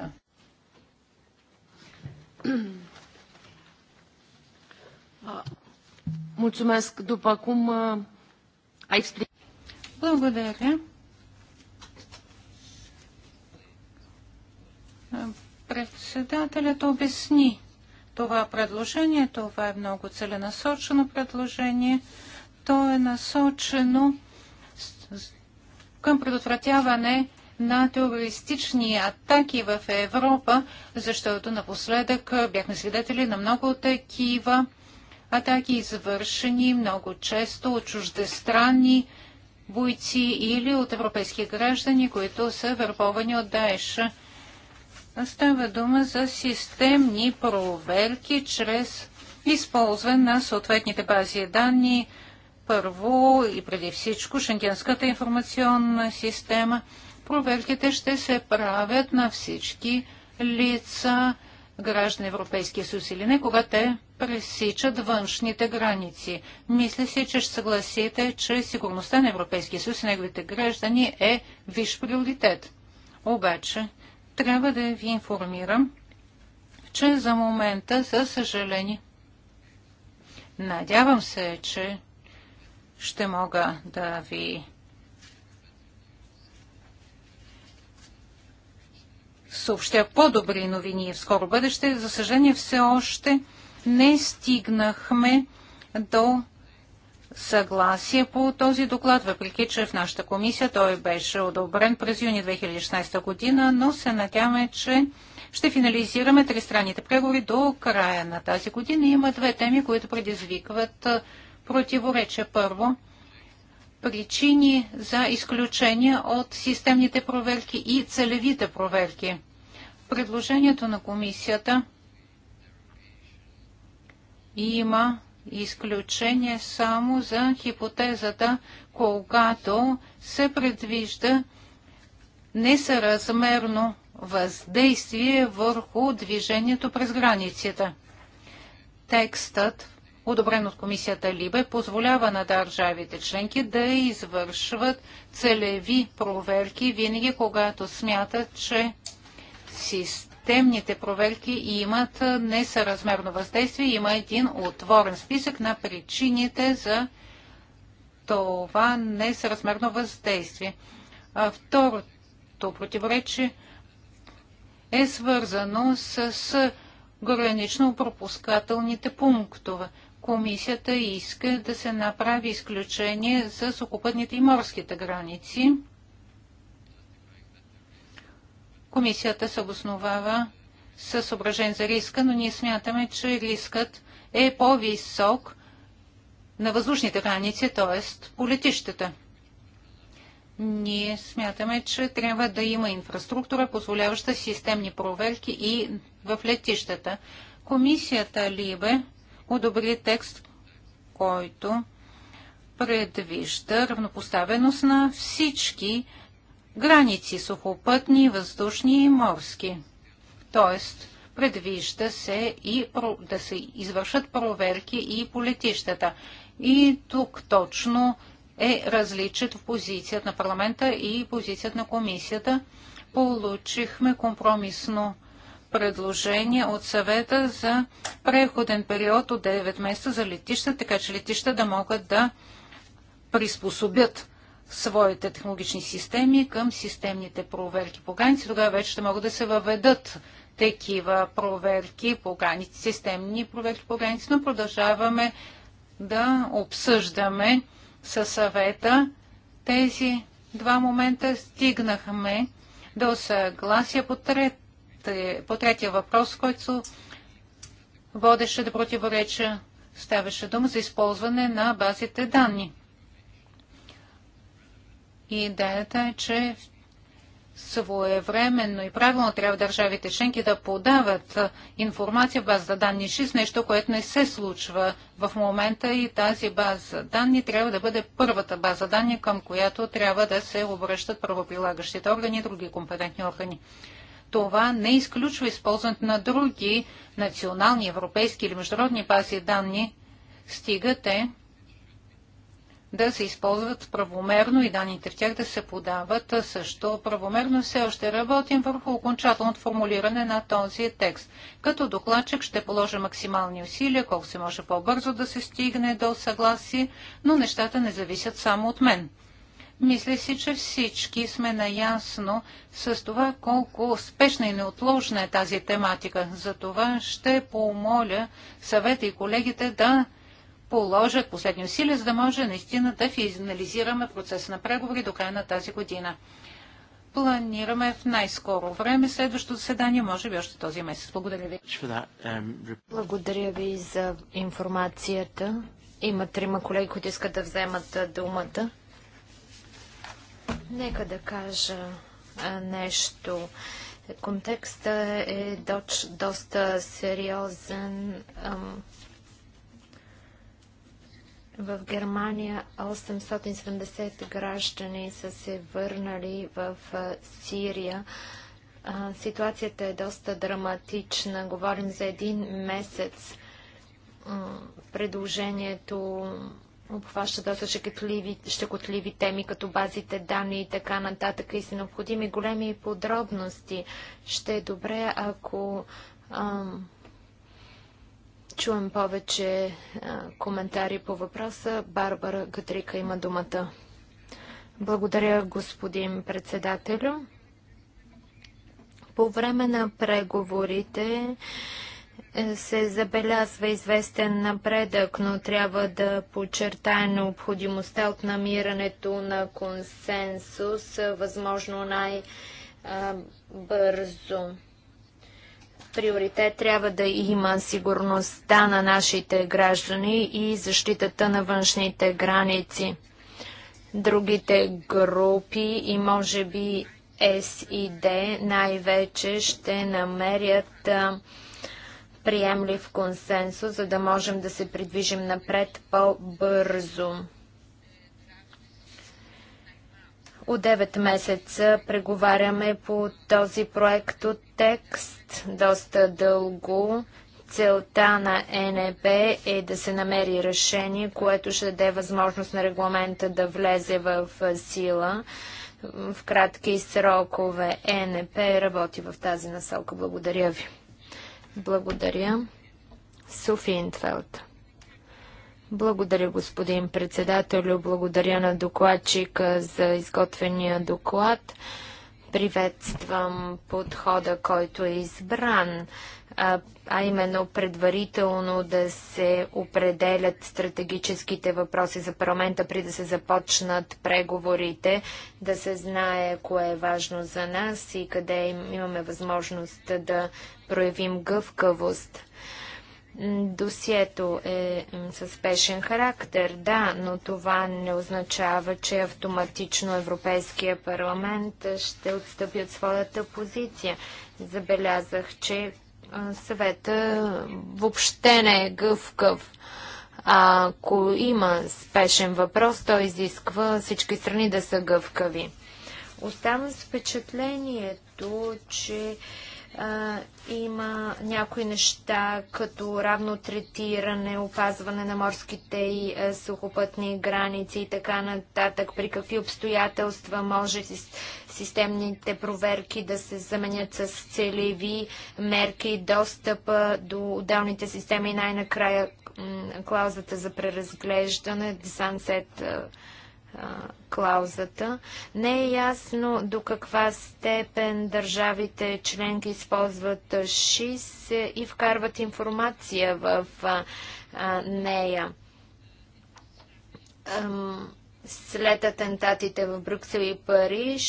După cum explicat... Благодаря. Председателят обясни това предложение. Това е много целенасочено предложение. То е насочено към предотвратяване на терористични атаки в Европа, защото напоследък бяхме свидетели на много такива атаки, извършени много често от чуждестранни бойци или от европейски граждани, които са върбовани от Даеш. Става дума за системни проверки чрез използване на съответните бази данни, първо и преди всичко Шенгенската информационна система. Проверките ще се правят на всички лица, граждани Европейския съюз или не, когато те пресичат външните граници. Мисля си, че ще съгласите, че сигурността на Европейския съюз и неговите граждани е виш приоритет. Обаче, трябва да ви информирам, че за момента, за съжаление, надявам се, че ще мога да ви съобщя по-добри новини в скоро бъдеще. За съжаление, все още не стигнахме до съгласие по този доклад, въпреки че в нашата комисия той беше одобрен през юни 2016 година, но се надяваме, че ще финализираме тристранните преговори до края на тази година. Има две теми, които предизвикват противореча Първо, причини за изключение от системните проверки и целевите проверки. Предложението на комисията има изключение само за хипотезата, когато се предвижда несъразмерно въздействие върху движението през границата. Текстът одобрен от комисията Либе, позволява на държавите членки да извършват целеви проверки винаги, когато смятат, че системните проверки имат несъразмерно въздействие. Има един отворен списък на причините за това несъразмерно въздействие. А второто противоречие е свързано с гранично пропускателните пунктове комисията иска да се направи изключение за сухопътните и морските граници. Комисията се обосновава с съображен за риска, но ние смятаме, че рискът е по-висок на въздушните граници, т.е. по летищата. Ние смятаме, че трябва да има инфраструктура, позволяваща системни проверки и в летищата. Комисията Либе одобри текст, който предвижда равнопоставеност на всички граници сухопътни, въздушни и морски. Тоест, предвижда се и да се извършат проверки и по летищата. И тук точно е различен в позицията на парламента и позицията на комисията. Получихме компромисно предложение от съвета за преходен период от 9 месеца за летища, така че летища да могат да приспособят своите технологични системи към системните проверки по граници. Тогава вече ще могат да се въведат такива проверки по граници, системни проверки по граници, но продължаваме да обсъждаме със съвета тези два момента. Стигнахме до съгласие по трет по третия въпрос, който водеше до да ставаше дума за използване на базите данни. И идеята е, че своевременно и правилно трябва държавите членки да подават информация в база данни ШИС, нещо, което не се случва в момента и тази база данни трябва да бъде първата база данни, към която трябва да се обръщат правоприлагащите органи и други компетентни органи това не изключва използването на други национални, европейски или международни бази данни, стига те да се използват правомерно и данните в тях да се подават също правомерно. Все още работим върху окончателното формулиране на този текст. Като докладчик ще положа максимални усилия, колко се може по-бързо да се стигне до съгласие, но нещата не зависят само от мен. Мисля си, че всички сме наясно с това колко успешна и неотложна е тази тематика. За това ще помоля съвета и колегите да положат последни усилия, за да може наистина да финализираме процеса на преговори до края на тази година. Планираме в най-скоро време следващото заседание, може би още този месец. Благодаря ви. Um, Благодаря ви за информацията. Има трима колеги, които искат да вземат думата. Нека да кажа нещо. Контекста е до, доста сериозен. В Германия 870 граждани са се върнали в Сирия. Ситуацията е доста драматична. Говорим за един месец. Предложението обхваща доста щекотливи, щекотливи теми, като базите данни и така нататък и са необходими големи подробности. Ще е добре, ако ам, чуем повече а, коментари по въпроса. Барбара Гатрика има думата. Благодаря, господин председателю. По време на преговорите се забелязва известен напредък, но трябва да подчертая необходимостта от намирането на консенсус, възможно най-бързо. Приоритет трябва да има сигурността на нашите граждани и защитата на външните граници. Другите групи и може би СИД най-вече ще намерят а, приемлив консенсус, за да можем да се придвижим напред по-бързо. От 9 месеца преговаряме по този проект от текст доста дълго. Целта на НЕП е да се намери решение, което ще даде възможност на регламента да влезе в сила в кратки срокове. ЕНЕП работи в тази насока. Благодаря ви. Благодаря. Софи Интфелд. Благодаря, господин председателю. Благодаря на докладчика за изготвения доклад. Приветствам подхода, който е избран, а, а именно предварително да се определят стратегическите въпроси за парламента, при да се започнат преговорите, да се знае кое е важно за нас и къде имаме възможност да проявим гъвкавост. Досието е със спешен характер, да, но това не означава, че автоматично Европейския парламент ще отстъпи от своята позиция. Забелязах, че съвета въобще не е гъвкав. Ако има спешен въпрос, той изисква всички страни да са гъвкави. Оставам с впечатлението, че има някои неща, като равно третиране, опазване на морските и сухопътни граници и така нататък. При какви обстоятелства може системните проверки да се заменят с целеви мерки, достъпа до отделните системи и най-накрая клаузата за преразглеждане, десансет. Uh, клаузата. Не е ясно до каква степен държавите членки използват ШИС и вкарват информация в нея. След атентатите в Брюксел и Париж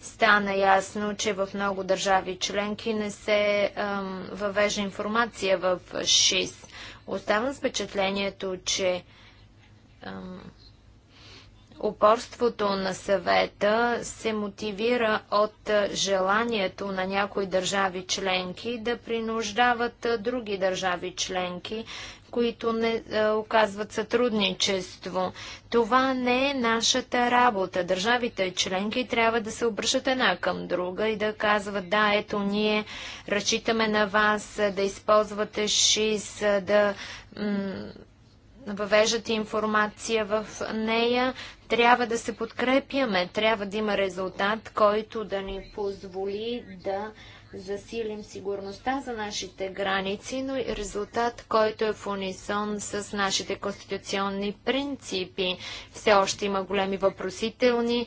стана ясно, че в много държави членки не се въвежда информация в ШИС. Оставам с впечатлението, че Упорството на съвета се мотивира от желанието на някои държави членки да принуждават други държави членки, които не оказват сътрудничество. Това не е нашата работа. Държавите членки трябва да се обръщат една към друга и да казват, да, ето ние разчитаме на вас да използвате ШИС, да въвеждат информация в нея. Трябва да се подкрепяме, трябва да има резултат, който да ни позволи да засилим сигурността за нашите граници, но и резултат, който е в унисон с нашите конституционни принципи. Все още има големи въпросителни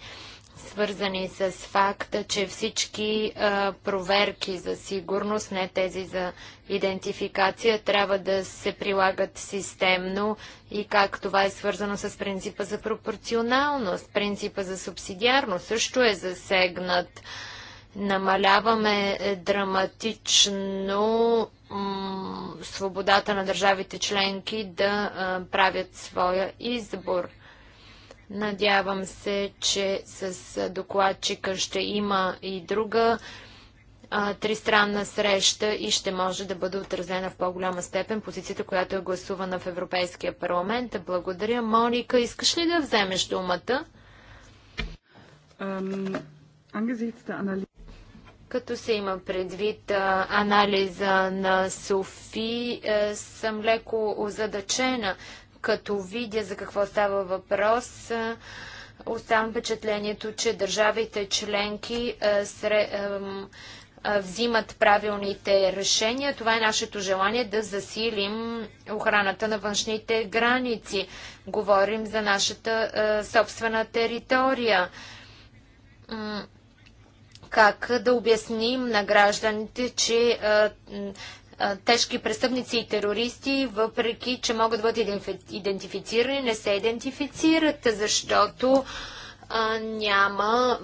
свързани с факта, че всички а, проверки за сигурност, не тези за идентификация, трябва да се прилагат системно и как това е свързано с принципа за пропорционалност. Принципа за субсидиарност също е засегнат. Намаляваме е, драматично свободата на държавите членки да а, правят своя избор. Надявам се, че с докладчика ще има и друга а, тристранна среща и ще може да бъде отразена в по-голяма степен позицията, която е гласувана в Европейския парламент. Благодаря. Моника, искаш ли да вземеш думата? Като се има предвид а, анализа на Софи, е, съм леко озадачена, като видя за какво става въпрос, оставам впечатлението, че държавите членки сре, взимат правилните решения. Това е нашето желание да засилим охраната на външните граници. Говорим за нашата собствена територия. Как да обясним на гражданите, че тежки престъпници и терористи, въпреки че могат да бъдат идентифицирани, не се идентифицират, защото а, няма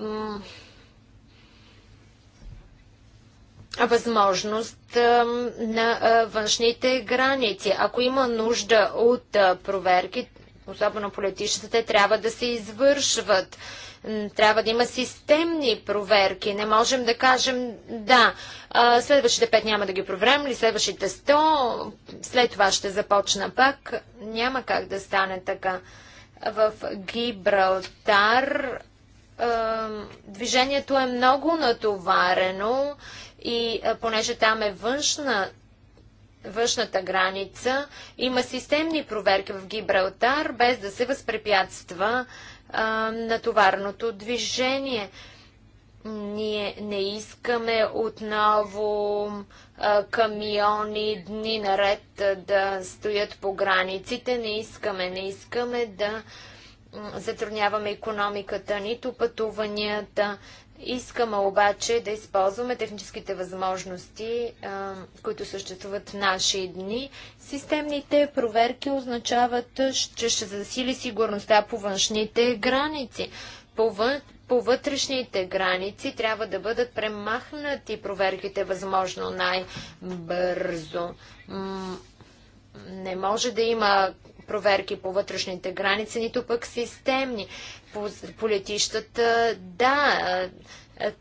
възможност а, на а, външните граници. Ако има нужда от проверки, особено политическите, трябва да се извършват. Трябва да има системни проверки. Не можем да кажем да, следващите пет няма да ги проверим или следващите 100, след това ще започна пак. Няма как да стане така. В Гибралтар движението е много натоварено и понеже там е външна външната граница, има системни проверки в Гибралтар, без да се възпрепятства на товарното движение. Ние не искаме отново камиони дни наред да стоят по границите. Не искаме, не искаме да затрудняваме економиката, нито пътуванията, Искаме обаче да използваме техническите възможности, които съществуват в наши дни. Системните проверки означават, че ще засили сигурността по външните граници. По, вън... по вътрешните граници трябва да бъдат премахнати проверките възможно най-бързо. Не може да има проверки по вътрешните граници, нито пък системни по, по летищата, да,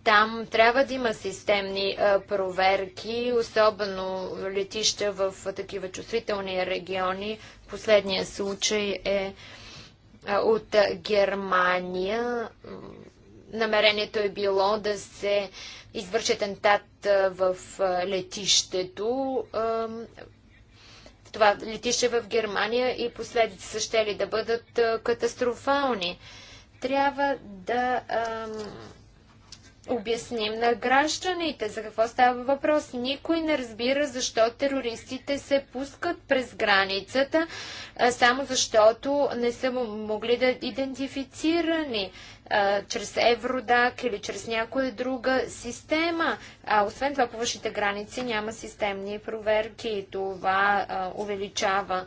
там трябва да има системни проверки, особено летища в такива чувствителни региони. Последният случай е от Германия. Намерението е било да се извърши тентат в летището. Това летище е в Германия и последици са ще ли да бъдат катастрофални трябва да ам, обясним на гражданите за какво става въпрос. Никой не разбира защо терористите се пускат през границата, а, само защото не са могли да идентифицирани а, чрез Евродак или чрез някоя друга система. А освен това, по вашите граници няма системни проверки и това а, увеличава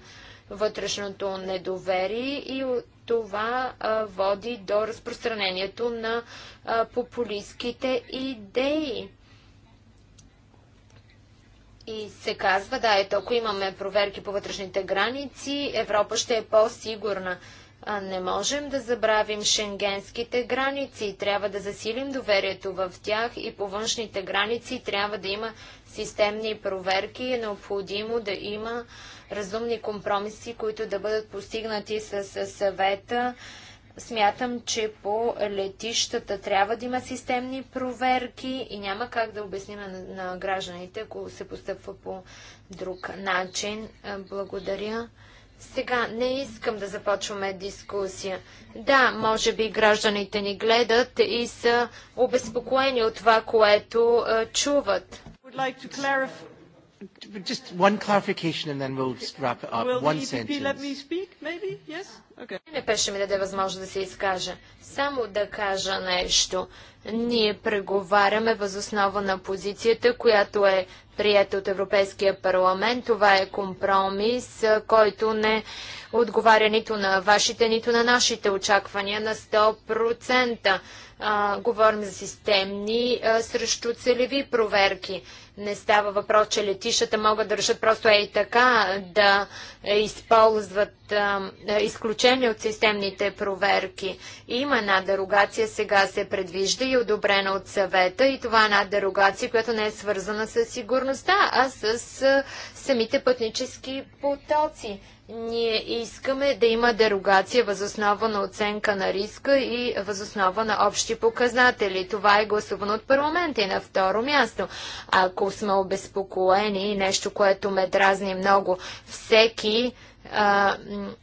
вътрешното недоверие и това а, води до разпространението на а, популистските идеи. И се казва, да, ето, ако имаме проверки по вътрешните граници, Европа ще е по-сигурна. Не можем да забравим шенгенските граници. Трябва да засилим доверието в тях и по външните граници трябва да има системни проверки. Е необходимо да има разумни компромиси, които да бъдат постигнати с съвета. Смятам, че по летищата трябва да има системни проверки и няма как да обясним на, на гражданите, ако се постъпва по друг начин. Благодаря. Сега не искам да започваме дискусия. Да, може би гражданите ни гледат и са обезпокоени от това, което чуват. Like Just one clarification and then we'll wrap it up. Will one the EPP sentence. let me speak, maybe? Yes? Okay. Не беше ми даде възможност да се изкажа. Само да кажа нещо. Ние преговаряме възоснова на позицията, която е прията от Европейския парламент. Това е компромис, който не отговаря нито на вашите, нито на нашите очаквания на 100%. говорим за системни срещу целеви проверки. Не става въпрос, че летишата могат да решат просто ей така да използват изключение от системните проверки. Има една дерогация сега се предвижда и одобрена от съвета и това е една дерогация, която не е свързана с сигурността, а с а, самите пътнически потоци. Ние искаме да има дерогация възоснова на оценка на риска и възоснова на общи показатели. Това е гласувано от парламента и на второ място. Ако сме обезпокоени, нещо, което ме дразни много, всеки а,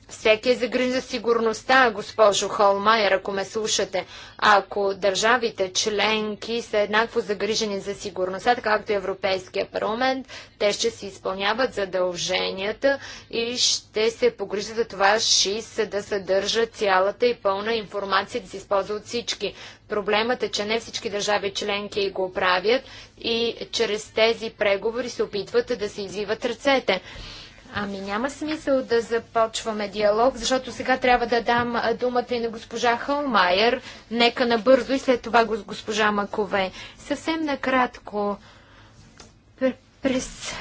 всеки е загрижен за сигурността, госпожо Холмайер, ако ме слушате. Ако държавите членки са еднакво загрижени за сигурността, така както и Европейския парламент, те ще си изпълняват задълженията и ще се погрижат за това се да съдържа цялата и пълна информация да се използва от всички. Проблемът е, че не всички държави членки го правят и чрез тези преговори се опитват да се извиват ръцете. Ами няма смисъл да започваме диалог, защото сега трябва да дам думата и на госпожа Холмайер. Нека набързо и след това с госпожа Макове. Съвсем накратко. През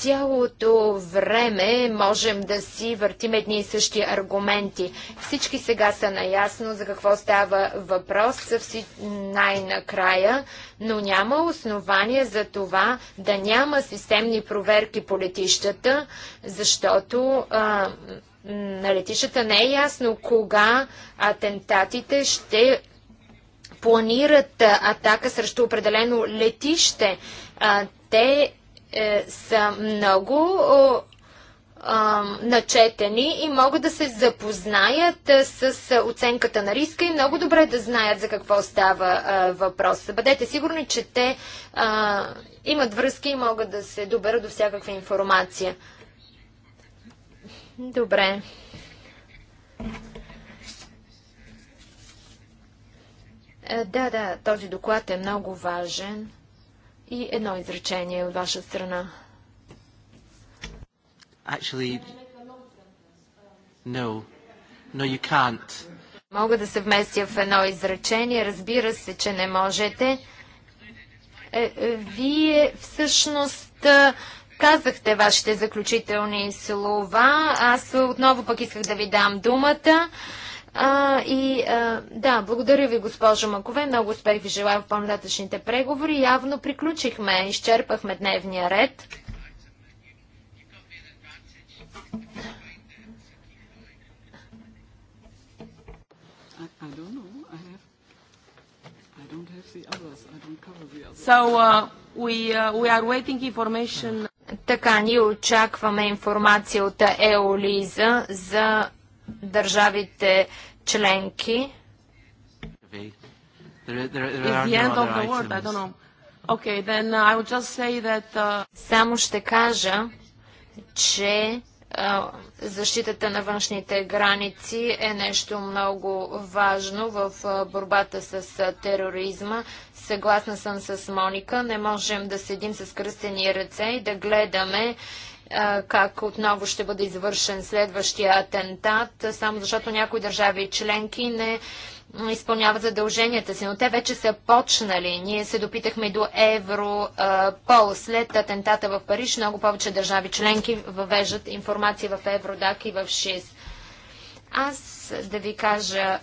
цялото време можем да си въртим едни и същи аргументи. Всички сега са наясно за какво става въпрос най-накрая, но няма основание за това да няма системни проверки по летищата, защото а, на летищата не е ясно кога атентатите ще планират атака срещу определено летище. А, те е, са много е, начетени и могат да се запознаят с оценката на риска и много добре да знаят за какво става е, въпрос. Бъдете сигурни, че те имат връзки и могат да се доберат до всякаква информация. Добре. Е, да, да, този доклад е много важен и едно изречение от ваша страна. Actually, no. No, you can't. Мога да се вместя в едно изречение. Разбира се, че не можете. Е, е, вие всъщност е, казахте вашите заключителни слова. Аз отново пък исках да ви дам думата. А, и а, да, благодаря ви, госпожо Макове. Много успех ви желая в по-нататъчните преговори. Явно приключихме, изчерпахме дневния ред. Така, ние очакваме информация от Еолиза за държавите членки. Само ще кажа, че защитата на външните граници е нещо много важно в борбата с тероризма. Съгласна съм с Моника. Не можем да седим с кръстени ръце и да гледаме как отново ще бъде извършен следващия атентат, само защото някои държави членки не изпълняват задълженията си, но те вече са почнали. Ние се допитахме до Европол. След атентата в Париж много повече държави членки въвеждат информация в Евродак и в ШИС. Аз да ви кажа,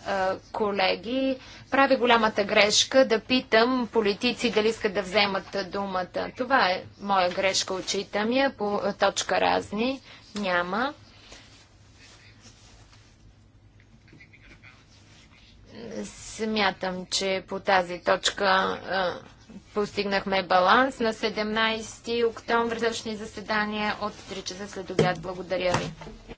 колеги, правя голямата грешка да питам политици дали искат да вземат думата. Това е моя грешка, отчитам я по точка разни. Няма. Смятам, че по тази точка постигнахме баланс на 17 октомври, завършни заседания от 3 часа след обяд. Благодаря ви.